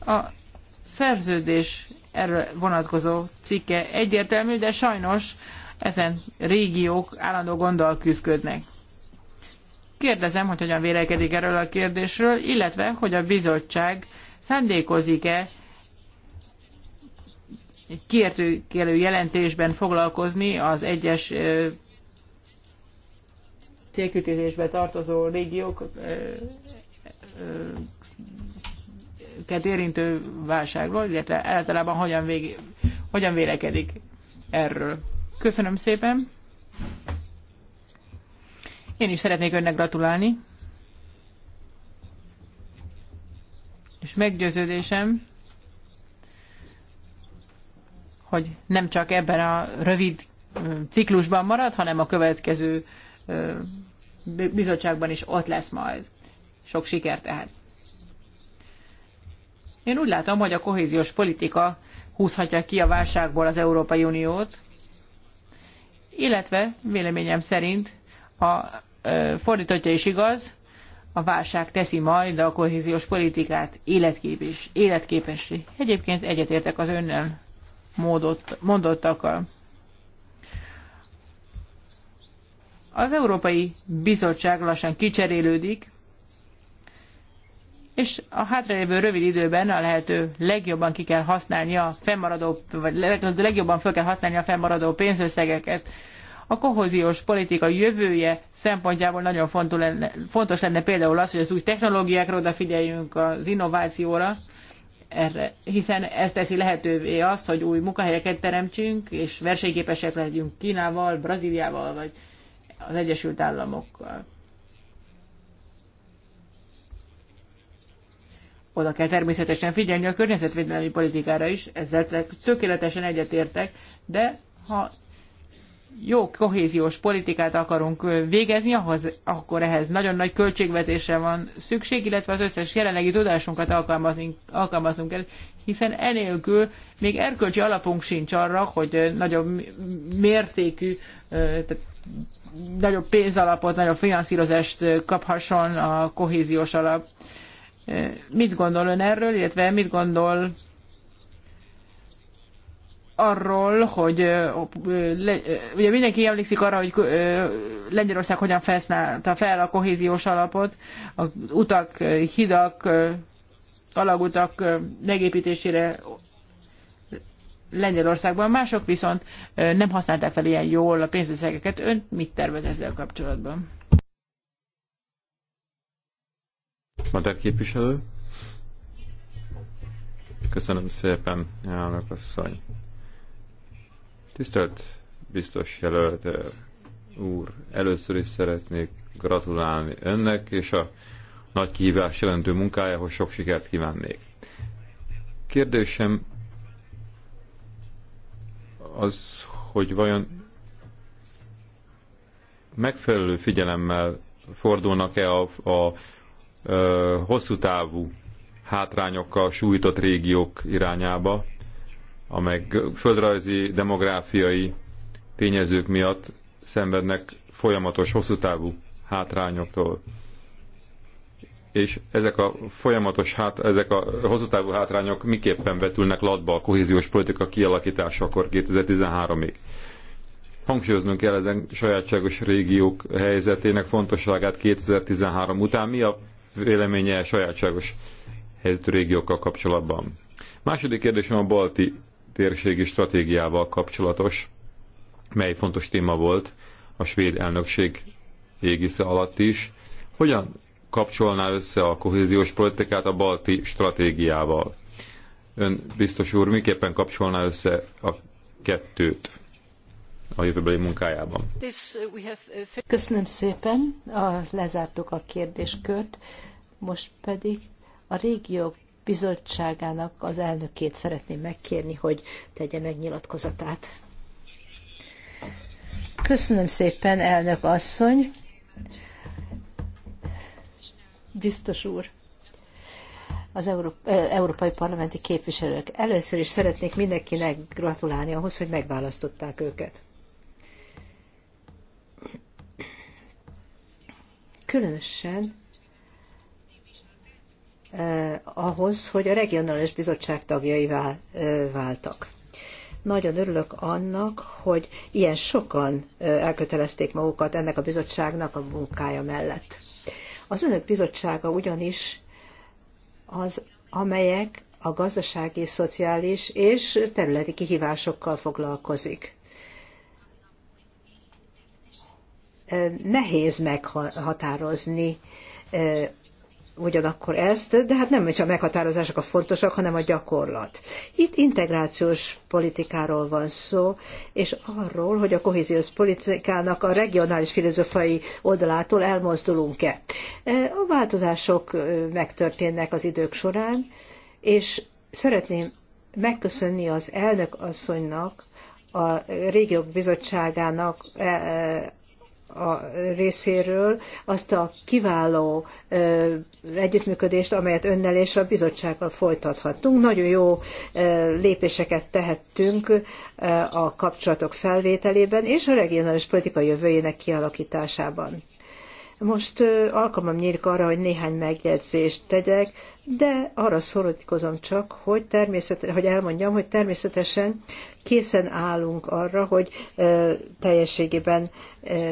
A szerződés erre vonatkozó cikke egyértelmű, de sajnos ezen régiók állandó gonddal küzdködnek. Kérdezem, hogy hogyan vélekedik erről a kérdésről, illetve hogy a bizottság szándékozik-e kiértékelő jelentésben foglalkozni az egyes célkütésbe tartozó régiók ket érintő válságról, illetve általában hogyan, vég, hogyan vélekedik erről. Köszönöm szépen! Én is szeretnék önnek gratulálni. És meggyőződésem, hogy nem csak ebben a rövid ciklusban marad, hanem a következő bizottságban is ott lesz majd. Sok siker tehát. Én úgy látom, hogy a kohéziós politika húzhatja ki a válságból az Európai Uniót, illetve véleményem szerint a fordítottja is igaz, a válság teszi majd a kohéziós politikát életképes, életképessé. Egyébként egyetértek az önnel módot, mondottakkal. Az Európai Bizottság lassan kicserélődik, és a hátralévő rövid időben a lehető legjobban ki kell használni a fennmaradó, vagy legjobban fel kell használni a fennmaradó pénzösszegeket. A kohóziós politika jövője szempontjából nagyon fontos lenne, fontos lenne például az, hogy az új technológiákra odafigyeljünk az innovációra, erre, hiszen ez teszi lehetővé azt, hogy új munkahelyeket teremtsünk, és versenyképesek legyünk Kínával, Brazíliával, vagy az Egyesült Államokkal. Oda kell természetesen figyelni a környezetvédelmi politikára is, ezzel tökéletesen egyetértek, de ha jó kohéziós politikát akarunk végezni, ahhoz, akkor ehhez nagyon nagy költségvetésre van szükség, illetve az összes jelenlegi tudásunkat alkalmazunk, alkalmaznunk el, hiszen enélkül még erkölcsi alapunk sincs arra, hogy nagyobb mértékű, tehát nagyobb pénzalapot, nagyobb finanszírozást kaphasson a kohéziós alap. Mit gondol ön erről, illetve mit gondol arról, hogy ugye mindenki emlékszik arra, hogy Lengyelország hogyan felhasználta fel a kohéziós alapot, az utak, hidak, alagutak megépítésére Lengyelországban, mások viszont nem használták fel ilyen jól a pénzösszegeket. Ön mit tervez ezzel kapcsolatban? Madár képviselő. Köszönöm szépen, elnök asszony. Tisztelt biztos jelölt eh, úr, először is szeretnék gratulálni önnek, és a nagy kihívás jelentő munkájához sok sikert kívánnék. Kérdésem az, hogy vajon megfelelő figyelemmel fordulnak-e a, a, a, eh, hosszú távú hátrányokkal sújtott régiók irányába, amely földrajzi, demográfiai tényezők miatt szenvednek folyamatos, hosszú távú hátrányoktól. És ezek a folyamatos, hát, ezek a hosszú távú hátrányok miképpen vetülnek latba a kohéziós politika kialakításakor 2013-ig. Hangsúlyoznunk kell ezen sajátságos régiók helyzetének fontosságát 2013 után. Mi a véleménye a sajátságos helyzetű régiókkal kapcsolatban? Második kérdésem a balti térségi stratégiával kapcsolatos, mely fontos téma volt a svéd elnökség égisze alatt is. Hogyan kapcsolná össze a kohéziós politikát a balti stratégiával? Ön biztos úr, miképpen kapcsolná össze a kettőt? a jövőbeli munkájában. Uh, uh, Köszönöm szépen, a, lezártuk a kérdéskört, most pedig a régiók bizottságának az elnökét szeretném megkérni, hogy tegye meg nyilatkozatát. Köszönöm szépen, elnök asszony. Biztos úr az eh, európai parlamenti képviselők. Először is szeretnék mindenkinek gratulálni ahhoz, hogy megválasztották őket. Különösen Eh, ahhoz, hogy a regionális bizottság tagjai eh, váltak. Nagyon örülök annak, hogy ilyen sokan eh, elkötelezték magukat ennek a bizottságnak a munkája mellett. Az önök bizottsága ugyanis az, amelyek a gazdasági, szociális és területi kihívásokkal foglalkozik. Nehéz meghatározni ugyanakkor ezt, de hát nem csak a meghatározások a fontosak, hanem a gyakorlat. Itt integrációs politikáról van szó, és arról, hogy a kohéziós politikának a regionális filozofai oldalától elmozdulunk-e. E, a változások megtörténnek az idők során, és szeretném megköszönni az elnök asszonynak, a régiók bizottságának e, e, a részéről azt a kiváló együttműködést, amelyet önnel és a bizottsággal folytathattunk. Nagyon jó lépéseket tehettünk a kapcsolatok felvételében és a regionális politika jövőjének kialakításában. Most alkalmam nyílik arra, hogy néhány megjegyzést tegyek, de arra szorítkozom csak, hogy, hogy elmondjam, hogy természetesen készen állunk arra, hogy teljességében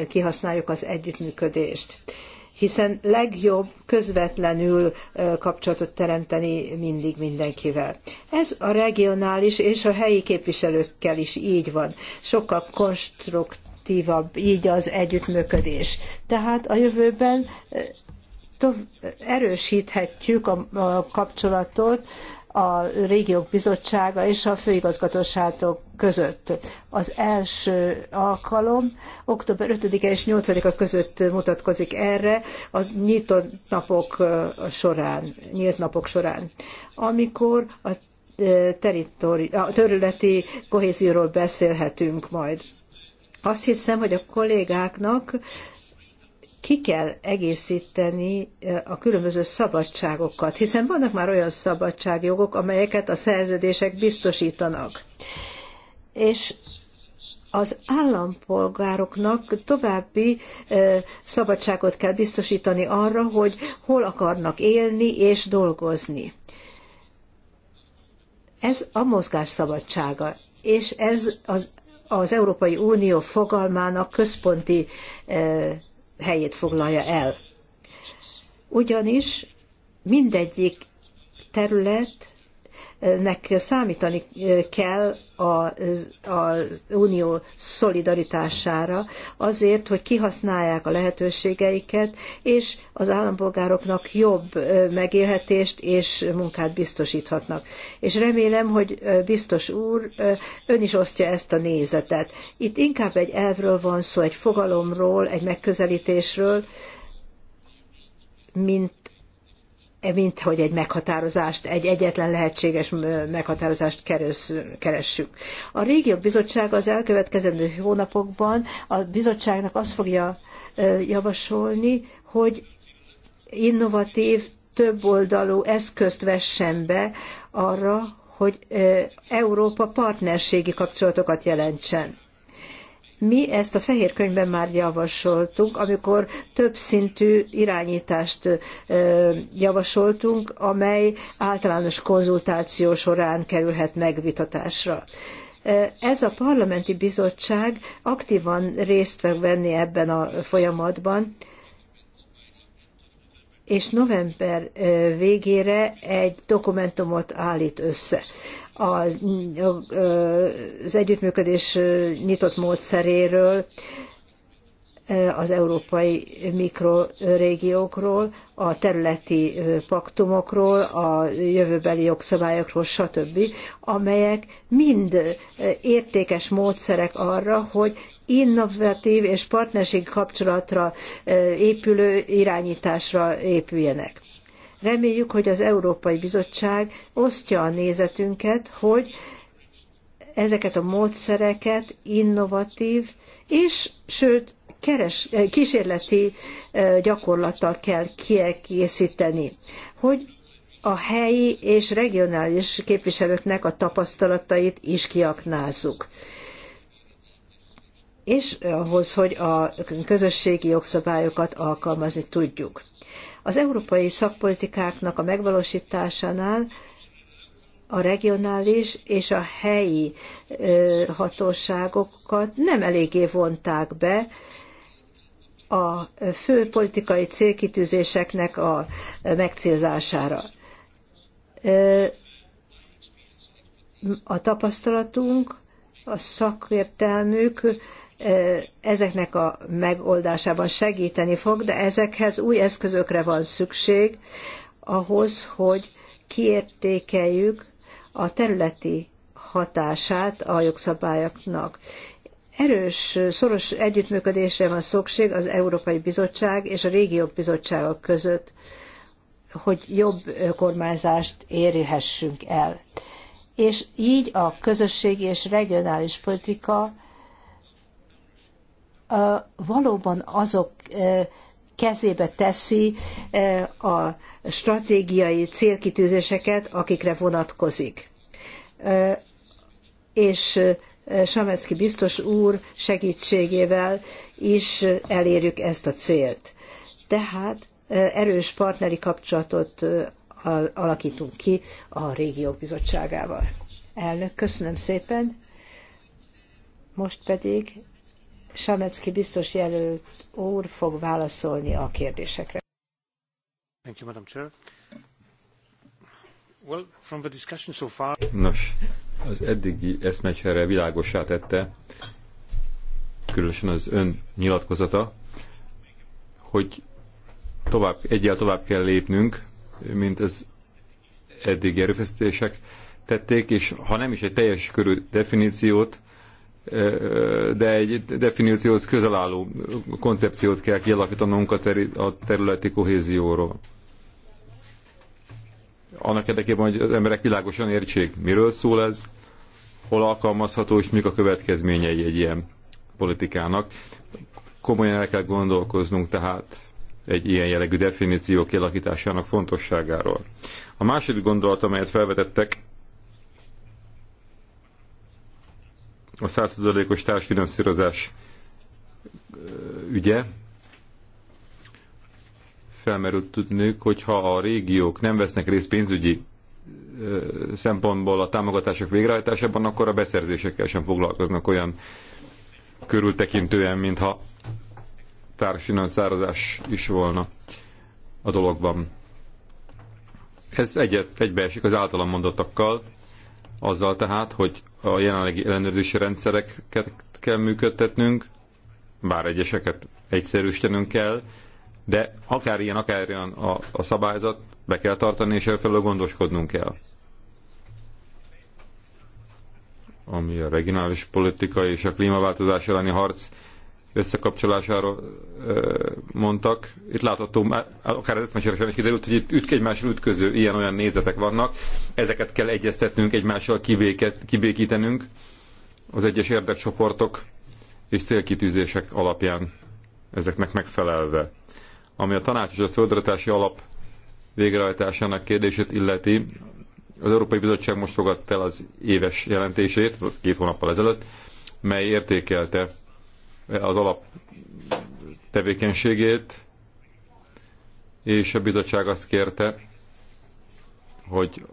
kihasználjuk az együttműködést hiszen legjobb közvetlenül kapcsolatot teremteni mindig mindenkivel. Ez a regionális és a helyi képviselőkkel is így van. Sokkal konstruktív aktívabb így az együttműködés. Tehát a jövőben erősíthetjük a kapcsolatot a régiók bizottsága és a főigazgatóságok között. Az első alkalom október 5-e és 8-a között mutatkozik erre az nyitott napok során, nyílt napok során, amikor a, a területi kohézióról beszélhetünk majd. Azt hiszem, hogy a kollégáknak ki kell egészíteni eh, a különböző szabadságokat, hiszen vannak már olyan szabadságjogok, amelyeket a szerződések biztosítanak. És az állampolgároknak további eh, szabadságot kell biztosítani arra, hogy hol akarnak élni és dolgozni. Ez a mozgás szabadsága, és ez az az Európai Unió fogalmának központi e, helyét foglalja el. Ugyanis mindegyik terület nek számítani kell az, az unió szolidaritására azért, hogy kihasználják a lehetőségeiket, és az állampolgároknak jobb megélhetést és munkát biztosíthatnak. És remélem, hogy biztos úr, ön is osztja ezt a nézetet. Itt inkább egy elvről van szó, egy fogalomról, egy megközelítésről, mint mint hogy egy meghatározást, egy egyetlen lehetséges meghatározást keressük. A régiók bizottság az elkövetkezendő hónapokban a bizottságnak azt fogja javasolni, hogy innovatív, többoldalú eszközt vessen be arra, hogy Európa partnerségi kapcsolatokat jelentsen. Mi ezt a fehér könyvben már javasoltunk, amikor többszintű irányítást javasoltunk, amely általános konzultáció során kerülhet megvitatásra ez a parlamenti bizottság aktívan részt fog venni ebben a folyamatban, és november végére egy dokumentumot állít össze az együttműködés nyitott módszeréről, az európai mikrorégiókról, a területi paktumokról, a jövőbeli jogszabályokról, stb., amelyek mind értékes módszerek arra, hogy innovatív és partnerségi kapcsolatra épülő irányításra épüljenek. Reméljük, hogy az Európai Bizottság osztja a nézetünket, hogy ezeket a módszereket innovatív és, sőt, keres, eh, kísérleti eh, gyakorlattal kell kiegészíteni, hogy a helyi és regionális képviselőknek a tapasztalatait is kiaknázzuk. És ahhoz, hogy a közösségi jogszabályokat alkalmazni tudjuk. Az európai szakpolitikáknak a megvalósításánál a regionális és a helyi hatóságokat nem eléggé vonták be a fő politikai célkitűzéseknek a megcélzására. A tapasztalatunk, a szakértelmük ezeknek a megoldásában segíteni fog, de ezekhez új eszközökre van szükség ahhoz, hogy kiértékeljük a területi hatását a jogszabályoknak. Erős, szoros együttműködésre van szükség az Európai Bizottság és a Régiók Bizottságok között, hogy jobb kormányzást érhessünk el. És így a közösségi és regionális politika valóban azok e, kezébe teszi e, a stratégiai célkitűzéseket, akikre vonatkozik. E, és Samecki biztos úr segítségével is elérjük ezt a célt. Tehát erős partneri kapcsolatot alakítunk ki a régiók bizottságával. Elnök, köszönöm szépen. Most pedig Samecki biztos jelölt úr fog válaszolni a kérdésekre. Thank you, Madam Chair. Well, from the discussion so far... Nos, az eddigi eszmecsere világosá tette, különösen az ön nyilatkozata, hogy tovább, egyel tovább kell lépnünk, mint az eddigi erőfeszítések tették, és ha nem is egy teljes körű definíciót, de egy definícióhoz közel álló koncepciót kell kialakítanunk a a területi kohézióról. Annak érdekében, hogy az emberek világosan értsék, miről szól ez, hol alkalmazható, és mik a következményei egy ilyen politikának. Komolyan el kell gondolkoznunk tehát egy ilyen jellegű definíció kialakításának fontosságáról. A második gondolat, amelyet felvetettek, a 100%-os társfinanszírozás ügye. Felmerült tudnők, hogyha a régiók nem vesznek részt pénzügyi szempontból a támogatások végrehajtásában, akkor a beszerzésekkel sem foglalkoznak olyan körültekintően, mintha társfinanszírozás is volna a dologban. Ez egyet, egybeesik az általam mondottakkal, azzal tehát, hogy a jelenlegi ellenőrzési rendszereket kell működtetnünk, bár egyeseket egyszerűsítenünk kell, de akár ilyen, akár ilyen a, a szabályzat be kell tartani, és elfelől gondoskodnunk kell. Ami a regionális politika és a klímaváltozás elleni harc összekapcsolásáról mondtak. Itt látható, akár az eszmesére is kiderült, hogy itt egymásra ütköző ilyen-olyan nézetek vannak. Ezeket kell egyeztetnünk, egymással kivéket, kibékítenünk az egyes érdekcsoportok és célkitűzések alapján ezeknek megfelelve. Ami a tanács és a szolidaritási alap végrehajtásának kérdését illeti, az Európai Bizottság most fogadta el az éves jelentését, az két hónappal ezelőtt, mely értékelte az alap tevékenységét, és a bizottság azt kérte, hogy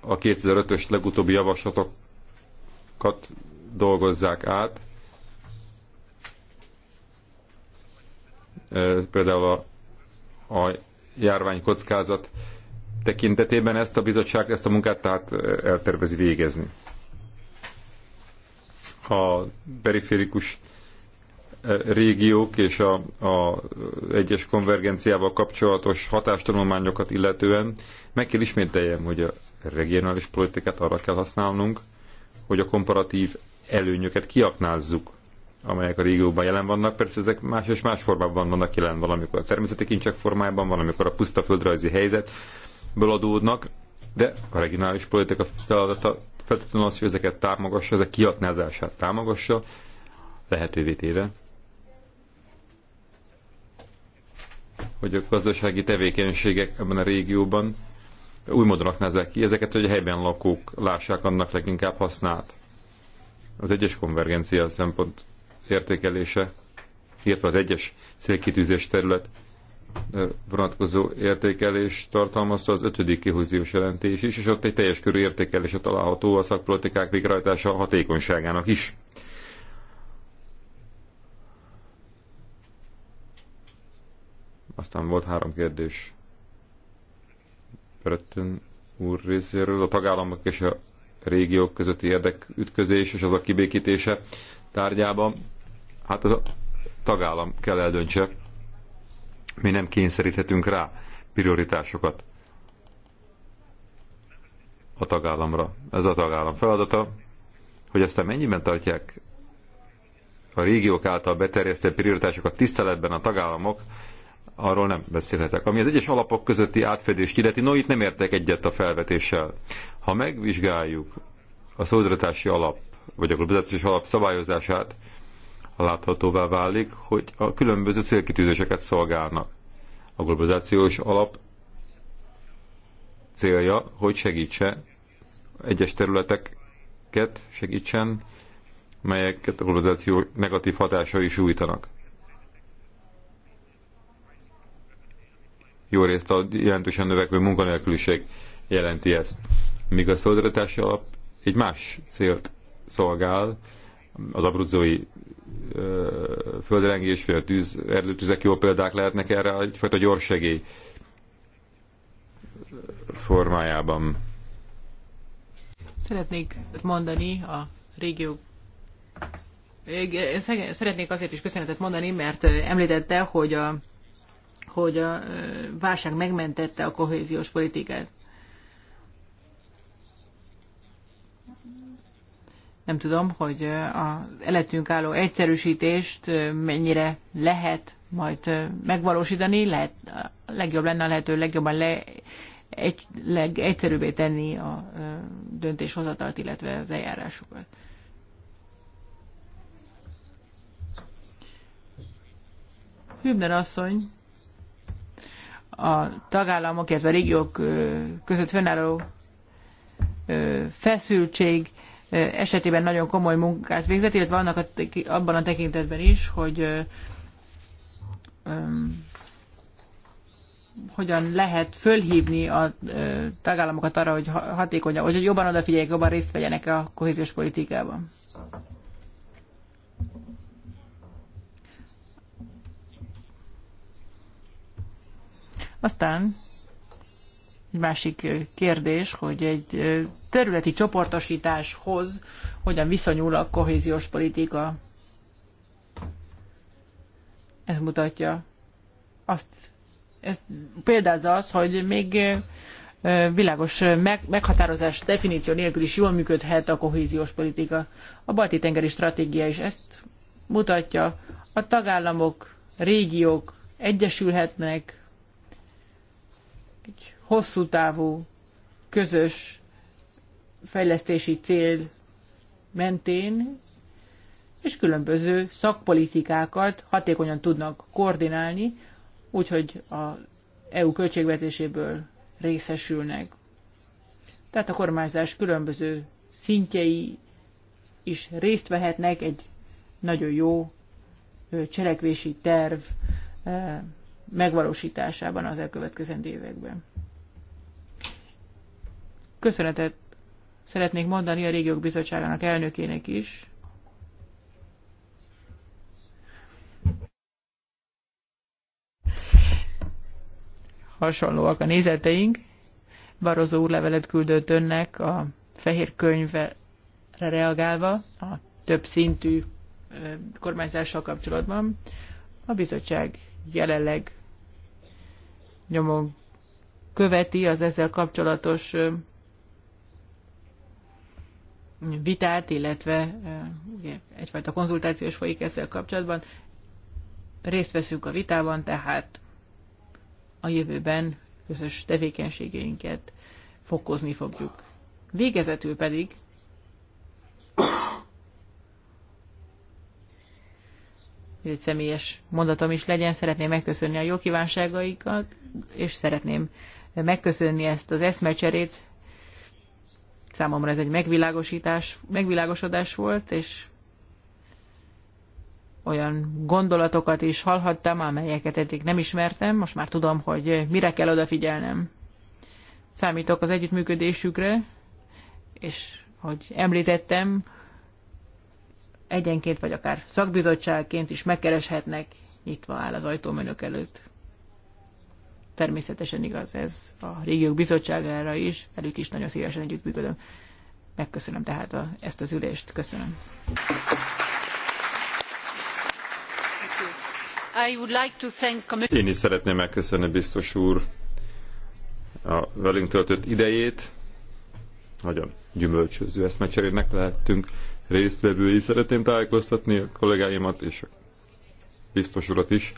a 2005-ös legutóbbi javaslatokat dolgozzák át, például a, a járványkockázat tekintetében ezt a bizottság, ezt a munkát tehát eltervezi végezni. A periférikus régiók és a, a egyes konvergenciával kapcsolatos hatástanulmányokat illetően meg kell ismételjem, hogy a regionális politikát arra kell használnunk, hogy a komparatív előnyöket kiaknázzuk, amelyek a régióban jelen vannak. Persze ezek más és más formában vannak jelen, valamikor a természeti kincsek formájában, valamikor a puszta földrajzi helyzetből adódnak, de a regionális politika feladata feltétlenül az, hogy ezeket támogassa, ezek kiaknázását támogassa, lehetővé téve, hogy a gazdasági tevékenységek ebben a régióban új módon aknázzák ki ezeket, hogy a helyben lakók lássák annak leginkább hasznát. Az egyes konvergencia szempont értékelése, illetve az egyes célkitűzés terület vonatkozó értékelés tartalmazta az ötödik kihúziós jelentés is, és ott egy teljes körű értékelése található a szakpolitikák végrehajtása hatékonyságának is. Aztán volt három kérdés Bretten úr részéről, a tagállamok és a régiók közötti érdekütközés és az a kibékítése tárgyában. Hát az a tagállam kell eldöntse. Mi nem kényszeríthetünk rá prioritásokat a tagállamra. Ez a tagállam feladata, hogy aztán mennyiben tartják a régiók által beterjesztett prioritásokat tiszteletben a tagállamok, arról nem beszélhetek. Ami az egyes alapok közötti átfedés illeti, no itt nem értek egyet a felvetéssel. Ha megvizsgáljuk a szolidaritási alap, vagy a globalizációs alap szabályozását, láthatóvá válik, hogy a különböző célkitűzéseket szolgálnak. A globalizációs alap célja, hogy segítse egyes területeket, segítsen, melyeket a globalizáció negatív hatásai sújtanak. jó részt a jelentősen növekvő munkanélküliség jelenti ezt. Míg a szolidaritási alap egy más célt szolgál, az abruzzói földrengés, vagy a tűz, erdőtüzek jó példák lehetnek erre egyfajta gyorsegély formájában. Szeretnék mondani a régió Szeretnék azért is köszönetet mondani, mert említette, hogy a hogy a válság megmentette a kohéziós politikát. Nem tudom, hogy a eletünk álló egyszerűsítést mennyire lehet majd megvalósítani, lehet, legjobb lenne a lehető legjobban le, egy, legegyszerűbbé tenni a döntéshozatalt, illetve az eljárásokat. Hübner asszony a tagállamok, illetve a régiók között fönnálló feszültség esetében nagyon komoly munkát végzett, illetve annak a, abban a tekintetben is, hogy hogyan lehet fölhívni a tagállamokat arra, hogy hatékonyabb, hogy jobban odafigyeljék, jobban részt vegyenek a kohéziós politikában. Aztán egy másik kérdés, hogy egy területi csoportosításhoz hogyan viszonyul a kohéziós politika. Ez mutatja. Azt, ez példázza azt, hogy még világos meg, meghatározás, definíció nélkül is jól működhet a kohéziós politika. A balti-tengeri stratégia is ezt mutatja. A tagállamok, régiók egyesülhetnek, egy hosszú távú, közös fejlesztési cél mentén, és különböző szakpolitikákat hatékonyan tudnak koordinálni, úgyhogy a EU költségvetéséből részesülnek. Tehát a kormányzás különböző szintjei is részt vehetnek egy nagyon jó cselekvési terv megvalósításában az elkövetkezendő években. Köszönetet szeretnék mondani a Régiók Bizottságának elnökének is, hasonlóak a nézeteink. Barozó úr levelet küldött önnek a fehér könyvre reagálva a több szintű kormányzással kapcsolatban. A bizottság jelenleg nyomon követi az ezzel kapcsolatos vitát, illetve ugye, egyfajta konzultáció is folyik ezzel kapcsolatban. Részt veszünk a vitában, tehát a jövőben közös tevékenységeinket fokozni fogjuk. Végezetül pedig egy személyes mondatom is legyen, szeretném megköszönni a jó kívánságaikat, és szeretném megköszönni ezt az eszmecserét. Számomra ez egy megvilágosítás, megvilágosodás volt, és olyan gondolatokat is hallhattam, amelyeket eddig nem ismertem, most már tudom, hogy mire kell odafigyelnem. Számítok az együttműködésükre, és hogy említettem, egyenként, vagy akár szakbizottságként is megkereshetnek, nyitva áll az ajtóm önök előtt. Természetesen igaz ez a régiók bizottságára is, velük is nagyon szívesen együttműködöm. Megköszönöm tehát a, ezt az ülést. Köszönöm. Én is szeretném megköszönni biztos úr a velünk töltött idejét. Nagyon gyümölcsöző eszmecserének lehettünk résztvevői. Szeretném tájékoztatni a kollégáimat és a biztos urat is,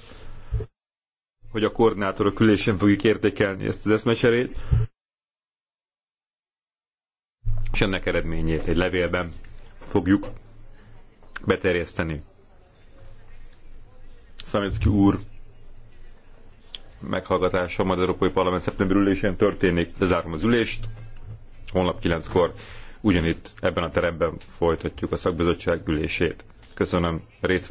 hogy a koordinátorok külésen fogjuk értékelni ezt az eszmecserét, és ennek eredményét egy levélben fogjuk beterjeszteni. Szamecki úr meghallgatása a Magyar Európai Parlament szeptember ülésén történik. Lezárom az ülést, holnap 9-kor ugyanitt ebben a teremben folytatjuk a szakbizottság ülését. Köszönöm részvételt.